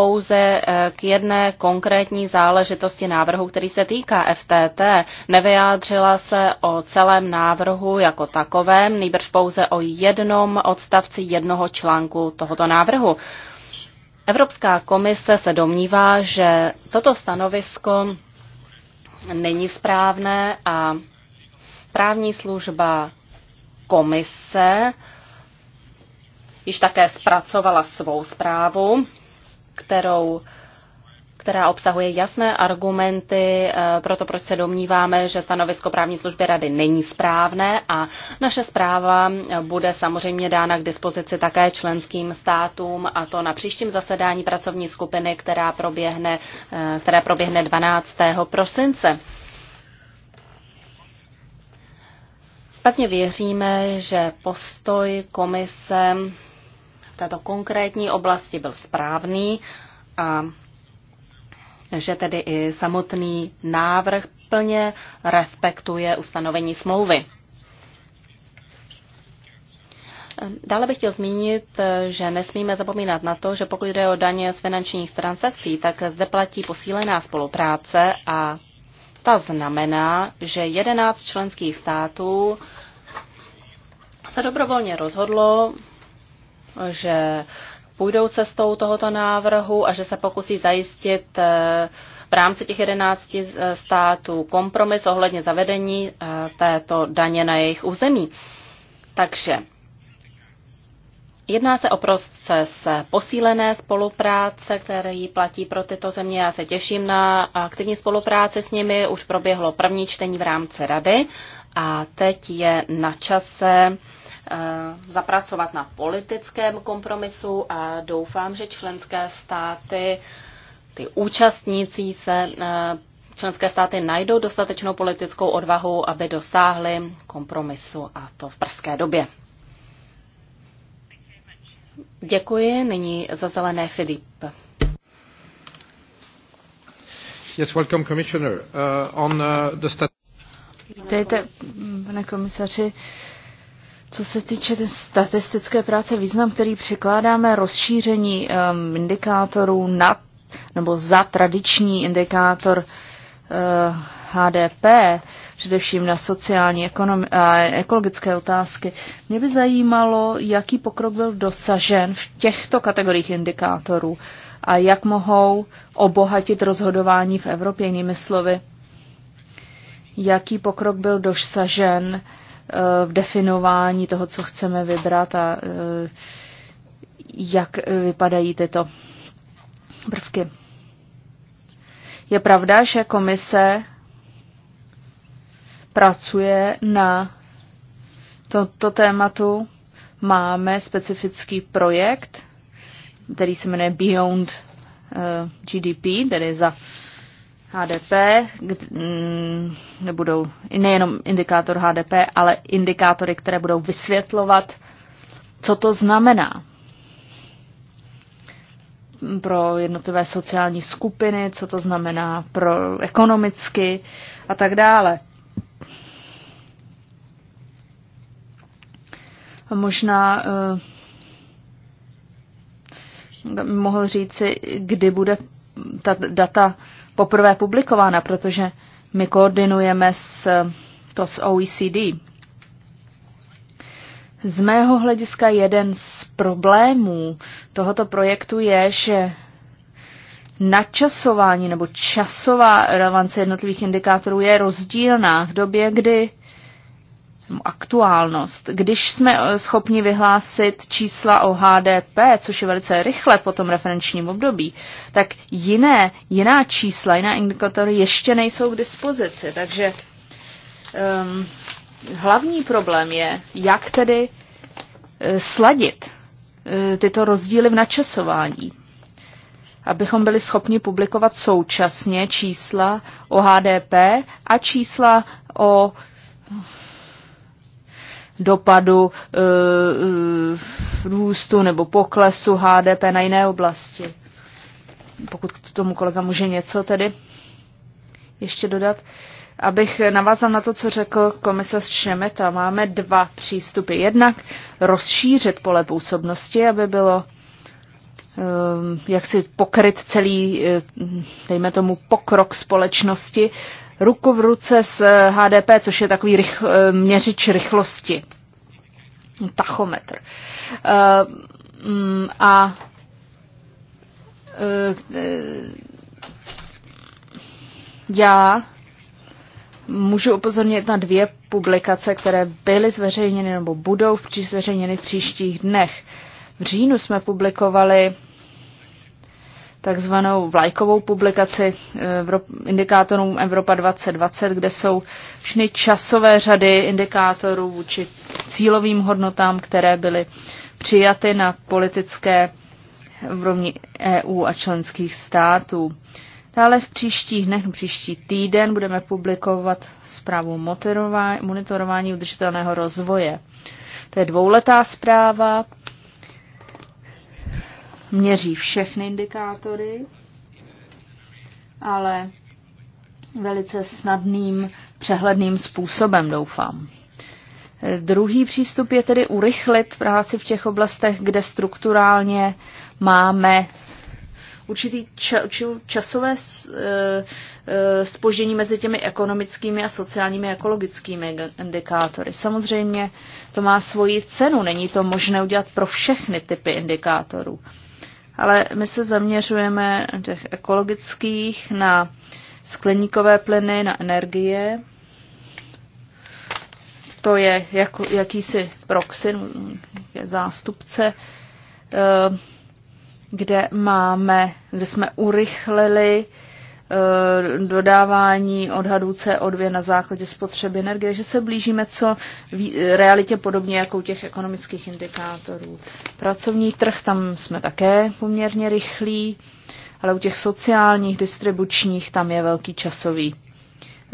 pouze eh, k jedné konkrétní záležitosti návrhu, který se týká FTT. Nevyjádřila se o celém návrhu jako takovém, nejbrž pouze o jednom odstavci jednoho článku tohoto návrhu. Evropská komise se domnívá, že toto stanovisko není správné a právní služba komise již také zpracovala svou zprávu kterou která obsahuje jasné argumenty eh, proto proč se domníváme, že stanovisko právní služby rady není správné a naše zpráva eh, bude samozřejmě dána k dispozici také členským státům a to na příštím zasedání pracovní skupiny, která proběhne, eh, která proběhne 12. prosince. Pevně věříme, že postoj komise této konkrétní oblasti byl správný a že tedy i samotný návrh plně respektuje ustanovení smlouvy. Dále bych chtěl zmínit, že nesmíme zapomínat na to, že pokud jde o daně z finančních transakcí, tak zde platí posílená spolupráce a ta znamená, že 11 členských států se dobrovolně rozhodlo že půjdou cestou tohoto návrhu a že se pokusí zajistit eh, v rámci těch 11 eh, států kompromis ohledně zavedení eh, této daně na jejich území. Takže jedná se o proces posílené spolupráce, který platí pro tyto země. Já se těším na aktivní spolupráci s nimi. Už proběhlo první čtení v rámci rady a teď je na čase uh, Eh, zapracovat na politickém kompromisu a doufám, že členské státy, ty účastníci se eh, členské státy najdou dostatečnou politickou odvahu, aby dosáhly kompromisu a to v brzké době. Děkuji. Nyní za zelené Filip. Yes, welcome, Commissioner. Uh, on uh, the Dejte, pane komisaři, co se týče statistické práce, význam, který přikládáme rozšíření um, indikátorů na, nebo za tradiční indikátor uh, HDP, především na sociální a ekologické otázky. Mě by zajímalo, jaký pokrok byl dosažen v těchto kategoriích indikátorů a jak mohou obohatit rozhodování v Evropě, jinými slovy, jaký pokrok byl dosažen uh, Eh, v definování toho, co chceme vybrat a eh, jak vypadají tyto prvky. Je pravda, že komise pracuje na tomto tématu. Máme specifický projekt, který se jmenuje Beyond eh, GDP, tedy za HDP, mm, nebudou nejenom indikátor HDP, ale indikátory, které budou vysvětlovat, co to znamená pro jednotlivé sociální skupiny, co to znamená pro ekonomicky a tak dále. A možná uh, mohl říci, kdy bude ta data uh, poprvé publikována, protože my koordinujeme s, to s OECD. Z mého hlediska jeden z problémů tohoto projektu je, že načasování nebo časová relevance jednotlivých indikátorů je rozdílná v době, kdy aktuálnost. Když jsme eh, schopni vyhlásit čísla o HDP, což je velice rychle po tom referenčním období, tak jiné, jiná čísla, jiná indikatory ještě nejsou k dispozici. Takže um, hlavní problém je, jak tedy eh, sladit eh, tyto rozdíly v načasování abychom byli schopni publikovat současně čísla o HDP a čísla o dopadu eh, eh, růstu nebo poklesu HDP na jiné oblasti. Pokud k tomu kolega může něco tedy ještě dodat. Abych navázal na to, co řekl komisař Šemeta, máme dva přístupy. Jednak rozšířit pole působnosti, aby bylo eh, jak si pokryt celý, dejme tomu, pokrok společnosti ruku v ruce s HDP, eh, což je takový rych, eh, měřič rychlosti, tachometr. Eh, mm, a já můžu upozornit na dvě publikace, které byly zveřejněny nebo budou zveřejněny v příštích dnech. V říjnu jsme publikovali takzvanou vlajkovou publikaci eh, indikátorům Evropa 2020, kde jsou všechny časové řady indikátorů vůči cílovým hodnotám, které byly přijaty na politické úrovni EU a členských států. Dále v příštích dnech, no, příští týden budeme publikovat zprávu monitorování udržitelného rozvoje. To je dvouletá zpráva, měří všechny indikátory, ale velice snadným, přehledným způsobem, doufám. Druhý přístup je tedy urychlit práci v těch oblastech, kde strukturálně máme určitý ča, časové spoždění e, e, mezi těmi ekonomickými a sociálními a ekologickými indikátory. Samozřejmě to má svoji cenu, není to možné udělat pro všechny typy indikátorů ale my se zaměřujeme těch ekologických na skleníkové plyny, na energie. To je jako, jakýsi proxy, zástupce, eh, kde máme, kde jsme urychlili Eh, dodávání odhadů CO2 na základě spotřeby energie, že se blížíme co eh, realitě podobně jako u těch ekonomických indikátorů. Pracovní trh, tam jsme také poměrně rychlí, ale u těch sociálních, distribučních, tam je velký časový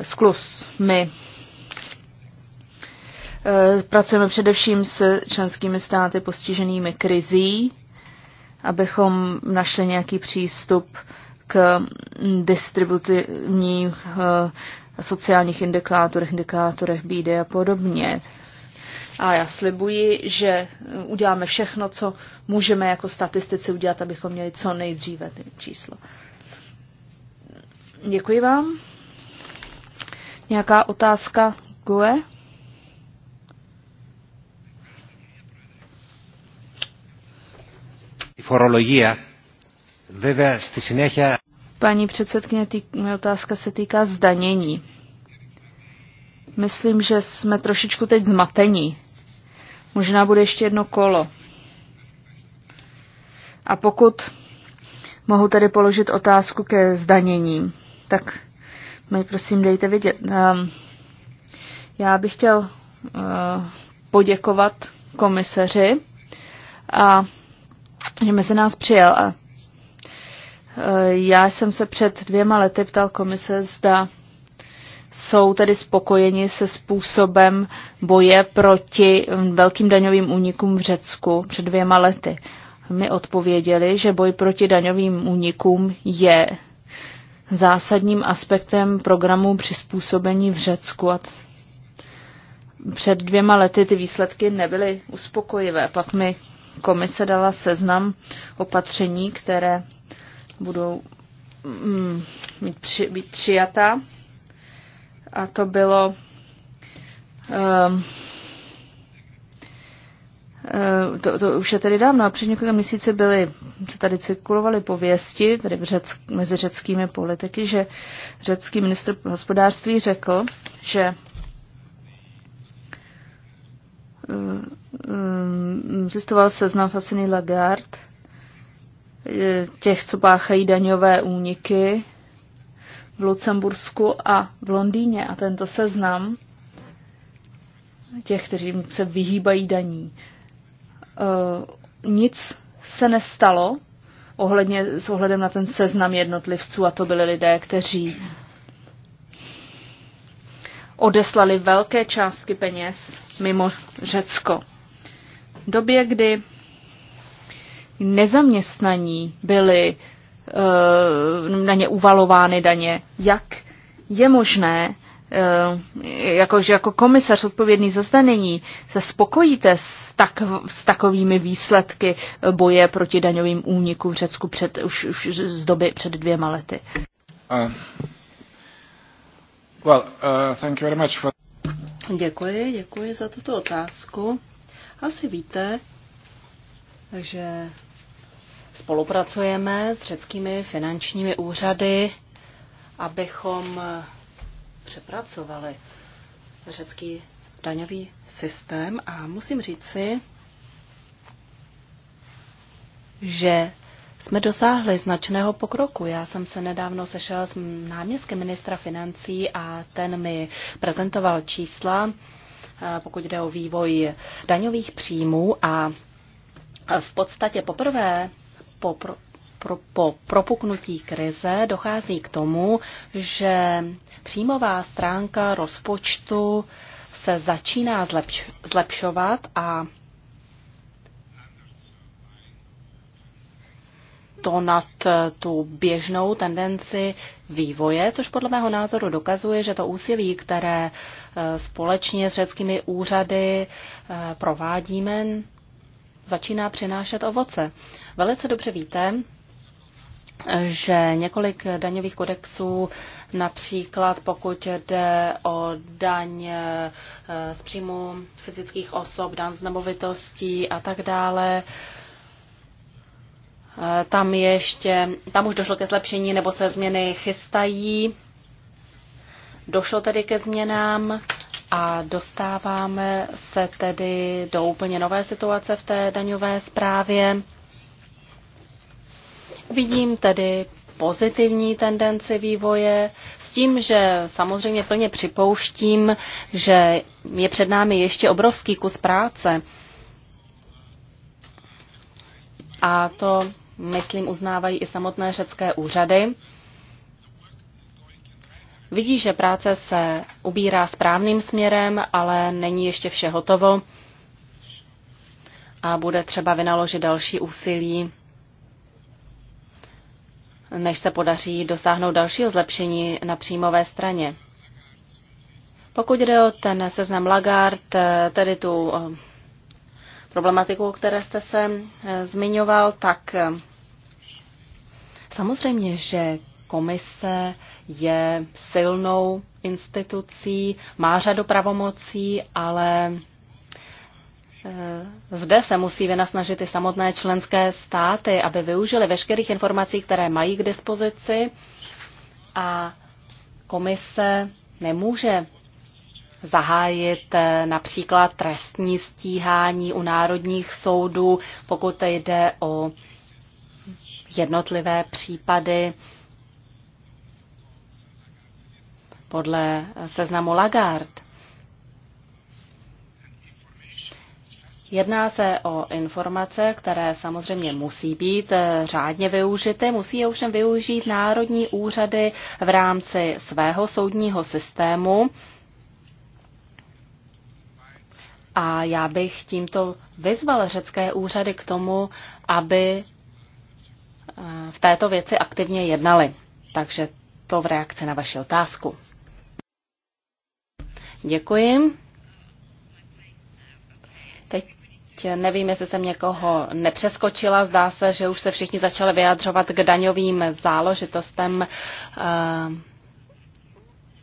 sklus. My eh, pracujeme především s členskými státy postiženými krizí, abychom našli nějaký přístup k distributivních eh, sociálních indikátorech, indikátorech BD a podobně. A já slibuji, že eh, uděláme všechno, co můžeme jako statistici udělat, abychom měli co nejdříve ty číslo. Děkuji vám. Nějaká otázka GUE? Forologie. Paní předsedkyně, moje otázka se týká zdanění. Myslím, že jsme trošičku teď zmatení. Možná bude ještě jedno kolo. A pokud mohu tady položit otázku ke zdanění, tak mi prosím dejte vědět. Ehm, já bych chtěl eh, poděkovat komiseři, a že mezi nás přijel a Eh, já jsem se před dvěma lety ptal komise, zda jsou tedy spokojeni se způsobem boje proti velkým daňovým únikům v Řecku před dvěma lety. Mi odpověděli, že boj proti daňovým únikům je zásadním aspektem programu přizpůsobení v Řecku. A před dvěma lety ty výsledky nebyly uspokojivé. Pak mi komise dala seznam opatření, které budou mm, při, být přijata. A to bylo um, to, to už je tedy dávno. Před několika měsíci byly, tady cirkulovaly pověsti tady řeck, mezi řeckými politiky, že řecký ministr hospodářství řekl, že eh, ehm, existoval seznam Fasiny Lagarde Eh, těch, co páchají daňové úniky v Lucembursku a v Londýně. A tento seznam těch, kteří se vyhýbají daní. Eh, nic se nestalo ohledně, s ohledem na ten seznam jednotlivců a to byli lidé, kteří odeslali velké částky peněz mimo Řecko. V době, kdy nezaměstnaní byli eh, na ně uvalovány daně. Jak je možné, eh, jako, že jako komisař odpovědný za zdanění se spokojíte s, tak, s takovými výsledky boje proti daňovým únikům v Řecku před, už, už z doby před dvěma lety? Uh, well, uh, thank you very much for... Děkuji, děkuji za tuto otázku. Asi víte, takže spolupracujeme s řeckými finančními úřady, abychom přepracovali řecký daňový systém a musím říci, že jsme dosáhli značného pokroku. Já jsem se nedávno sešel s náměstkem ministra financí a ten mi prezentoval čísla, eh, pokud jde o vývoj daňových příjmů a v podstatě poprvé po, pro, pro, po propuknutí krize dochází k tomu, že příjmová stránka rozpočtu se začíná zlepš, zlepšovat a to nad eh, tu běžnou tendenci vývoje, což podle mého názoru dokazuje, že to úsilí, které eh, společně s řeckými úřady eh, provádíme, začíná přinášet ovoce. Velice dobře víte, že několik daňových kodexů, například pokud jde o daň eh, z příjmu fyzických osob, daň z nemovitostí a tak dále, eh, tam ještě, tam už došlo ke zlepšení nebo se změny chystají. Došlo tedy ke změnám a dostáváme se tedy do úplně nové situace v té daňové zprávě. Vidím tedy pozitivní tendenci vývoje, s tím, že samozřejmě plně připouštím, že je před námi ještě obrovský kus práce. A to, myslím, uznávají i samotné řecké úřady. Vidí, že práce se ubírá správným směrem, ale není ještě vše hotovo a bude třeba vynaložit další úsilí, než se podaří dosáhnout dalšího zlepšení na příjmové straně. Pokud jde o ten seznam Lagard, tedy tu eh, problematiku, o které jste se eh, zmiňoval, tak eh, samozřejmě, že komise je silnou institucí, má řadu pravomocí, ale eh, zde se musí vynasnažit i samotné členské státy, aby využili veškerých informací, které mají k dispozici a komise nemůže zahájit eh, například trestní stíhání u národních soudů, pokud jde o jednotlivé případy podle seznamu Lagarde. Jedná se o informace, které samozřejmě musí být eh, řádně využity, musí je ovšem využít národní úřady v rámci svého soudního systému. A já bych tímto vyzval řecké úřady k tomu, aby eh, v této věci aktivně jednali. Takže to v reakci na vaši otázku. Děkuji. Teď nevím, jestli jsem někoho nepřeskočila. Zdá se, že už se všichni začali vyjadřovat k daňovým záložitostem. Eh,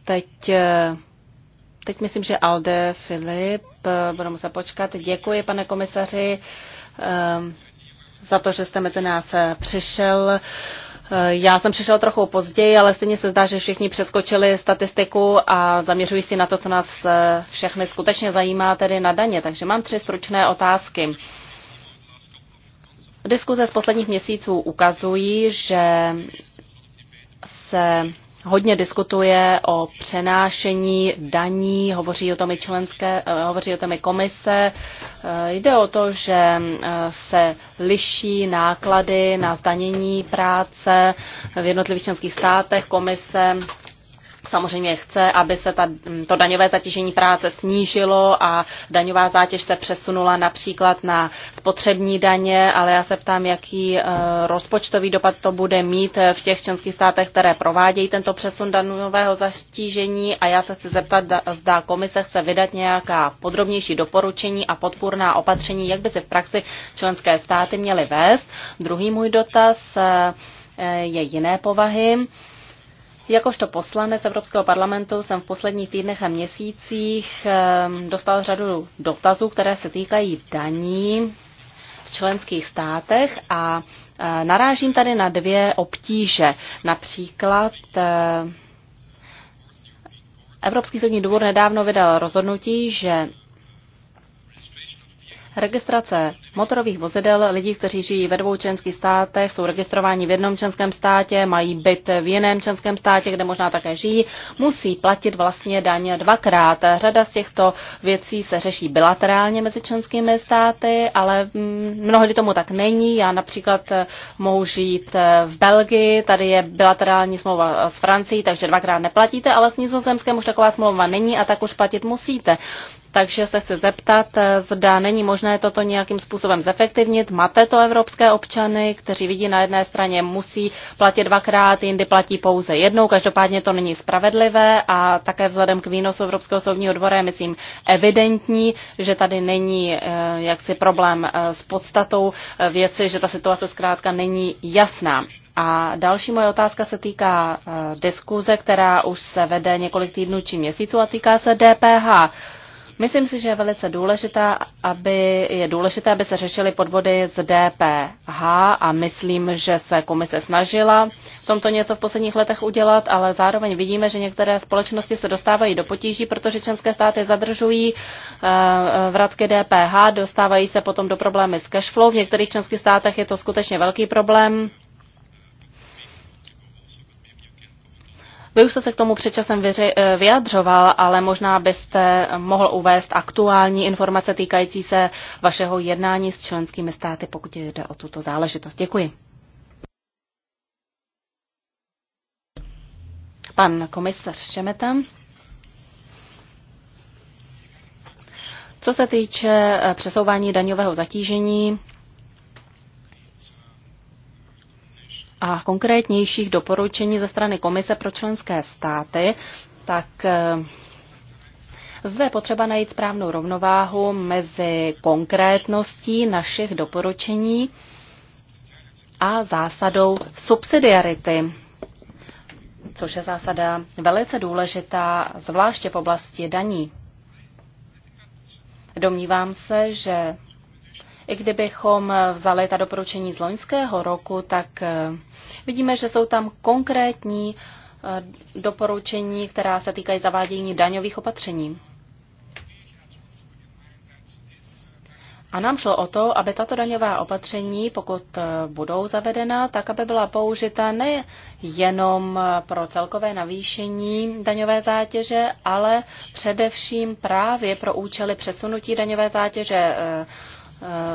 teď, eh, teď myslím, že Alde, Filip, eh, budu muset počkat. Děkuji, pane komisaři za to, že jste mezi nás přišel. Eh, já jsem přišel trochu později, ale stejně se zdá, že všichni přeskočili statistiku a zaměřují si na to, co nás eh, všechny skutečně zajímá, tedy na daně. Takže mám tři stručné otázky. Diskuze z posledních měsíců ukazují, že se hodně diskutuje o přenášení daní, hovoří o tom i členské, eh, hovoří o tom i komise. Eh, jde o to, že eh, se liší náklady na zdanění práce v jednotlivých členských státech. Komise samozřejmě chce, aby se ta, mm, to daňové zatížení práce snížilo a daňová zátěž se přesunula například na spotřební daně, ale já se ptám, jaký eh, rozpočtový dopad to bude mít eh, v těch členských státech, které provádějí tento přesun daňového zatížení a já se chci zeptat, zda komise chce vydat nějaká podrobnější doporučení a podpůrná opatření, jak by se v praxi členské státy měly vést. Druhý můj dotaz eh, je jiné povahy. Jakožto poslanec Evropského parlamentu jsem v posledních týdnech a měsících ehm, dostal řadu dotazů, které se týkají daní v členských státech a e, narážím tady na dvě obtíže. Například e, Evropský soudní důvod nedávno vydal rozhodnutí, že Registrace motorových vozidel lidí, kteří žijí ve dvou členských státech, jsou registrováni v jednom členském státě, mají byt v jiném členském státě, kde možná také žijí, musí platit vlastně daně dvakrát. Řada z těchto věcí se řeší bilaterálně mezi členskými státy, ale mm, mnohdy tomu tak není. Já například eh, mohu žít eh, v Belgii, tady je bilaterální smlouva eh, s Francií, takže dvakrát neplatíte, ale s Nizozemskem už taková smlouva není a tak už platit musíte takže se chci zeptat, eh, zda není možné toto nějakým způsobem zefektivnit. Máte to evropské občany, kteří vidí na jedné straně musí platit dvakrát, jindy platí pouze jednou, každopádně to není spravedlivé a také vzhledem k výnosu Evropského soudního dvora je, myslím, evidentní, že tady není eh, jaksi problém eh, s podstatou věci, že ta situace zkrátka není jasná. A další moje otázka se týká diskuze, která už se vede několik týdnů či měsíců a týká se DPH. Myslím si, že je velice důležité, aby, je důležité, aby se řešily podvody z DPH a myslím, že se komise snažila v tomto něco v posledních letech udělat, ale zároveň vidíme, že některé společnosti se dostávají do potíží, protože členské státy zadržují eh, vratky DPH, dostávají se potom do problémy s cashflow. V některých členských státech je to skutečně velký problém. Vy už jste se k tomu předčasem eh, vyjadřoval, ale možná byste mohl uvést aktuální informace týkající se vašeho jednání s členskými státy, pokud jde o tuto záležitost. Děkuji. Pan komisař Šemeta. Co se týče eh, přesouvání daňového zatížení, a konkrétnějších doporučení ze strany Komise pro členské státy, tak eh, zde je potřeba najít správnou rovnováhu mezi konkrétností našich doporučení a zásadou subsidiarity, což je zásada velice důležitá, zvláště v oblasti daní. Domnívám se, že i kdybychom vzali ta doporučení z loňského roku, tak eh, Vidíme, že jsou tam konkrétní eh, doporučení, která se týkají zavádění daňových opatření. A nám šlo o to, aby tato daňová opatření, pokud eh, budou zavedena, tak aby byla použita nejenom eh, pro celkové navýšení daňové zátěže, ale především právě pro účely přesunutí daňové zátěže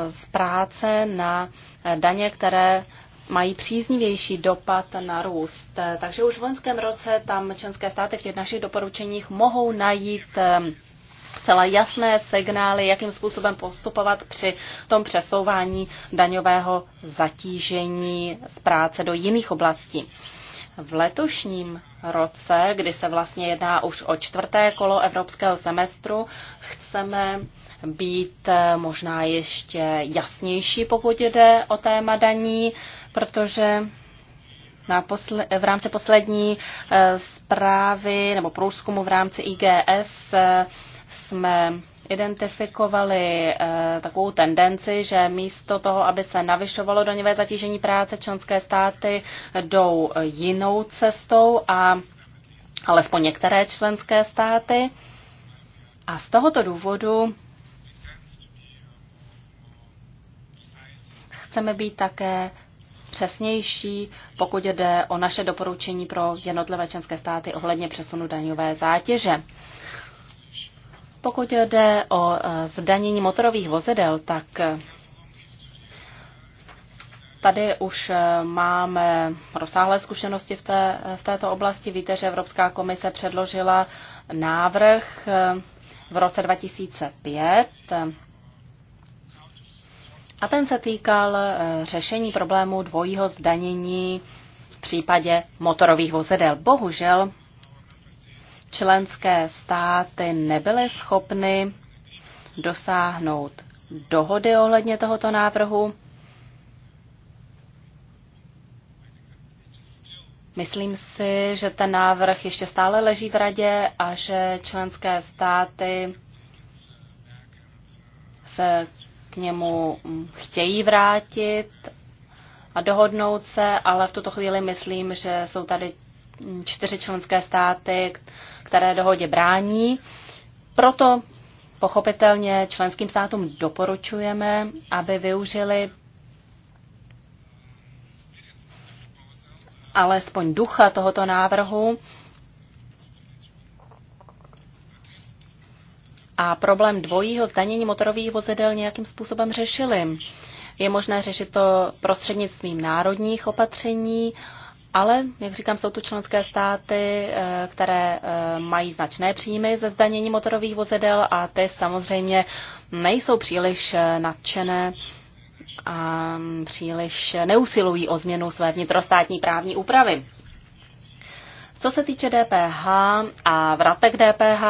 z práce na daně, které mají příznivější dopad na růst. Takže už v loňském roce tam členské státy v těch našich doporučeních mohou najít eh, zcela jasné signály, jakým způsobem postupovat při tom přesouvání daňového zatížení z práce do jiných oblastí. V letošním roce, kdy se vlastně jedná už o čtvrté kolo evropského semestru, chceme být eh, možná ještě jasnější, pokud jde o téma daní protože na posle, v rámci poslední eh, zprávy nebo průzkumu v rámci IGS eh, jsme identifikovali eh, takovou tendenci, že místo toho, aby se navyšovalo daňové zatížení práce, členské státy jdou jinou cestou a alespoň některé členské státy. A z tohoto důvodu chceme být také přesnější, pokud jde o naše doporučení pro jednotlivé členské státy ohledně přesunu daňové zátěže. Pokud jde o e, zdanění motorových vozidel, tak e, Tady už e, máme rozsáhlé zkušenosti v, té, v této oblasti. Víte, že Evropská komise předložila návrh v roce 2005 a ten se týkal e, řešení problému dvojího zdanění v případě motorových vozidel. Bohužel členské státy nebyly schopny dosáhnout dohody ohledně tohoto návrhu. Myslím si, že ten návrh ještě stále leží v radě a že členské státy se němu chtějí vrátit a dohodnout se, ale v tuto chvíli myslím, že jsou tady čtyři členské státy, které dohodě brání. Proto pochopitelně členským státům doporučujeme, aby využili alespoň ducha tohoto návrhu a problém dvojího zdanění motorových vozidel nějakým způsobem řešili. Je možné řešit to prostřednictvím národních opatření, ale, jak říkám, jsou tu členské státy, eh, které eh, mají značné příjmy ze zdanění motorových vozidel a ty samozřejmě nejsou příliš eh, nadšené a mm, příliš neusilují o změnu své vnitrostátní právní úpravy. Co se týče DPH a vratek DPH,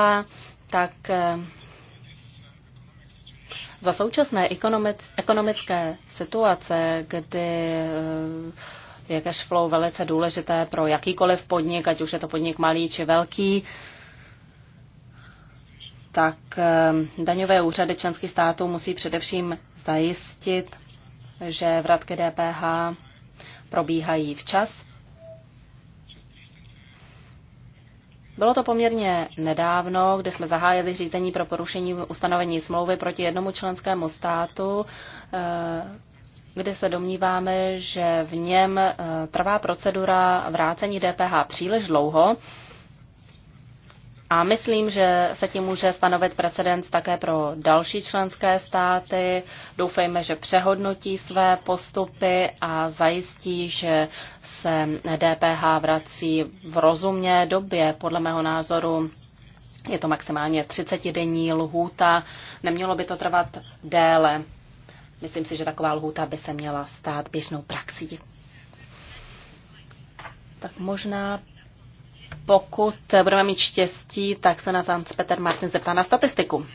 tak za současné ekonomické situace, kdy eh, je cash flow velice důležité pro jakýkoliv podnik, ať už je to podnik malý či velký, tak eh, daňové úřady členských států musí především zajistit, že vratky DPH probíhají včas Bylo to poměrně nedávno, kdy jsme zahájili řízení pro porušení ustanovení smlouvy proti jednomu členskému státu, eh, kde se domníváme, že v něm eh, trvá procedura vrácení DPH příliš dlouho a myslím, že se tím může stanovit precedens také pro další členské státy. Doufejme, že přehodnotí své postupy a zajistí, že se DPH vrací v rozumné době. Podle mého názoru je to maximálně 30-denní lhůta. Nemělo by to trvat déle. Myslím si, že taková lhůta by se měla stát běžnou praxí. Tak možná pokud budeme mít štěstí, tak se nás Hans Peter Martin zeptá na statistiku.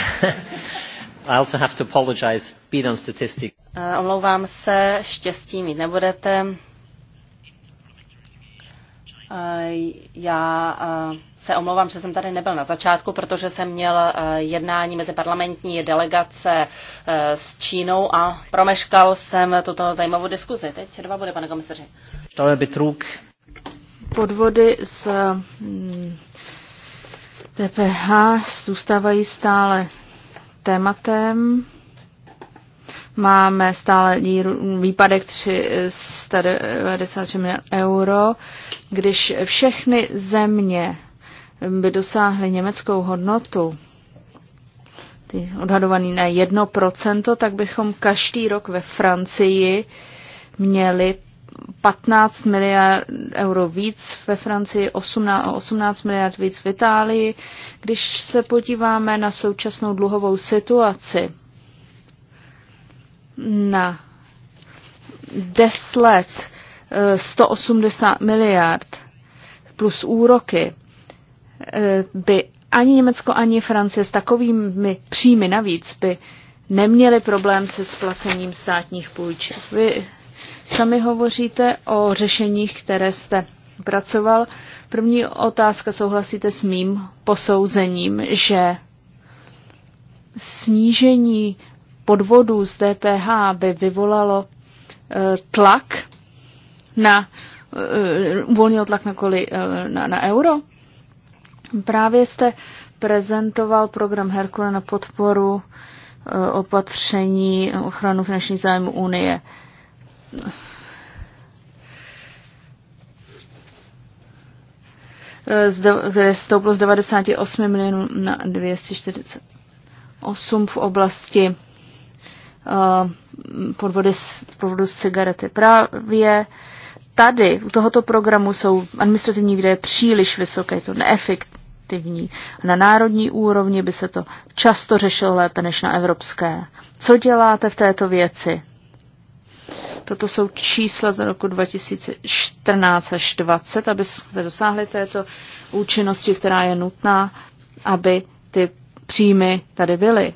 I also have to apologize, beat on statistics. Eh, omlouvám se, štěstí mít nebudete. Eh, já eh, se omlouvám, že jsem tady nebyl na začátku, protože jsem měl jednání mezi parlamentní delegace s Čínou a promeškal jsem tuto zajímavou diskuzi. Teď dva bude, pane komisaři. Betrug Podvody s DPH mm, zůstávají stále tématem. Máme stále výpadek 393 miliard euro. Když všechny země by dosáhly německou hodnotu, ty odhadovaný na 1%, tak bychom každý rok ve Francii měli 15 miliard euro víc, ve Francii 18, 18 miliard víc, v Itálii. Když se podíváme na současnou dluhovou situaci, na 10 let 180 eh, miliard plus úroky, eh, by ani Německo, ani Francie s takovými příjmy navíc by neměli problém se splacením státních půjček. Vy Sami hovoříte o řešeních, které jste pracoval. První otázka, souhlasíte s mým posouzením, že snížení podvodů z DPH by vyvolalo eh, tlak na eh, uvolnil tlak na, koli, eh, na, na euro. Právě jste prezentoval program Herkule na podporu opatření ochranu finančních zájmů Unie které stouplo z 98 milionů na 248 v oblasti eh, podvody s, podvodu s cigarety. Právě tady u tohoto programu jsou administrativní výdaje příliš vysoké, je to neefektivní. Na národní úrovni by se to často řešilo lépe než na evropské. Co děláte v této věci? Toto jsou čísla z roku 2014 až 2020, jsme dosáhli této účinnosti, která je nutná, aby ty příjmy tady byly.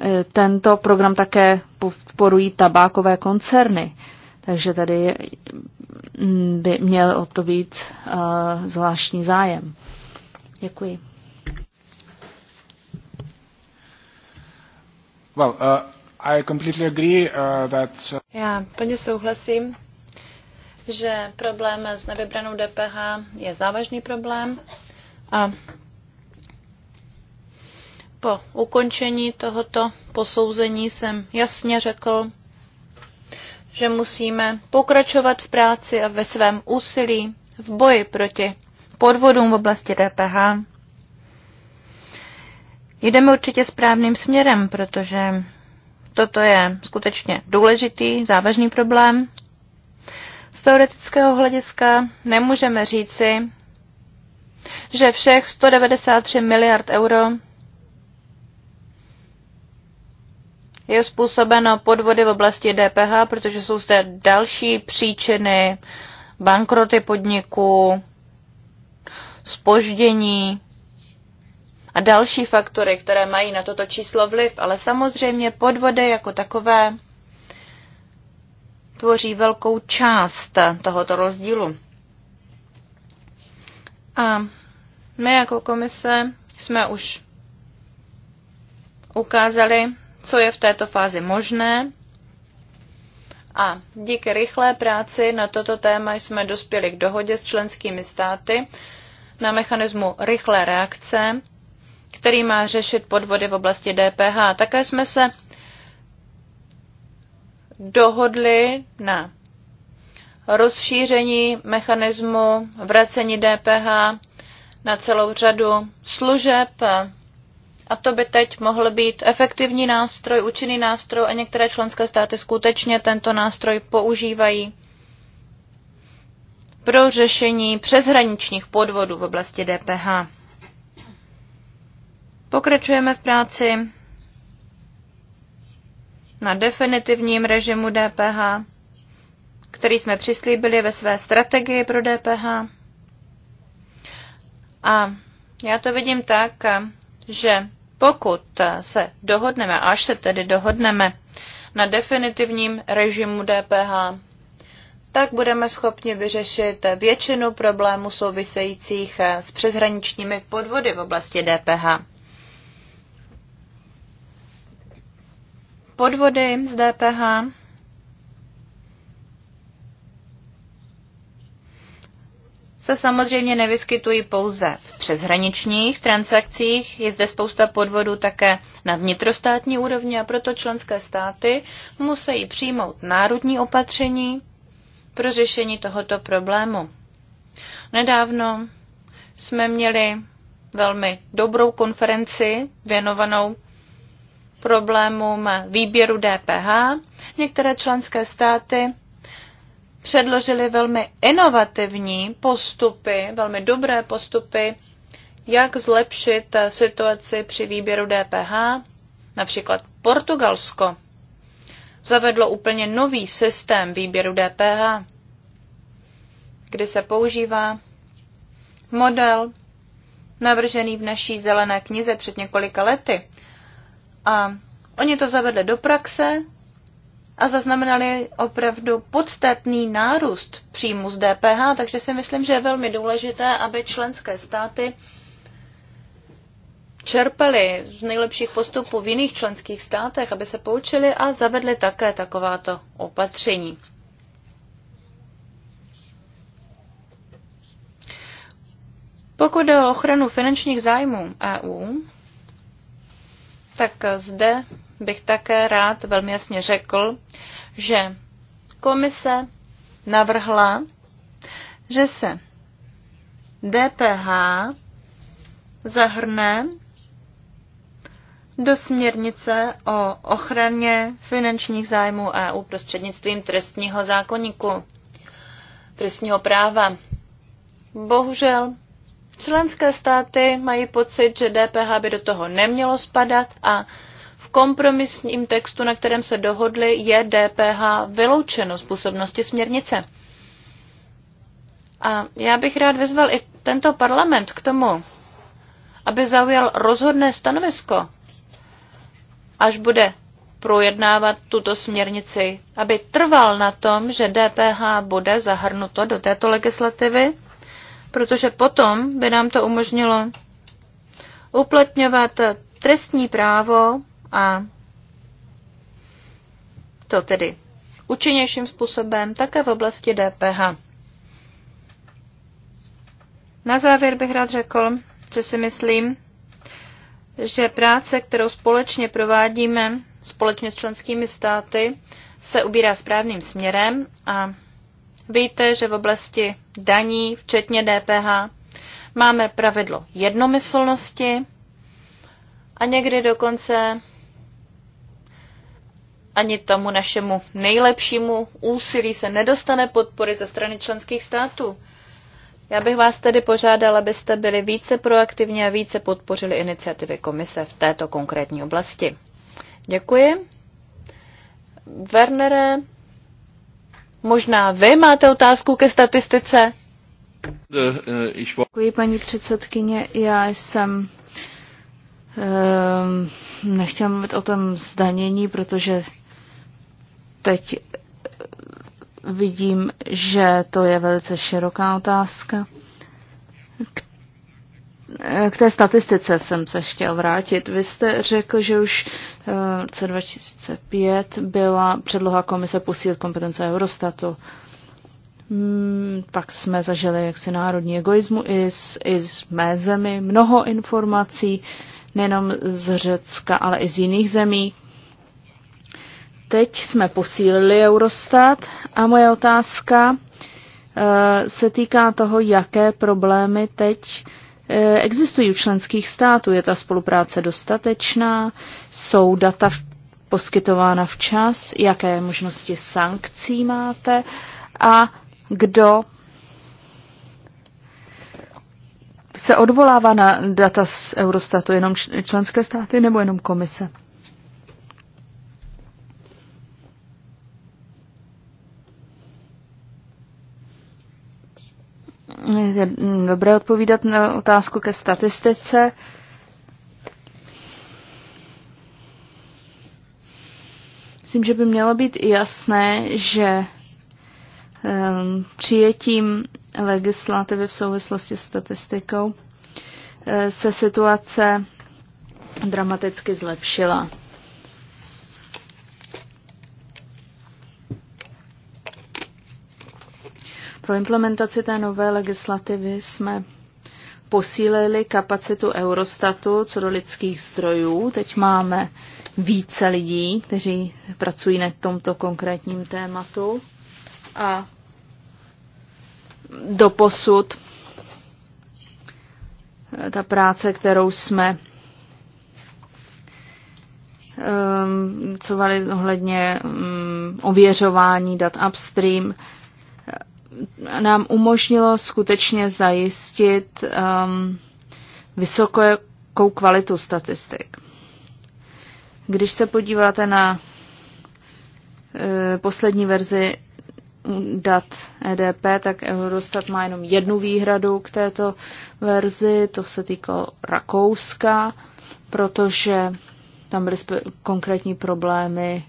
E, tento program také podporují tabákové koncerny, takže tady mm, by měl o to být uh, zvláštní zájem. Děkuji. Well, uh... I completely agree, uh, that... Uh, Já plně souhlasím, že problém s nevybranou DPH je závažný problém a po ukončení tohoto posouzení jsem jasně řekl, že musíme pokračovat v práci a ve svém úsilí v boji proti podvodům v oblasti DPH. Jdeme určitě správným směrem, protože Toto je skutečně důležitý, závažný problém. Z teoretického hlediska nemůžeme říci, že všech 193 miliard euro je způsobeno podvody v oblasti DPH, protože jsou zde další příčiny, bankroty podniků, spoždění a další faktory, které mají na toto číslo vliv, ale samozřejmě podvody jako takové tvoří velkou část tohoto rozdílu. A my jako komise jsme už ukázali, co je v této fázi možné. A díky rychlé práci na toto téma jsme dospěli k dohodě s členskými státy na mechanismu rychlé reakce který má řešit podvody v oblasti DPH. Také jsme se dohodli na rozšíření mechanismu vracení DPH na celou řadu služeb a to by teď mohl být efektivní nástroj, účinný nástroj a některé členské státy skutečně tento nástroj používají pro řešení přeshraničních podvodů v oblasti DPH. Pokračujeme v práci na definitivním režimu DPH, který jsme přislíbili ve své strategii pro DPH. A já to vidím tak, že pokud se dohodneme, až se tedy dohodneme na definitivním režimu DPH, tak budeme schopni vyřešit většinu problémů souvisejících s přeshraničními podvody v oblasti DPH. podvody z DPH. se samozřejmě nevyskytují pouze v přeshraničních transakcích, je zde spousta podvodů také na vnitrostátní úrovni a proto členské státy musí přijmout národní opatření pro řešení tohoto problému. Nedávno jsme měli velmi dobrou konferenci věnovanou problémům výběru DPH. Některé členské státy předložili velmi inovativní postupy, velmi dobré postupy, jak zlepšit situaci při výběru DPH. Například Portugalsko zavedlo úplně nový systém výběru DPH, kdy se používá model navržený v naší zelené knize před několika lety. A oni to zavedli do praxe a zaznamenali opravdu podstatný nárůst příjmu z DPH, takže si myslím, že je velmi důležité, aby členské státy čerpali z nejlepších postupů v jiných členských státech, aby se poučili a zavedli také takováto opatření. Pokud jde o ochranu finančních zájmů EU, tak zde bych také rád velmi jasně řekl, že komise navrhla, že se DPH zahrne do směrnice o ochraně finančních zájmů EU prostřednictvím trestního zákoníku, trestního práva. Bohužel Členské státy mají pocit, že DPH by do toho nemělo spadat a v kompromisním textu, na kterém se dohodli, je DPH vyloučeno z působnosti směrnice. A já bych rád vyzval i tento parlament k tomu, aby zaujal rozhodné stanovisko, až bude projednávat tuto směrnici, aby trval na tom, že DPH bude zahrnuto do této legislativy protože potom by nám to umožnilo uplatňovat trestní právo a to tedy účinnějším způsobem také v oblasti DPH. Na závěr bych rád řekl, že si myslím, že práce, kterou společně provádíme, společně s členskými státy, se ubírá správným směrem a Víte, že v oblasti daní, včetně DPH, máme pravidlo jednomyslnosti a někdy dokonce ani tomu našemu nejlepšímu úsilí se nedostane podpory ze strany členských států. Já bych vás tedy požádala, abyste byli více proaktivní a více podpořili iniciativy komise v této konkrétní oblasti. Děkuji. Wernere, Možná vy máte otázku ke statistice? Děkuji, paní předsedkyně. Já jsem um, nechtěl mluvit o tom zdanění, protože teď eh, vidím, že to je velice široká otázka, Eh, k té statistice jsem se chtěl vrátit. Vy jste řekl, že už eh, v roce 2005 byla předloha komise posílit kompetence Eurostatu. Hmm, pak jsme zažili jaksi národní egoismu i z, i z mé zemi mnoho informací, nejenom z Řecka, ale i z jiných zemí. Teď jsme posílili Eurostat a moje otázka eh, se týká toho, jaké problémy teď uh, Eh, existují u členských států. Je ta spolupráce dostatečná? Jsou data poskytována včas? Jaké možnosti sankcí máte? A kdo se odvolává na data z Eurostatu jenom členské státy nebo jenom komise? Je dobré odpovídat na otázku ke statistice. Myslím, že by mělo být jasné, že ehm, přijetím legislativy v souvislosti s statistikou eh, se situace dramaticky zlepšila. Pro implementaci té nové legislativy jsme posílili kapacitu Eurostatu co do lidských zdrojů. Teď máme více lidí, kteří pracují na tomto konkrétním tématu. A doposud ta práce, kterou jsme um, covali ohledně um, ověřování dat upstream, nám umožnilo skutečně zajistit um, vysokou kvalitu statistik. Když se podíváte na uh, poslední verzi dat EDP, tak Eurostat má jenom jednu výhradu k této verzi, to se týkalo Rakouska, protože tam byly konkrétní problémy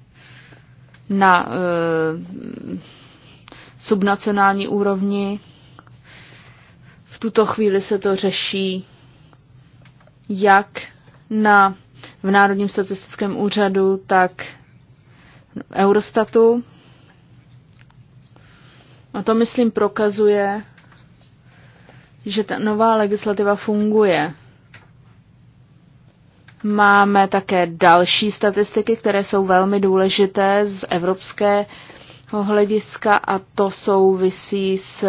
na uh, subnacionální úrovni. V tuto chvíli se to řeší jak na, v Národním statistickém úřadu, tak Eurostatu. A to, myslím, prokazuje, že ta nová legislativa funguje. Máme také další statistiky, které jsou velmi důležité z evropské hlediska a to souvisí s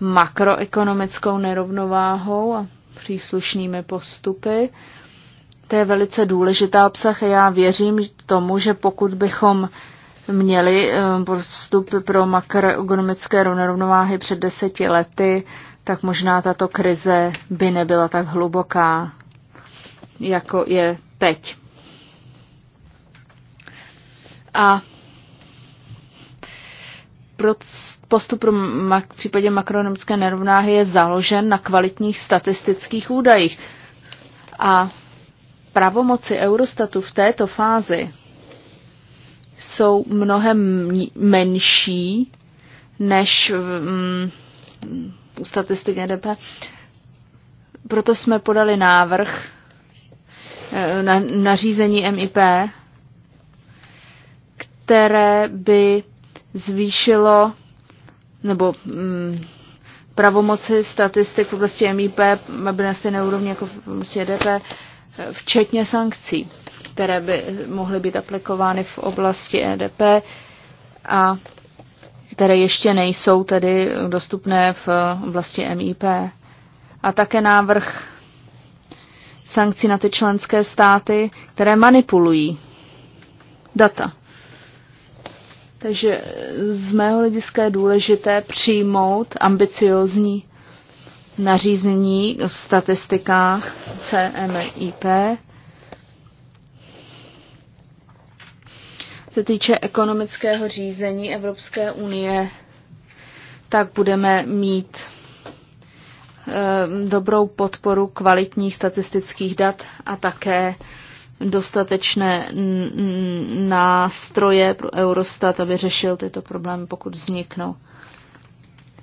makroekonomickou nerovnováhou a příslušnými postupy. To je velice důležitá obsah a já věřím tomu, že pokud bychom měli eh, postup pro makroekonomické nerovnováhy před deseti lety, tak možná tato krize by nebyla tak hluboká, jako je teď. A postup pro mak- v případě makroekonomické nerovnáhy je založen na kvalitních statistických údajích. A pravomoci Eurostatu v této fázi jsou mnohem menší než um, u statistik EDP. Proto jsme podali návrh e, na nařízení MIP, které by zvýšilo nebo mm, pravomoci statistik v oblasti MIP aby na stejné úrovni jako v oblasti EDP, eh, včetně sankcí, které by mohly být aplikovány v oblasti EDP a které ještě nejsou tedy dostupné v eh, oblasti MIP. A také návrh sankcí na ty členské státy, které manipulují data. Takže z mého hlediska je důležité přijmout ambiciozní nařízení v statistikách CMIP. Se týče ekonomického řízení Evropské unie, tak budeme mít eh, dobrou podporu kvalitních statistických dat a také dostatečné nástroje pro Eurostat, aby řešil tyto problémy, pokud vzniknou.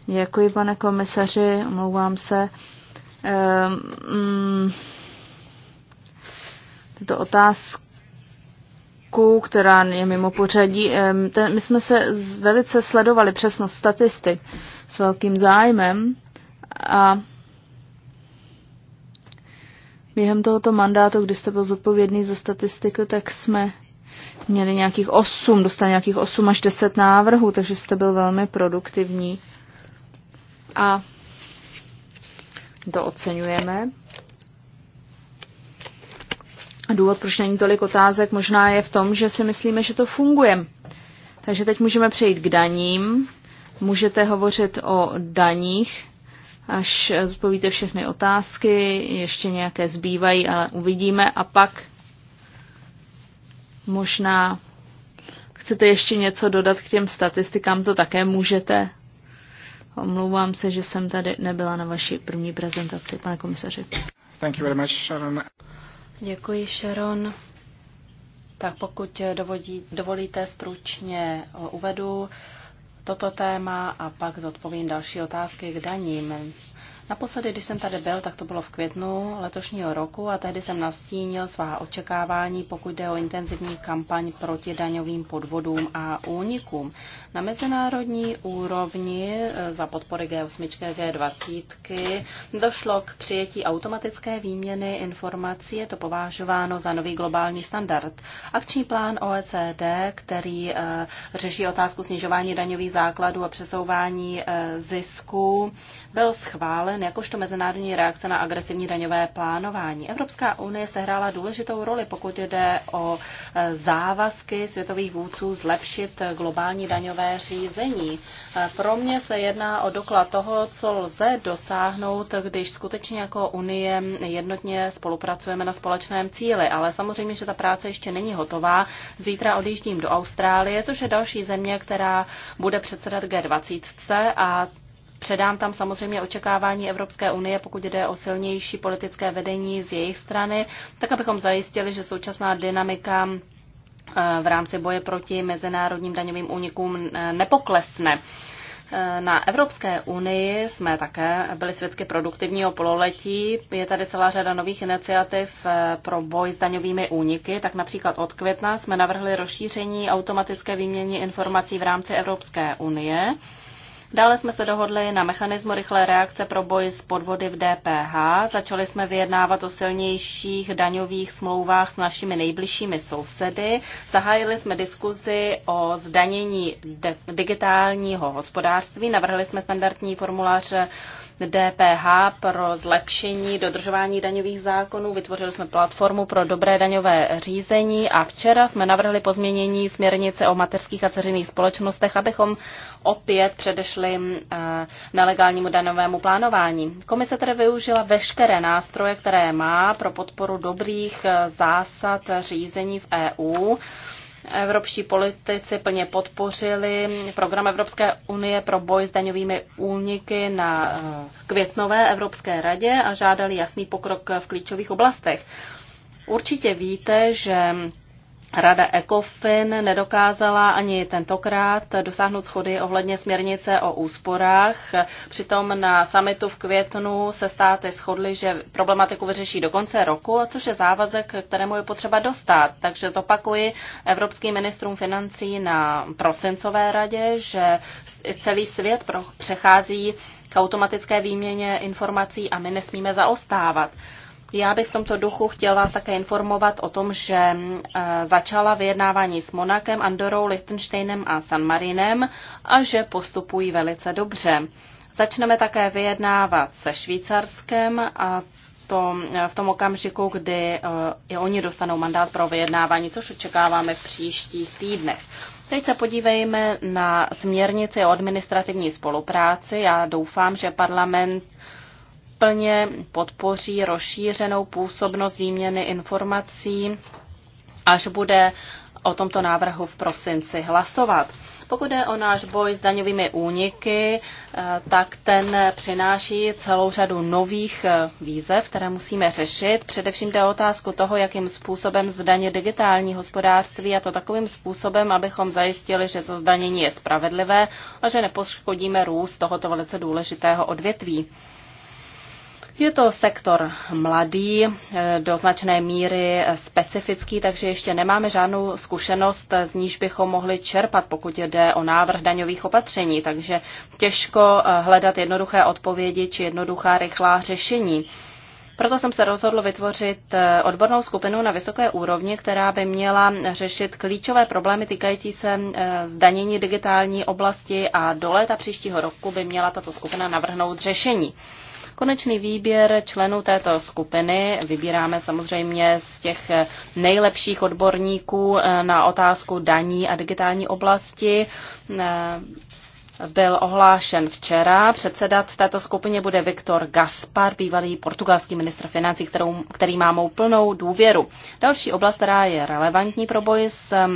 Děkuji, pane komisaři, omlouvám se. Ehm, mm, Tato tyto otázku, která je mimo pořadí. Ehm, my jsme se velice sledovali přesnost statistik s velkým zájmem a Během tohoto mandátu, kdy jste byl zodpovědný za statistiku, tak jsme měli nějakých 8, dostali nějakých 8 až 10 návrhů, takže jste byl velmi produktivní. A to oceňujeme. A důvod, proč není tolik otázek, možná je v tom, že si myslíme, že to funguje. Takže teď můžeme přejít k daním. Můžete hovořit o daních až zpovíte všechny otázky, ještě nějaké zbývají, ale uvidíme a pak možná chcete ještě něco dodat k těm statistikám, to také můžete. Omlouvám se, že jsem tady nebyla na vaší první prezentaci, pane komisaři. Thank you very much, Sharon. Děkuji, Sharon. Tak pokud dovodí, dovolíte, stručně uvedu toto téma a pak zodpovím další otázky k daním. Naposledy, když jsem tady byl, tak to bylo v květnu letošního roku a tehdy jsem nastínil svá očekávání, pokud jde o intenzivní kampaň proti daňovým podvodům a únikům. Na mezinárodní úrovni e, za podpory G8 G20 došlo k přijetí automatické výměny informací. Je to považováno za nový globální standard. Akční plán OECD, který e, řeší otázku snižování daňových základů a přesouvání e, zisku, byl schválen jakožto mezinárodní reakce na agresivní daňové plánování. Evropská unie sehrála důležitou roli, pokud jde o e, závazky světových vůdců zlepšit globální daňové řízení. E, pro mě se jedná o doklad toho, co lze dosáhnout, když skutečně jako Unie jednotně spolupracujeme na společném cíli. Ale samozřejmě, že ta práce ještě není hotová. Zítra odjíždím do Austrálie, což je další země, která bude předsedat G20 a Předám tam samozřejmě očekávání Evropské unie, pokud jde o silnější politické vedení z jejich strany, tak abychom zajistili, že současná dynamika eh, v rámci boje proti mezinárodním daňovým únikům nepoklesne. Eh, na Evropské unii jsme také byli svědky produktivního pololetí. Je tady celá řada nových iniciativ eh, pro boj s daňovými úniky. Tak například od května jsme navrhli rozšíření automatické výměny informací v rámci Evropské unie. Dále jsme se dohodli na mechanismu rychlé reakce pro boj s podvody v DPH. Začali jsme vyjednávat o silnějších daňových smlouvách s našimi nejbližšími sousedy. Zahájili jsme diskuzi o zdanění digitálního hospodářství. Navrhli jsme standardní formulář DPH pro zlepšení dodržování daňových zákonů. Vytvořili jsme platformu pro dobré daňové řízení a včera jsme navrhli pozměnění směrnice o mateřských a ceřinných společnostech, abychom opět předešli eh, nelegálnímu daňovému plánování. Komise tedy využila veškeré nástroje, které má pro podporu dobrých eh, zásad řízení v EU. Evropští politici plně podpořili program Evropské unie pro boj s daňovými úniky na eh, květnové Evropské radě a žádali jasný pokrok v klíčových oblastech. Určitě víte, že Rada ECOFIN nedokázala ani tentokrát dosáhnout schody ohledně směrnice o úsporách. Přitom na samitu v květnu se státy shodly, že problematiku vyřeší do konce roku, což je závazek, kterému je potřeba dostat. Takže zopakuji evropským ministrům financí na prosincové radě, že celý svět přechází k automatické výměně informací a my nesmíme zaostávat. Já bych v tomto duchu chtěl vás také informovat o tom, že eh, začala vyjednávání s Monakem, Andorou, Liechtensteinem a San Marinem a že postupují velice dobře. Začneme také vyjednávat se Švýcarskem a to eh, v tom okamžiku, kdy eh, i oni dostanou mandát pro vyjednávání, což očekáváme v příštích týdnech. Teď se podívejme na směrnici o administrativní spolupráci. Já doufám, že parlament plně podpoří rozšířenou působnost výměny informací, až bude o tomto návrhu v prosinci hlasovat. Pokud je o náš boj s daňovými úniky, eh, tak ten přináší celou řadu nových eh, výzev, které musíme řešit. Především jde o otázku toho, jakým způsobem zdaně digitální hospodářství a to takovým způsobem, abychom zajistili, že to zdanění je spravedlivé a že nepoškodíme růst tohoto velice důležitého odvětví. Je to sektor mladý, e, do značné míry specifický, takže ještě nemáme žádnou zkušenost, z níž bychom mohli čerpat, pokud jde o návrh daňových opatření, takže těžko e, hledat jednoduché odpovědi či jednoduchá rychlá řešení. Proto jsem se rozhodl vytvořit e, odbornou skupinu na vysoké úrovni, která by měla řešit klíčové problémy týkající se zdanění digitální oblasti a do léta příštího roku by měla tato skupina navrhnout řešení. Konečný výběr členů této skupiny vybíráme samozřejmě z těch nejlepších odborníků eh, na otázku daní a digitální oblasti eh, byl ohlášen včera. Předsedat této skupině bude Viktor Gaspar, bývalý portugalský ministr financí, kterou, který má mou plnou důvěru. Další oblast, která je relevantní pro boj s eh,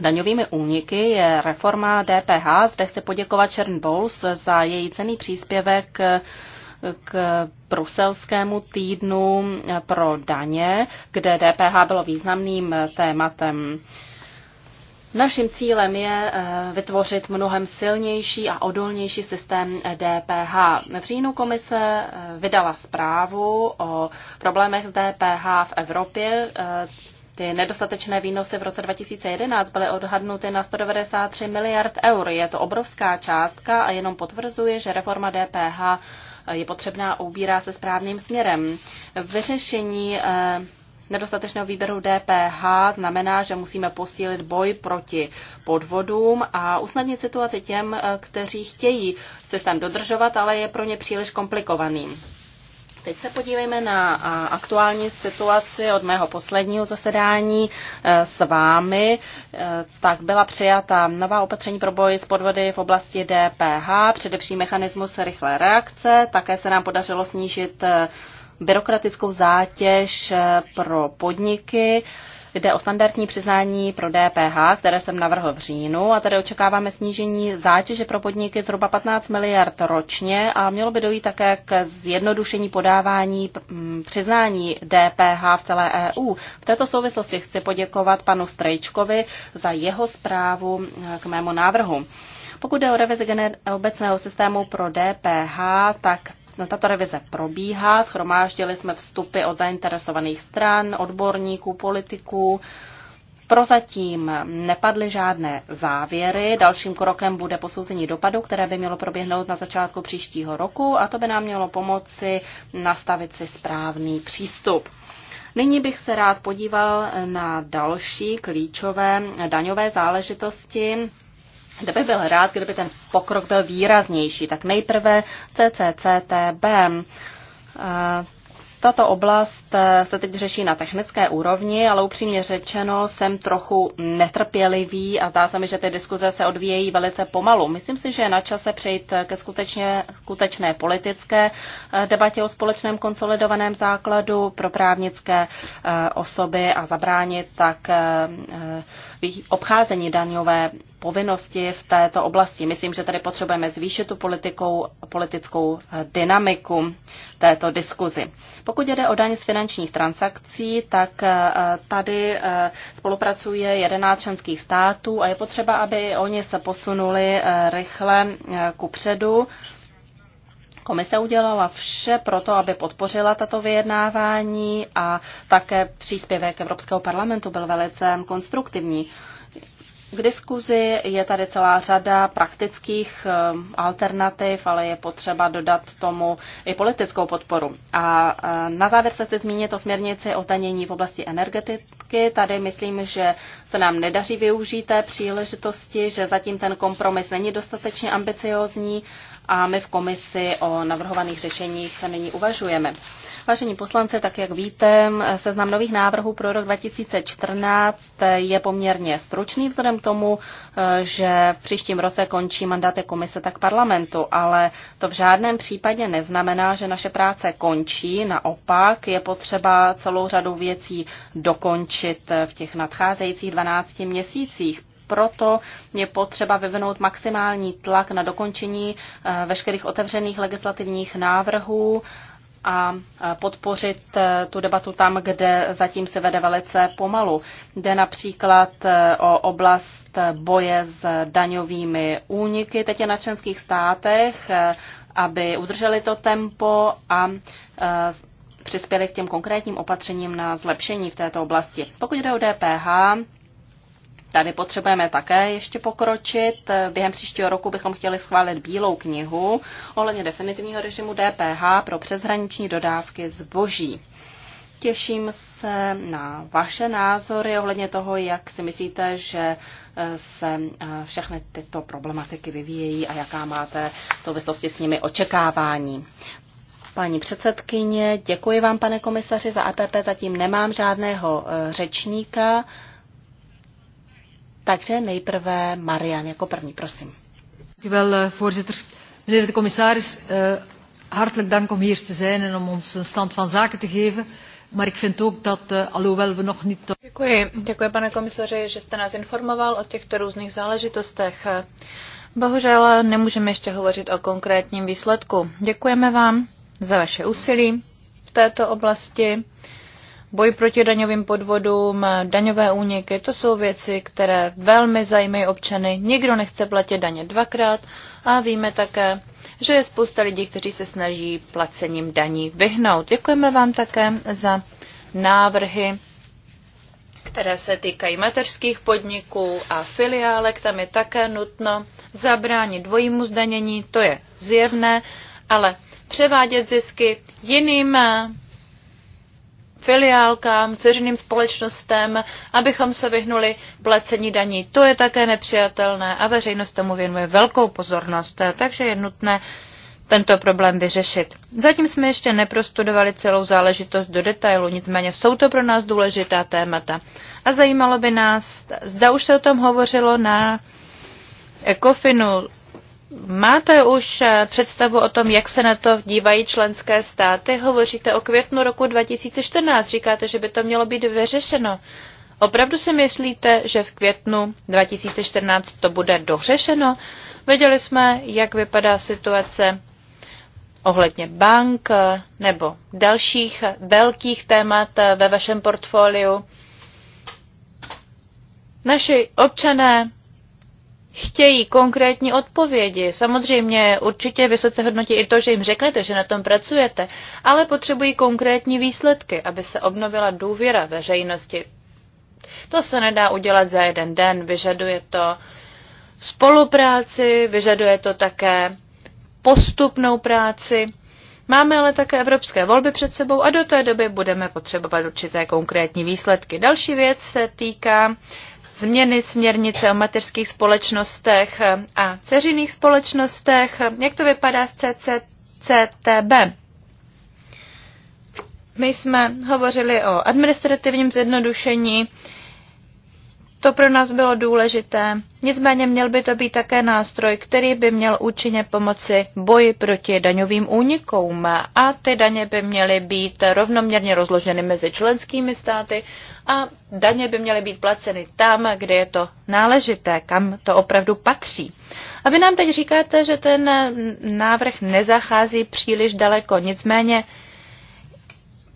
daňovými úniky, je reforma DPH. Zde chci poděkovat Chern Bowles za její cený příspěvek k bruselskému týdnu pro daně, kde DPH bylo významným tématem. Naším cílem je eh, vytvořit mnohem silnější a odolnější systém DPH. V říjnu komise eh, vydala zprávu o problémech s DPH v Evropě. Eh, ty nedostatečné výnosy v roce 2011 byly odhadnuty na 193 miliard eur. Je to obrovská částka a jenom potvrzuje, že reforma DPH je potřebná a ubírá se správným směrem. Vyřešení eh, nedostatečného výběru DPH znamená, že musíme posílit boj proti podvodům a usnadnit situaci těm, eh, kteří chtějí systém dodržovat, ale je pro ně příliš komplikovaný. Teď se podívejme na aktuální situaci od mého posledního zasedání e, s vámi. E, tak byla přijata nová opatření pro boj s podvody v oblasti DPH, především mechanismus rychlé reakce. Také se nám podařilo snížit e, byrokratickou zátěž pro podniky. Jde o standardní přiznání pro DPH, které jsem navrhl v říjnu a tady očekáváme snížení zátěže pro podniky zhruba 15 miliard ročně a mělo by dojít také k zjednodušení podávání mm, přiznání DPH v celé EU. V této souvislosti chci poděkovat panu Strejčkovi za jeho zprávu eh, k mému návrhu. Pokud jde o revizi obecného systému pro DPH, tak No, tato revize probíhá, schromáždili jsme vstupy od zainteresovaných stran, odborníků, politiků. Prozatím nepadly žádné závěry. Dalším krokem bude posouzení dopadu, které by mělo proběhnout na začátku příštího roku a to by nám mělo pomoci nastavit si správný přístup. Nyní bych se rád podíval na další klíčové daňové záležitosti, kde bych byl rád, kdyby ten pokrok byl výraznější. Tak nejprve CCCTB. Eh, tato oblast eh, se teď řeší na technické úrovni, ale upřímně řečeno jsem trochu netrpělivý a zdá se mi, že ty diskuze se odvíjejí velice pomalu. Myslím si, že je na čase přejít ke skutečně, skutečné politické eh, debatě o společném konsolidovaném základu pro právnické osoby a zabránit tak obcházení daňové povinnosti v této oblasti. Myslím, že tady potřebujeme zvýšit tu politikou, politickou eh, dynamiku této diskuzi. Pokud jde o daň z finančních transakcí, tak eh, tady eh, spolupracuje 11 členských států a je potřeba, aby oni se posunuli rychle ku předu. Komise udělala vše pro to, aby podpořila tato vyjednávání a také příspěvek Evropského parlamentu byl velice konstruktivní k diskuzi. Je tady celá řada praktických um, alternativ, ale je potřeba dodat tomu i politickou podporu. A uh, na závěr se chci zmínit o směrnici o zdanění v oblasti energetiky. Tady myslím, že se nám nedaří využít té příležitosti, že zatím ten kompromis není dostatečně ambiciozní a my v komisi o navrhovaných řešeních nyní uvažujeme. Vážení poslanci, tak jak víte, seznam nových návrhů pro rok 2014 je poměrně stručný vzhledem k tomu, že v příštím roce končí mandáty komise tak parlamentu, ale to v žádném případě neznamená, že naše práce končí. Naopak je potřeba celou řadu věcí dokončit v těch nadcházejících 12 měsících proto je potřeba vyvinout maximální tlak na dokončení eh, veškerých otevřených legislativních návrhů a eh, podpořit eh, tu debatu tam, kde zatím se vede velice pomalu. Jde například o oblast boje s daňovými úniky, teď je na členských státech, aby udrželi to tempo a přispěli k těm konkrétním opatřením na zlepšení v této oblasti. Pokud jde o DPH, Tady potřebujeme také ještě pokročit. Během příštího roku bychom chtěli schválit bílou knihu ohledně definitivního režimu DPH pro přeshraniční dodávky zboží. Těším se na vaše názory ohledně toho, jak si myslíte, že eh, se eh, všechny tyto problematiky vyvíjejí a jaká máte v souvislosti s nimi očekávání. Paní předsedkyně, děkuji vám, pane komisaři, za APP. E Zatím nemám žádného eh, řečníka. Takže nejprve Marian jako první, prosím. Dankjewel, eh, voorzitter. Meneer de commissaris, eh, hartelijk dank om hier te zijn en om ons een stand van zaken te geven. Maar ik vind ook dat, eh, alhoewel we nog niet... Děkuji. Děkuji, pane komisaři, že jste nás informoval o těchto různých záležitostech. Bohužel nemůžeme ještě hovořit o konkrétním výsledku. Děkujeme vám za vaše úsilí v této oblasti boj proti daňovým podvodům, daňové úniky, to jsou věci, které velmi zajímají občany. Nikdo nechce platit daně dvakrát a víme také, že je spousta lidí, kteří se snaží placením daní vyhnout. Děkujeme vám také za návrhy, které se týkají mateřských podniků a filiálek. Tam je také nutno zabránit dvojímu zdanění, to je zjevné, ale převádět zisky jiným filiálkám, ceřiným společnostem, abychom se vyhnuli placení daní. To je také nepřijatelné a veřejnost tomu věnuje velkou pozornost, takže je nutné tento problém vyřešit. Zatím jsme ještě neprostudovali celou záležitost do detailu, nicméně jsou to pro nás důležitá témata. A zajímalo by nás, zda už se o tom hovořilo na ECOFINu, Máte už eh, představu o tom, jak se na to dívají členské státy? Hovoříte o květnu roku 2014, říkáte, že by to mělo být vyřešeno. Opravdu si myslíte, že v květnu 2014 to bude dořešeno? Věděli jsme, jak vypadá situace ohledně bank eh, nebo dalších velkých témat eh, ve vašem portfoliu. Naši občané chtějí konkrétní odpovědi. Samozřejmě určitě vysoce hodnotí i to, že jim řeknete, že na tom pracujete, ale potřebují konkrétní výsledky, aby se obnovila důvěra veřejnosti. To se nedá udělat za jeden den, vyžaduje to spolupráci, vyžaduje to také postupnou práci. Máme ale také evropské volby před sebou a do té doby budeme potřebovat určité konkrétní výsledky. Další věc se týká změny směrnice o mateřských společnostech a ceřiných společnostech. Jak to vypadá s CCCTB? My jsme hovořili o administrativním zjednodušení, to pro nás bylo důležité, nicméně měl by to být také nástroj, který by měl účinně pomoci boji proti daňovým únikům a ty daně by měly být rovnoměrně rozloženy mezi členskými státy a daně by měly být placeny tam, kde je to náležité, kam to opravdu patří. A vy nám teď říkáte, že ten návrh nezachází příliš daleko, nicméně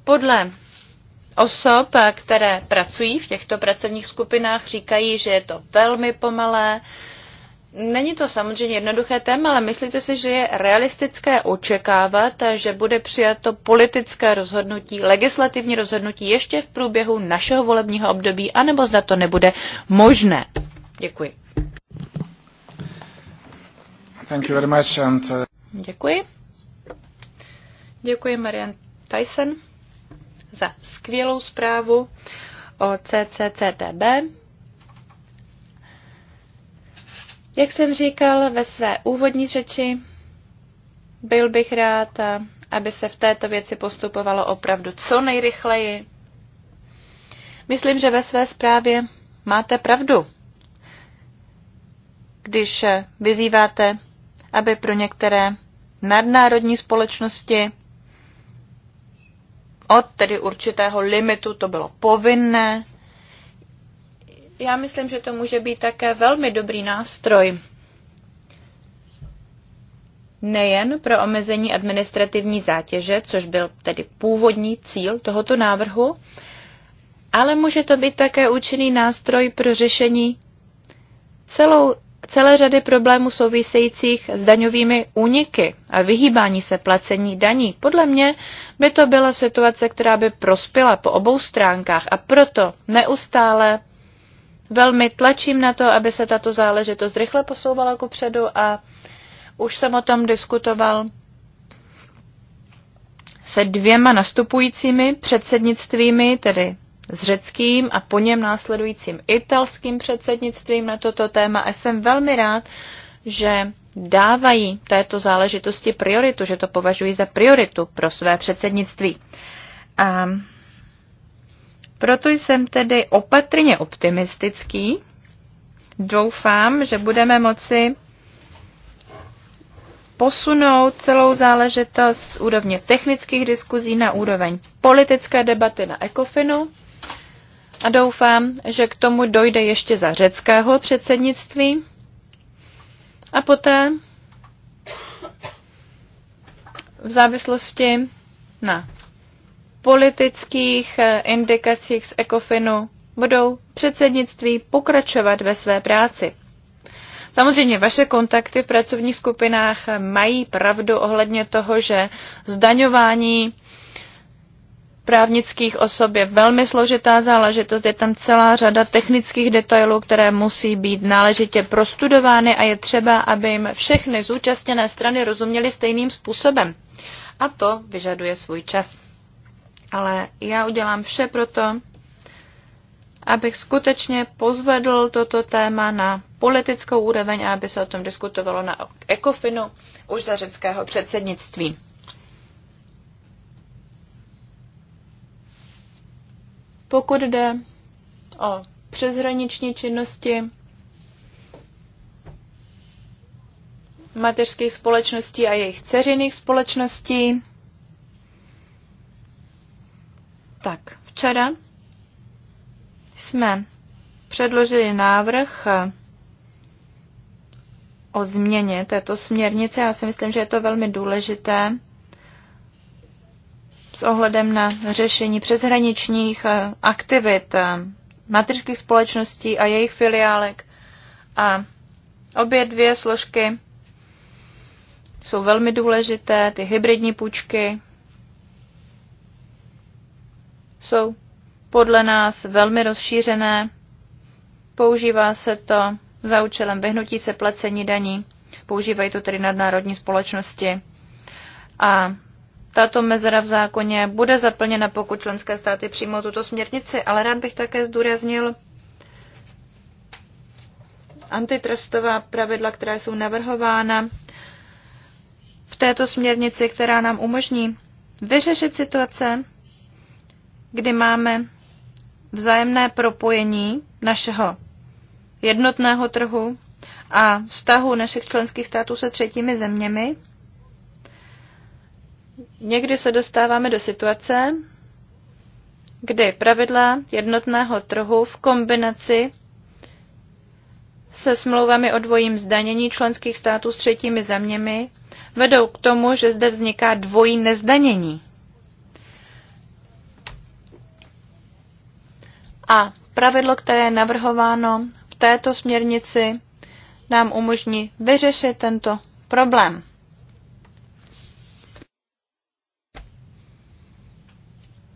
podle osob, eh, které pracují v těchto pracovních skupinách, říkají, že je to velmi pomalé. Není to samozřejmě jednoduché téma, ale myslíte si, že je realistické očekávat, eh, že bude přijato politické rozhodnutí, legislativní rozhodnutí ještě v průběhu našeho volebního období, anebo zda to nebude možné? Děkuji. Thank you very much and, uh... Děkuji. Děkuji, Marian Tyson za skvělou zprávu o CCCTB. Jak jsem říkal ve své úvodní řeči, byl bych rád, aby se v této věci postupovalo opravdu co nejrychleji. Myslím, že ve své zprávě máte pravdu, když vyzýváte, aby pro některé nadnárodní společnosti od tedy určitého limitu to bylo povinné. Já myslím, že to může být také velmi dobrý nástroj nejen pro omezení administrativní zátěže, což byl tedy původní cíl tohoto návrhu, ale může to být také účinný nástroj pro řešení celou celé řady problémů souvisejících s daňovými úniky a vyhýbání se placení daní. Podle mě by to byla situace, která by prospěla po obou stránkách a proto neustále velmi tlačím na to, aby se tato záležitost rychle posouvala ku předu a už jsem o tom diskutoval se dvěma nastupujícími předsednictvími, tedy s řeckým a po něm následujícím italským předsednictvím na toto téma a jsem velmi rád, že dávají této záležitosti prioritu, že to považují za prioritu pro své předsednictví. A proto jsem tedy opatrně optimistický. Doufám, že budeme moci posunout celou záležitost z úrovně technických diskuzí na úroveň politické debaty na ECOFINu a doufám, že k tomu dojde ještě za řeckého předsednictví a poté v závislosti na politických eh, indikacích z ECOFINu budou předsednictví pokračovat ve své práci. Samozřejmě vaše kontakty v pracovních skupinách mají pravdu ohledně toho, že zdaňování právnických osob je velmi složitá záležitost. Je tam celá řada technických detailů, které musí být náležitě prostudovány a je třeba, aby jim všechny zúčastněné strany rozuměly stejným způsobem. A to vyžaduje svůj čas. Ale já udělám vše proto, abych skutečně pozvedl toto téma na politickou úroveň a aby se o tom diskutovalo na ECOFINu už za řeckého předsednictví. Pokud jde o přeshraniční činnosti mateřských společností a jejich dceřiných společností, tak včera jsme předložili návrh o změně této směrnice. Já si myslím, že je to velmi důležité s ohledem na řešení přeshraničních eh, aktivit eh, mateřských společností a jejich filiálek. A obě dvě složky jsou velmi důležité, ty hybridní půjčky jsou podle nás velmi rozšířené. Používá se to za účelem vyhnutí se placení daní. Používají to tedy nadnárodní společnosti. A tato mezera v zákoně bude zaplněna, pokud členské státy přijmou tuto směrnici, ale rád bych také zdůraznil antitrustová pravidla, která jsou navrhována v této směrnici, která nám umožní vyřešit situace, kdy máme vzájemné propojení našeho jednotného trhu a vztahu našich členských států se třetími zeměmi někdy se dostáváme do situace, kdy pravidla jednotného trhu v kombinaci se smlouvami o dvojím zdanění členských států s třetími zeměmi vedou k tomu, že zde vzniká dvojí nezdanění. A pravidlo, které je navrhováno v této směrnici, nám umožní vyřešit tento problém.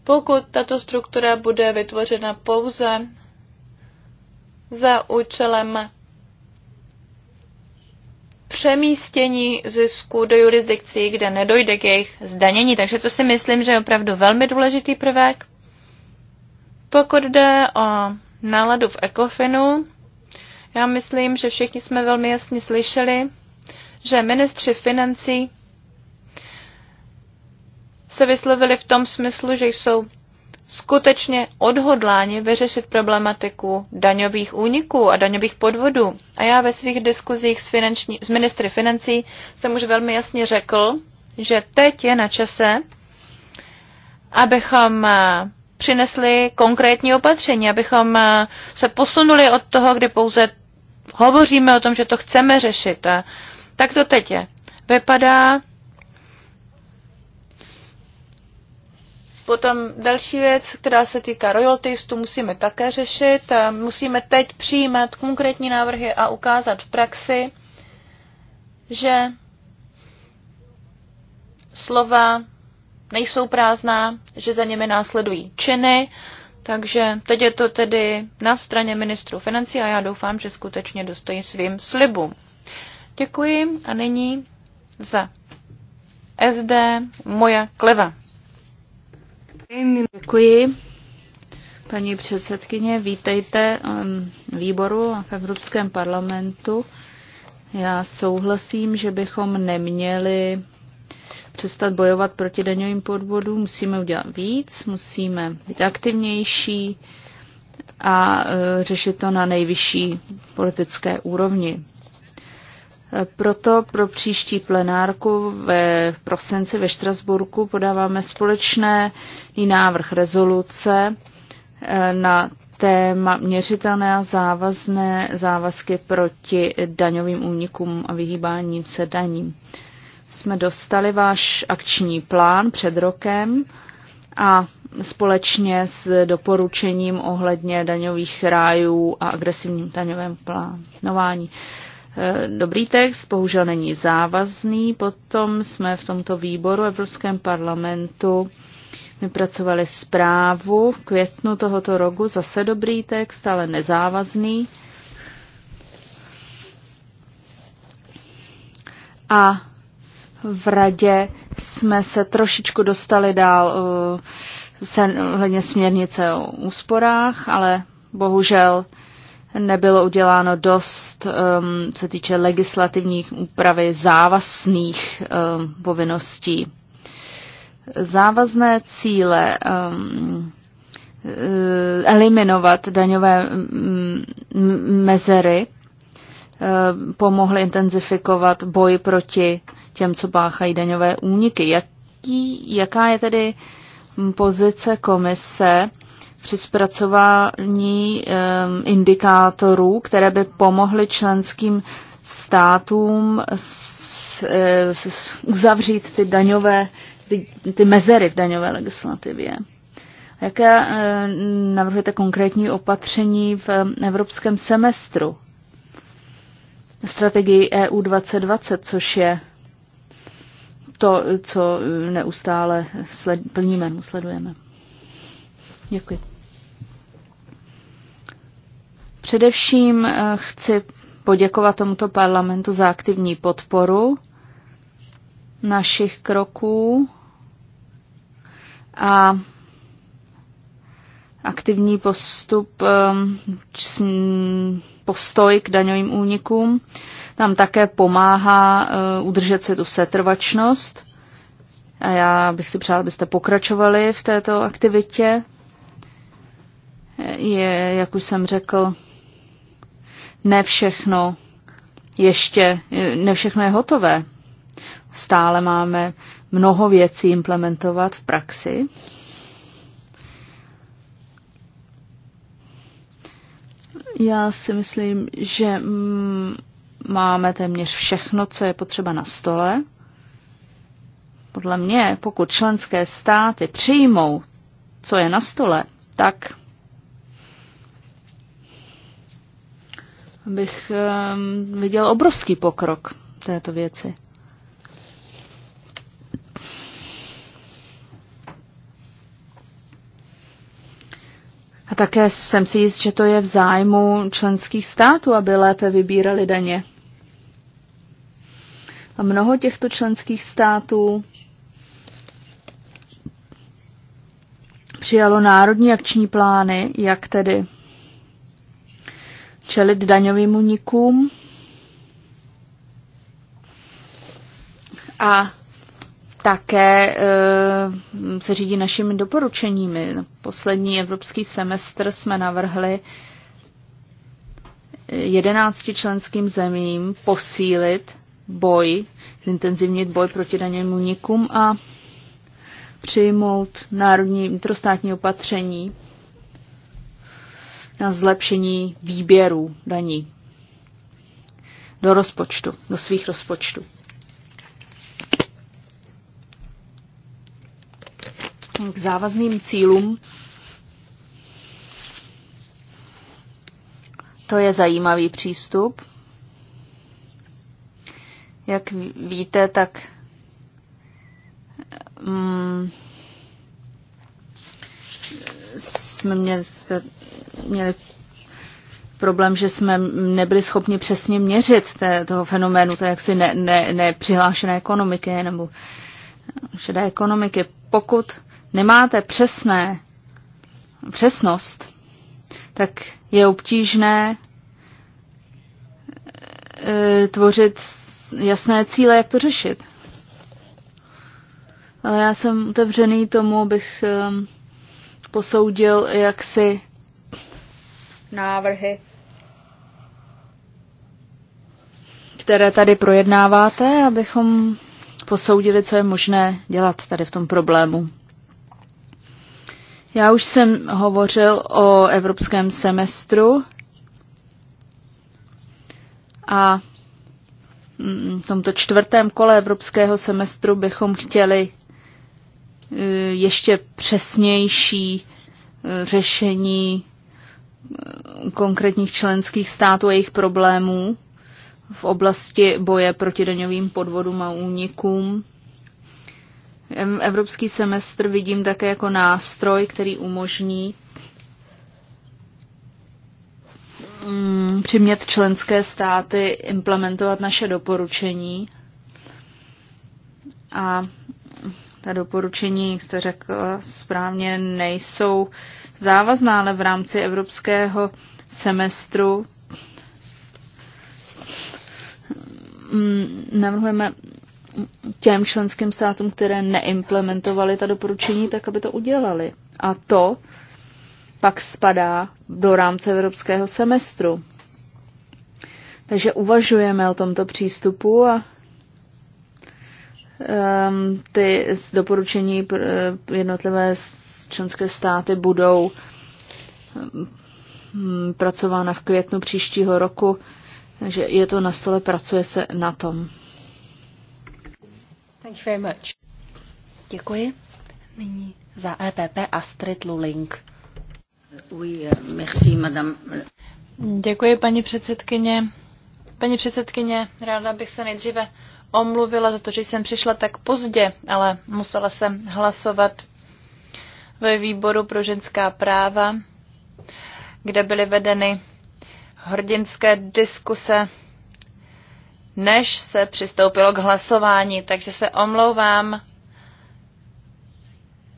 pokud tato struktura bude vytvořena pouze za účelem přemístění zisku do jurisdikcí, kde nedojde k jejich zdanění. Takže to si myslím, že je opravdu velmi důležitý prvek. Pokud jde o náladu v ECOFINu, já myslím, že všichni jsme velmi jasně slyšeli, že ministři financí se vyslovili v tom smyslu, že jsou skutečně odhodláni vyřešit problematiku daňových úniků a daňových podvodů. A já ve svých diskuzích s, finanční, s ministry financí jsem už velmi jasně řekl, že teď je na čase, abychom eh, přinesli konkrétní opatření, abychom eh, se posunuli od toho, kdy pouze hovoříme o tom, že to chceme řešit. A tak to teď je. Vypadá, Potom další věc, která se týká royalties, tu musíme také řešit. Eh, musíme teď přijímat konkrétní návrhy a ukázat v praxi, že slova nejsou prázdná, že za nimi následují činy, takže teď je to tedy na straně ministru financí a já doufám, že skutečně dostojí svým slibům. Děkuji a nyní za SD moja kleva. Děkuji. Paní předsedkyně, vítejte ehm, výboru v Evropském parlamentu. Já souhlasím, že bychom neměli přestat bojovat proti daňovým podvodům. Musíme udělat víc, musíme být aktivnější a e, řešit to na nejvyšší politické úrovni. E, proto pro příští plenárku ve prosinci ve Štrasburku podáváme společné návrh rezoluce e, na téma měřitelné a závazné závazky proti daňovým únikům a vyhýbáním se daním. Jsme dostali váš akční plán před rokem a společně s doporučením ohledně daňových rájů a agresivním daňovém plánování. Eh, dobrý text, bohužel není závazný. Potom jsme v tomto výboru Evropském parlamentu vypracovali zprávu v květnu tohoto roku, zase dobrý text, ale nezávazný. A v radě jsme se trošičku dostali dál eh, se, hledně směrnice o úsporách, ale bohužel nebylo uděláno dost, um, co týče legislativních úpravy závazných um, povinností. Závazné cíle um, eh, eliminovat daňové mm, mm, mezery eh, pomohly intenzifikovat boj proti těm, co páchají daňové úniky. Jaký, jaká je tedy pozice komise při zpracování indikátorů, které by pomohly členským státům eh, uzavřít ty daňové, ty, ty mezery v daňové legislativě. Jaké eh, navrhujete konkrétní opatření v evropském semestru? Strategii EU 2020, což je to, co neustále sled, plníme, sledujeme. Děkuji. Především eh, chci poděkovat tomuto parlamentu za aktivní podporu našich kroků a aktivní postup, ehm, postoj k daňovým únikům. Tam také pomáhá eh, udržet si tu setrvačnost. A já bych si přála, abyste pokračovali v této aktivitě. Je, jak už jsem řekl, ne všechno ještě, ne všechno je hotové. Stále máme mnoho věcí implementovat v praxi. Já si myslím, že mm, máme téměř všechno, co je potřeba na stole. Podle mě, pokud členské státy přijmou, co je na stole, tak bych um, viděl obrovský pokrok této věci. A také jsem si jist, že to je v zájmu členských států, aby lépe vybírali daně. A mnoho těchto členských států přijalo národní akční plány, jak tedy čelit daňovým unikům. A také eh, se řídí našimi doporučeními. Poslední evropský semestr jsme navrhli jedenácti členským zemím posílit boj, zintenzivnit boj proti daněm unikům a přijmout národní vnitrostátní opatření na zlepšení výběru daní do rozpočtu, do svých rozpočtů. K závazným cílům to je zajímavý přístup. Jak víte, tak mm, jsme měli měli problém, že jsme nebyli schopni přesně měřit té, toho fenoménu té jaksi ne, ne, ekonomiky nebo šedé ekonomiky. Pokud nemáte přesné přesnost, tak je obtížné e, tvořit jasné cíle, jak to řešit. Ale já jsem otevřený tomu, abych e, posoudil, jak si návrhy, které tady projednáváte, abychom posoudili, co je možné dělat tady v tom problému. Já už jsem hovořil o evropském semestru a mm, v tomto čtvrtém kole evropského semestru bychom chtěli e, ještě přesnější e, řešení e, konkrétních členských států a jejich problémů v oblasti boje proti daňovým podvodům a únikům. Evropský semestr vidím také jako nástroj, který umožní mm, přimět členské státy implementovat naše doporučení. A ta doporučení, jak jste řekl správně, nejsou závazná, ale v rámci evropského semestru. Mm, navrhujeme těm členským státům, které neimplementovaly ta doporučení, tak aby to udělali. A to pak spadá do rámce evropského semestru. Takže uvažujeme o tomto přístupu a um, ty doporučení jednotlivé členské státy budou ehm, Hmm, pracována v květnu příštího roku, takže je to na stole, pracuje se na tom. Thank you very much. Děkuji. Nyní za EPP Astrid Luling. Oui, euh, merci, madame. Děkuji, paní předsedkyně. Paní předsedkyně, ráda bych se nejdříve omluvila za to, že jsem přišla tak pozdě, ale musela jsem hlasovat ve výboru pro ženská práva kde byly vedeny hrdinské diskuse, než se přistoupilo k hlasování, takže se omlouvám,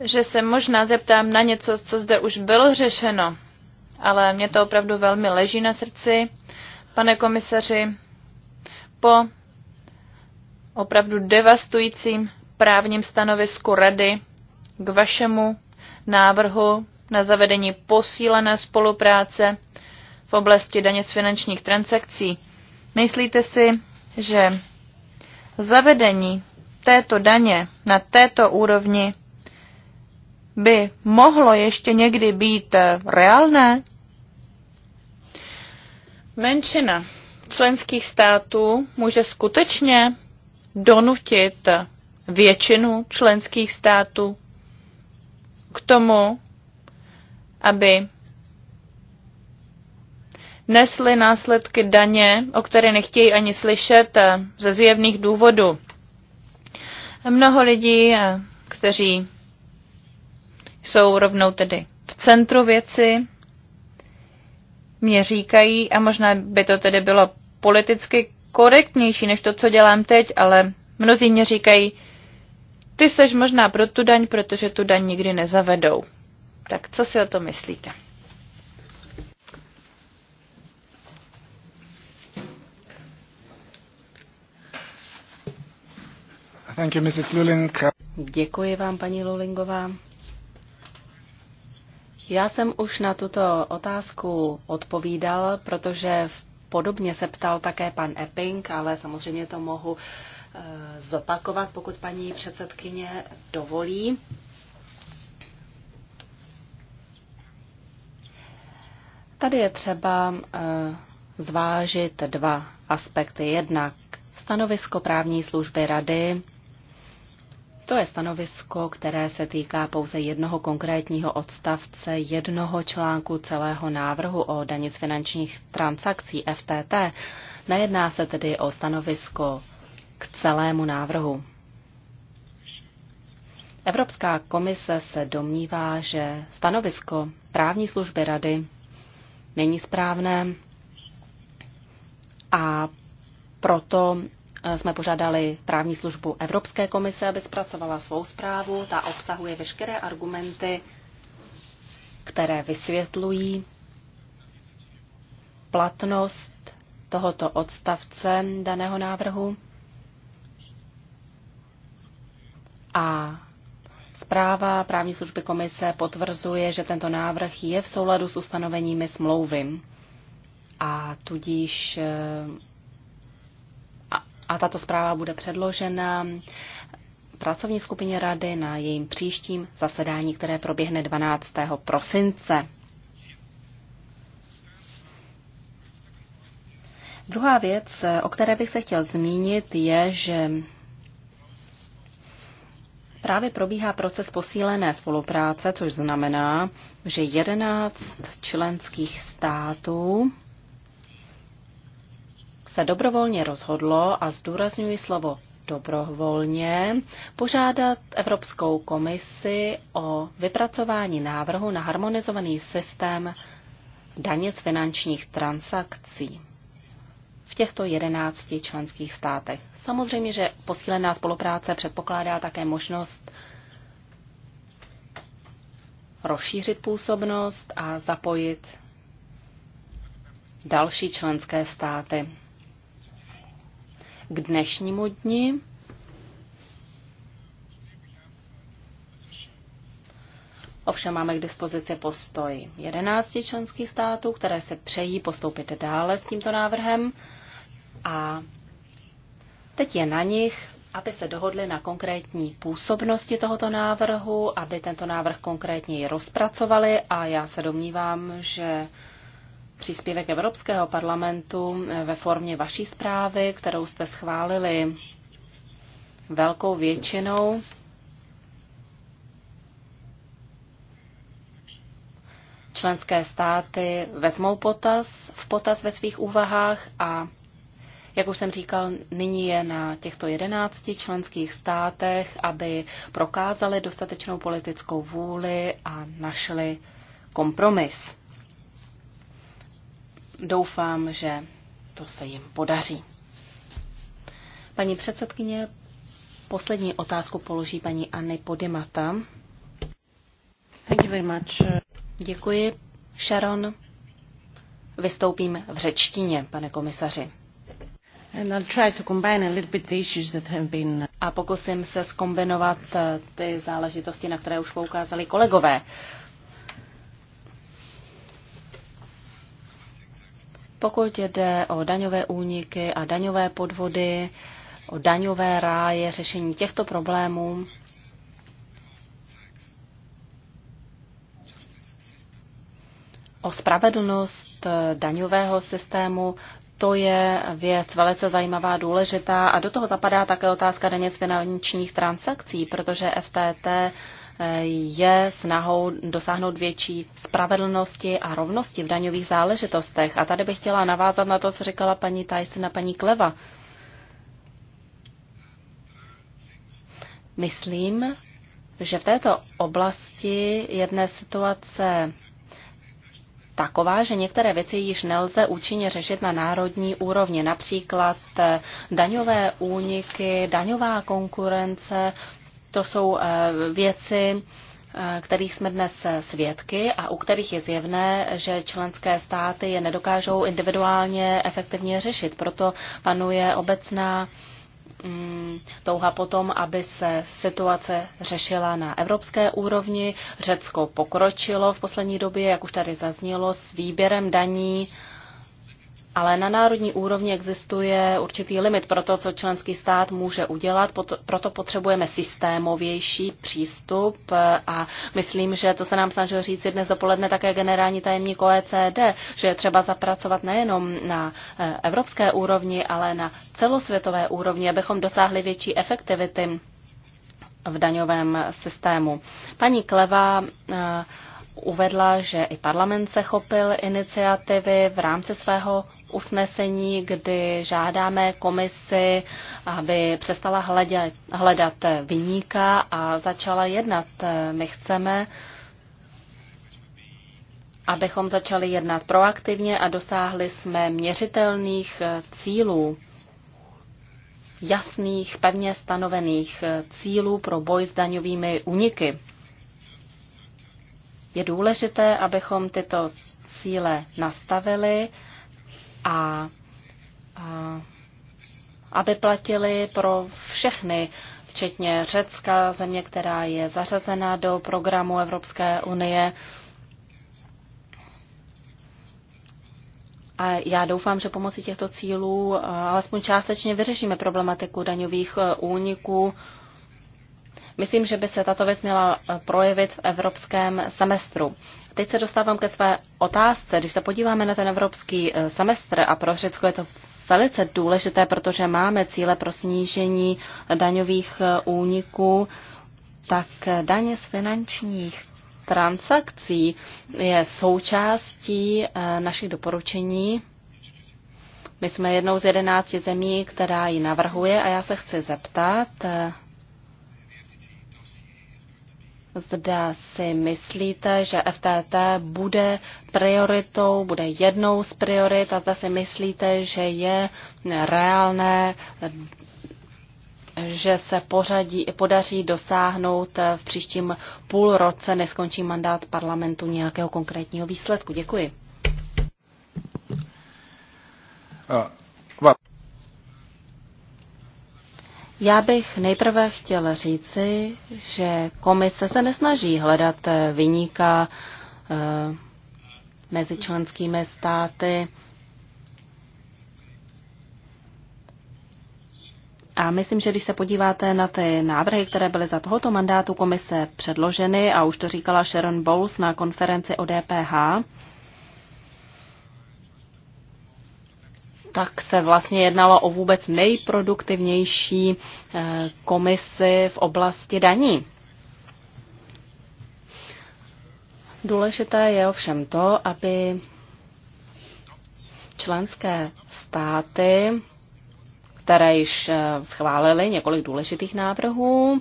že se možná zeptám na něco, co zde už bylo řešeno, ale mě to opravdu velmi leží na srdci. Pane komisaři, po opravdu devastujícím právním stanovisku Rady k vašemu návrhu na zavedení posílené spolupráce v oblasti daně z finančních transakcí. Myslíte si, že zavedení této daně na této úrovni by mohlo ještě někdy být reálné? Menšina členských států může skutečně donutit většinu členských států k tomu, aby nesly následky daně, o které nechtějí ani slyšet eh, ze zjevných důvodů. Mnoho lidí, eh, kteří jsou rovnou tedy v centru věci, mě říkají, a možná by to tedy bylo politicky korektnější než to, co dělám teď, ale mnozí mě říkají, ty seš možná pro tu daň, protože tu daň nikdy nezavedou. Tak co si o to myslíte? Thank you, Mrs. Luling. Děkuji vám, paní Lulingová. Já jsem už na tuto otázku odpovídal, protože podobně se ptal také pan Epping, ale samozřejmě to mohu eh, zopakovat, pokud paní předsedkyně dovolí. Tady je třeba eh, zvážit dva aspekty. Jednak stanovisko právní služby rady, to je stanovisko, které se týká pouze jednoho konkrétního odstavce, jednoho článku celého návrhu o daně z finančních transakcí FTT. Nejedná se tedy o stanovisko k celému návrhu. Evropská komise se domnívá, že stanovisko právní služby rady není správné a proto eh, jsme požádali právní službu Evropské komise, aby zpracovala svou zprávu. Ta obsahuje veškeré argumenty, které vysvětlují platnost tohoto odstavce daného návrhu a Zpráva právní služby komise potvrzuje, že tento návrh je v souladu s ustanoveními smlouvy a tudíž eh, a, a tato zpráva bude předložena pracovní skupině rady na jejím příštím zasedání, které proběhne 12. prosince. Druhá věc, o které bych se chtěl zmínit, je, že Právě probíhá proces posílené spolupráce, což znamená, že 11 členských států se dobrovolně rozhodlo, a zdůrazňuji slovo dobrovolně, požádat Evropskou komisi o vypracování návrhu na harmonizovaný systém daně z finančních transakcí těchto jedenácti členských státech. Samozřejmě, že posílená spolupráce předpokládá také možnost rozšířit působnost a zapojit další členské státy. K dnešnímu dni Ovšem máme k dispozici postoj 11 členských států, které se přejí postoupit dále s tímto návrhem a teď je na nich, aby se dohodli na konkrétní působnosti tohoto návrhu, aby tento návrh konkrétněji rozpracovali a já se domnívám, že příspěvek Evropského parlamentu ve formě vaší zprávy, kterou jste schválili velkou většinou, členské státy vezmou potaz, v potaz ve svých úvahách a jak už jsem říkal, nyní je na těchto jedenácti členských státech, aby prokázali dostatečnou politickou vůli a našli kompromis. Doufám, že to se jim podaří. Paní předsedkyně, poslední otázku položí paní Anny Podimata. Thank you very much. Děkuji, Sharon. Vystoupím v řečtině, pane komisaři. A pokusím se skombinovat uh, ty záležitosti, na které už poukázali kolegové. Pokud jde o daňové úniky a daňové podvody, o daňové ráje, řešení těchto problémů, o spravedlnost uh, daňového systému, to je věc velice zajímavá, důležitá a do toho zapadá také otázka daně z finančních transakcí, protože FTT eh, je snahou dosáhnout větší spravedlnosti a rovnosti v daňových záležitostech. A tady bych chtěla navázat na to, co říkala paní Tyson a paní Kleva. Myslím, že v této oblasti je dnes situace taková, že některé věci již nelze účinně řešit na národní úrovni, například eh, daňové úniky, daňová konkurence, to jsou eh, věci, eh, kterých jsme dnes svědky a u kterých je zjevné, že členské státy je nedokážou individuálně efektivně řešit. Proto panuje obecná Mm, touha potom, aby se situace řešila na evropské úrovni. Řecko pokročilo v poslední době, jak už tady zaznělo, s výběrem daní ale na národní úrovni existuje určitý limit pro to, co členský stát může udělat, proto potřebujeme systémovější přístup a myslím, že to se nám snažil říct dnes dopoledne také generální tajemník OECD, že je třeba zapracovat nejenom na eh, evropské úrovni, ale na celosvětové úrovni, abychom dosáhli větší efektivity v daňovém systému. Paní Kleva eh, uvedla, že i parlament se chopil iniciativy v rámci svého usnesení, kdy žádáme komisi, aby přestala hledat, hledat vyníka a začala jednat. My chceme, abychom začali jednat proaktivně a dosáhli jsme měřitelných cílů jasných, pevně stanovených cílů pro boj s daňovými úniky. Je důležité, abychom tyto cíle nastavili a, a aby platili pro všechny, včetně Řecka, země, která je zařazena do programu Evropské unie. A já doufám, že pomocí těchto cílů alespoň částečně vyřešíme problematiku daňových e, úniků Myslím, že by se tato věc měla e, projevit v evropském semestru. Teď se dostávám ke své otázce. Když se podíváme na ten evropský e, semestr a pro Řecko je to velice důležité, protože máme cíle pro snížení daňových e, úniků, tak daně z finančních transakcí je součástí našich doporučení. My jsme jednou z jedenácti zemí, která ji navrhuje a já se chci zeptat, Zda si myslíte, že FTT bude prioritou, bude jednou z priorit a zda si myslíte, že je reálné, že se pořadí, podaří dosáhnout v příštím půl roce, neskončí mandát parlamentu nějakého konkrétního výsledku. Děkuji. Já bych nejprve chtěl říci, že komise se nesnaží hledat eh, vyníka eh, mezi členskými státy. A myslím, že když se podíváte na ty návrhy, které byly za tohoto mandátu komise předloženy, a už to říkala Sharon Bowles na konferenci o DPH, tak se vlastně jednalo o vůbec nejproduktivnější eh, komisi v oblasti daní. Důležité je ovšem to, aby členské státy, které již eh, schválily několik důležitých návrhů,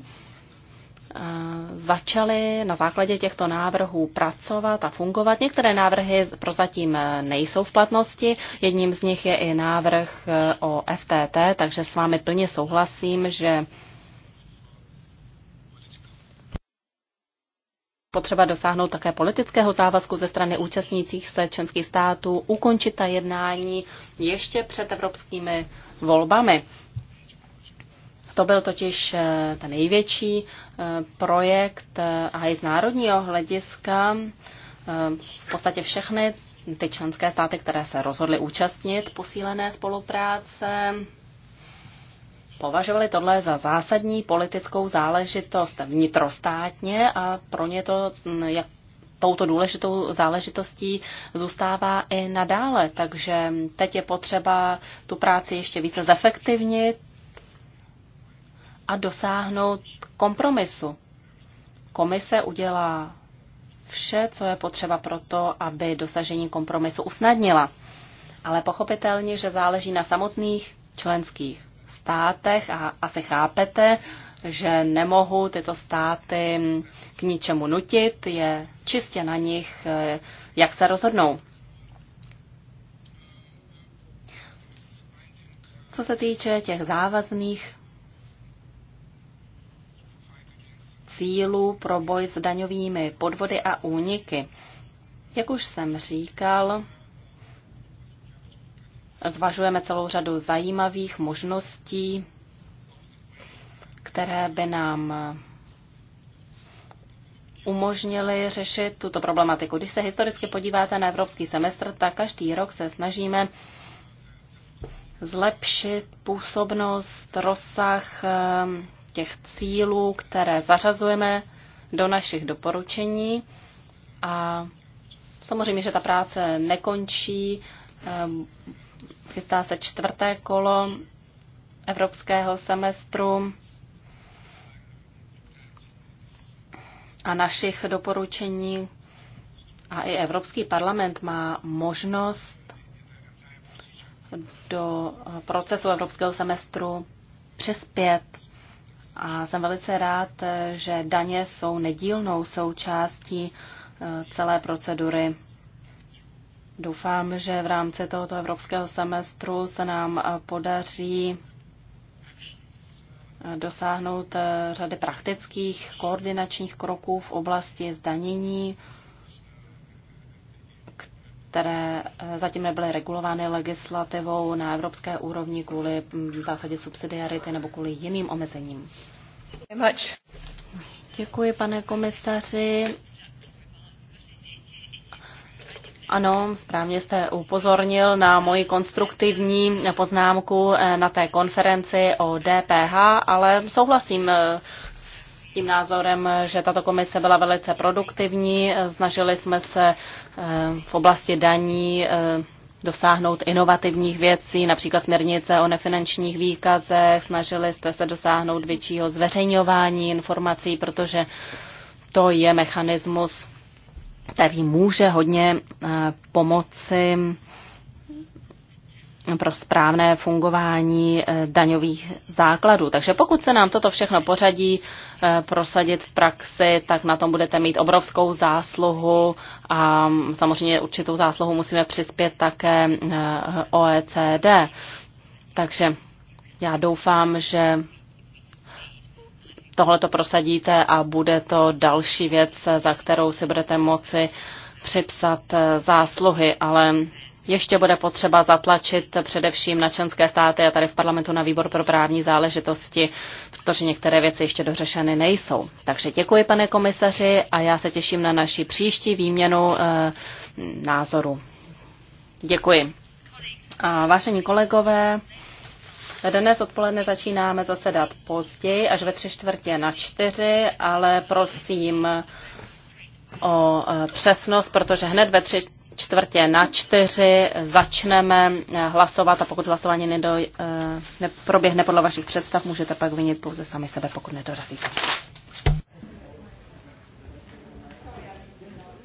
začaly na základě těchto návrhů pracovat a fungovat. Některé návrhy prozatím nejsou v platnosti. Jedním z nich je i návrh eh, o FTT, takže s vámi plně souhlasím, že potřeba dosáhnout také politického závazku ze strany účastnících se členských států, ukončit ta jednání ještě před evropskými volbami. To byl totiž eh, ten největší eh, projekt eh, a i z národního hlediska v podstatě všechny ty členské státy, které se rozhodly účastnit posílené spolupráce, považovali tohle za zásadní politickou záležitost vnitrostátně a pro ně to mm, jak touto důležitou záležitostí zůstává i nadále. Takže teď je potřeba tu práci ještě více zefektivnit a dosáhnout kompromisu. Komise udělá vše, co je potřeba pro to, aby dosažení kompromisu usnadnila. Ale pochopitelně, že záleží na samotných členských státech a asi chápete, že nemohu tyto státy k ničemu nutit, je čistě na nich, jak se rozhodnou. Co se týče těch závazných cílů pro boj s daňovými podvody a úniky. Jak už jsem říkal, zvažujeme celou řadu zajímavých možností, které by nám umožnili řešit tuto problematiku. Když se historicky podíváte na evropský semestr, tak každý rok se snažíme zlepšit působnost, rozsah těch cílů, které zařazujeme do našich doporučení. A samozřejmě, že ta práce nekončí. Ehm, chystá se čtvrté kolo evropského semestru a našich doporučení. A i Evropský parlament má možnost do procesu evropského semestru přespět. A jsem velice rád, že daně jsou nedílnou součástí eh, celé procedury. Doufám, že v rámci tohoto evropského semestru se nám eh, podaří eh, dosáhnout řady praktických koordinačních kroků v oblasti zdanění které eh, zatím nebyly regulovány legislativou na evropské úrovni kvůli mm, zásadě subsidiarity nebo kvůli jiným omezením. Děkuji, pane komisaři. Ano, správně jste upozornil na moji konstruktivní poznámku eh, na té konferenci o DPH, ale souhlasím eh, tím názorem, že tato komise byla velice produktivní. Snažili jsme se eh, v oblasti daní eh, dosáhnout inovativních věcí, například směrnice o nefinančních výkazech. Snažili jste se dosáhnout většího zveřejňování informací, protože to je mechanismus, který může hodně eh, pomoci pro správné fungování eh, daňových základů. Takže pokud se nám toto všechno pořadí eh, prosadit v praxi, tak na tom budete mít obrovskou zásluhu a mm, samozřejmě určitou zásluhu musíme přispět také eh, OECD. Takže já doufám, že tohle to prosadíte a bude to další věc, za kterou si budete moci připsat zásluhy, ale ještě bude potřeba zatlačit především na členské státy a tady v parlamentu na výbor pro právní záležitosti, protože některé věci ještě dořešeny nejsou. Takže děkuji, pane komisaři, a já se těším na naši příští výměnu e, názoru. Děkuji. A vážení kolegové, dnes odpoledne začínáme zasedat později, až ve tři čtvrtě na čtyři, ale prosím o eh, přesnost, protože hned ve tři čtvrtě na čtyři začneme eh, hlasovat a pokud hlasování nedoj, neproběhne proběhne podle vašich představ, můžete pak vinit pouze sami sebe, pokud nedorazíte.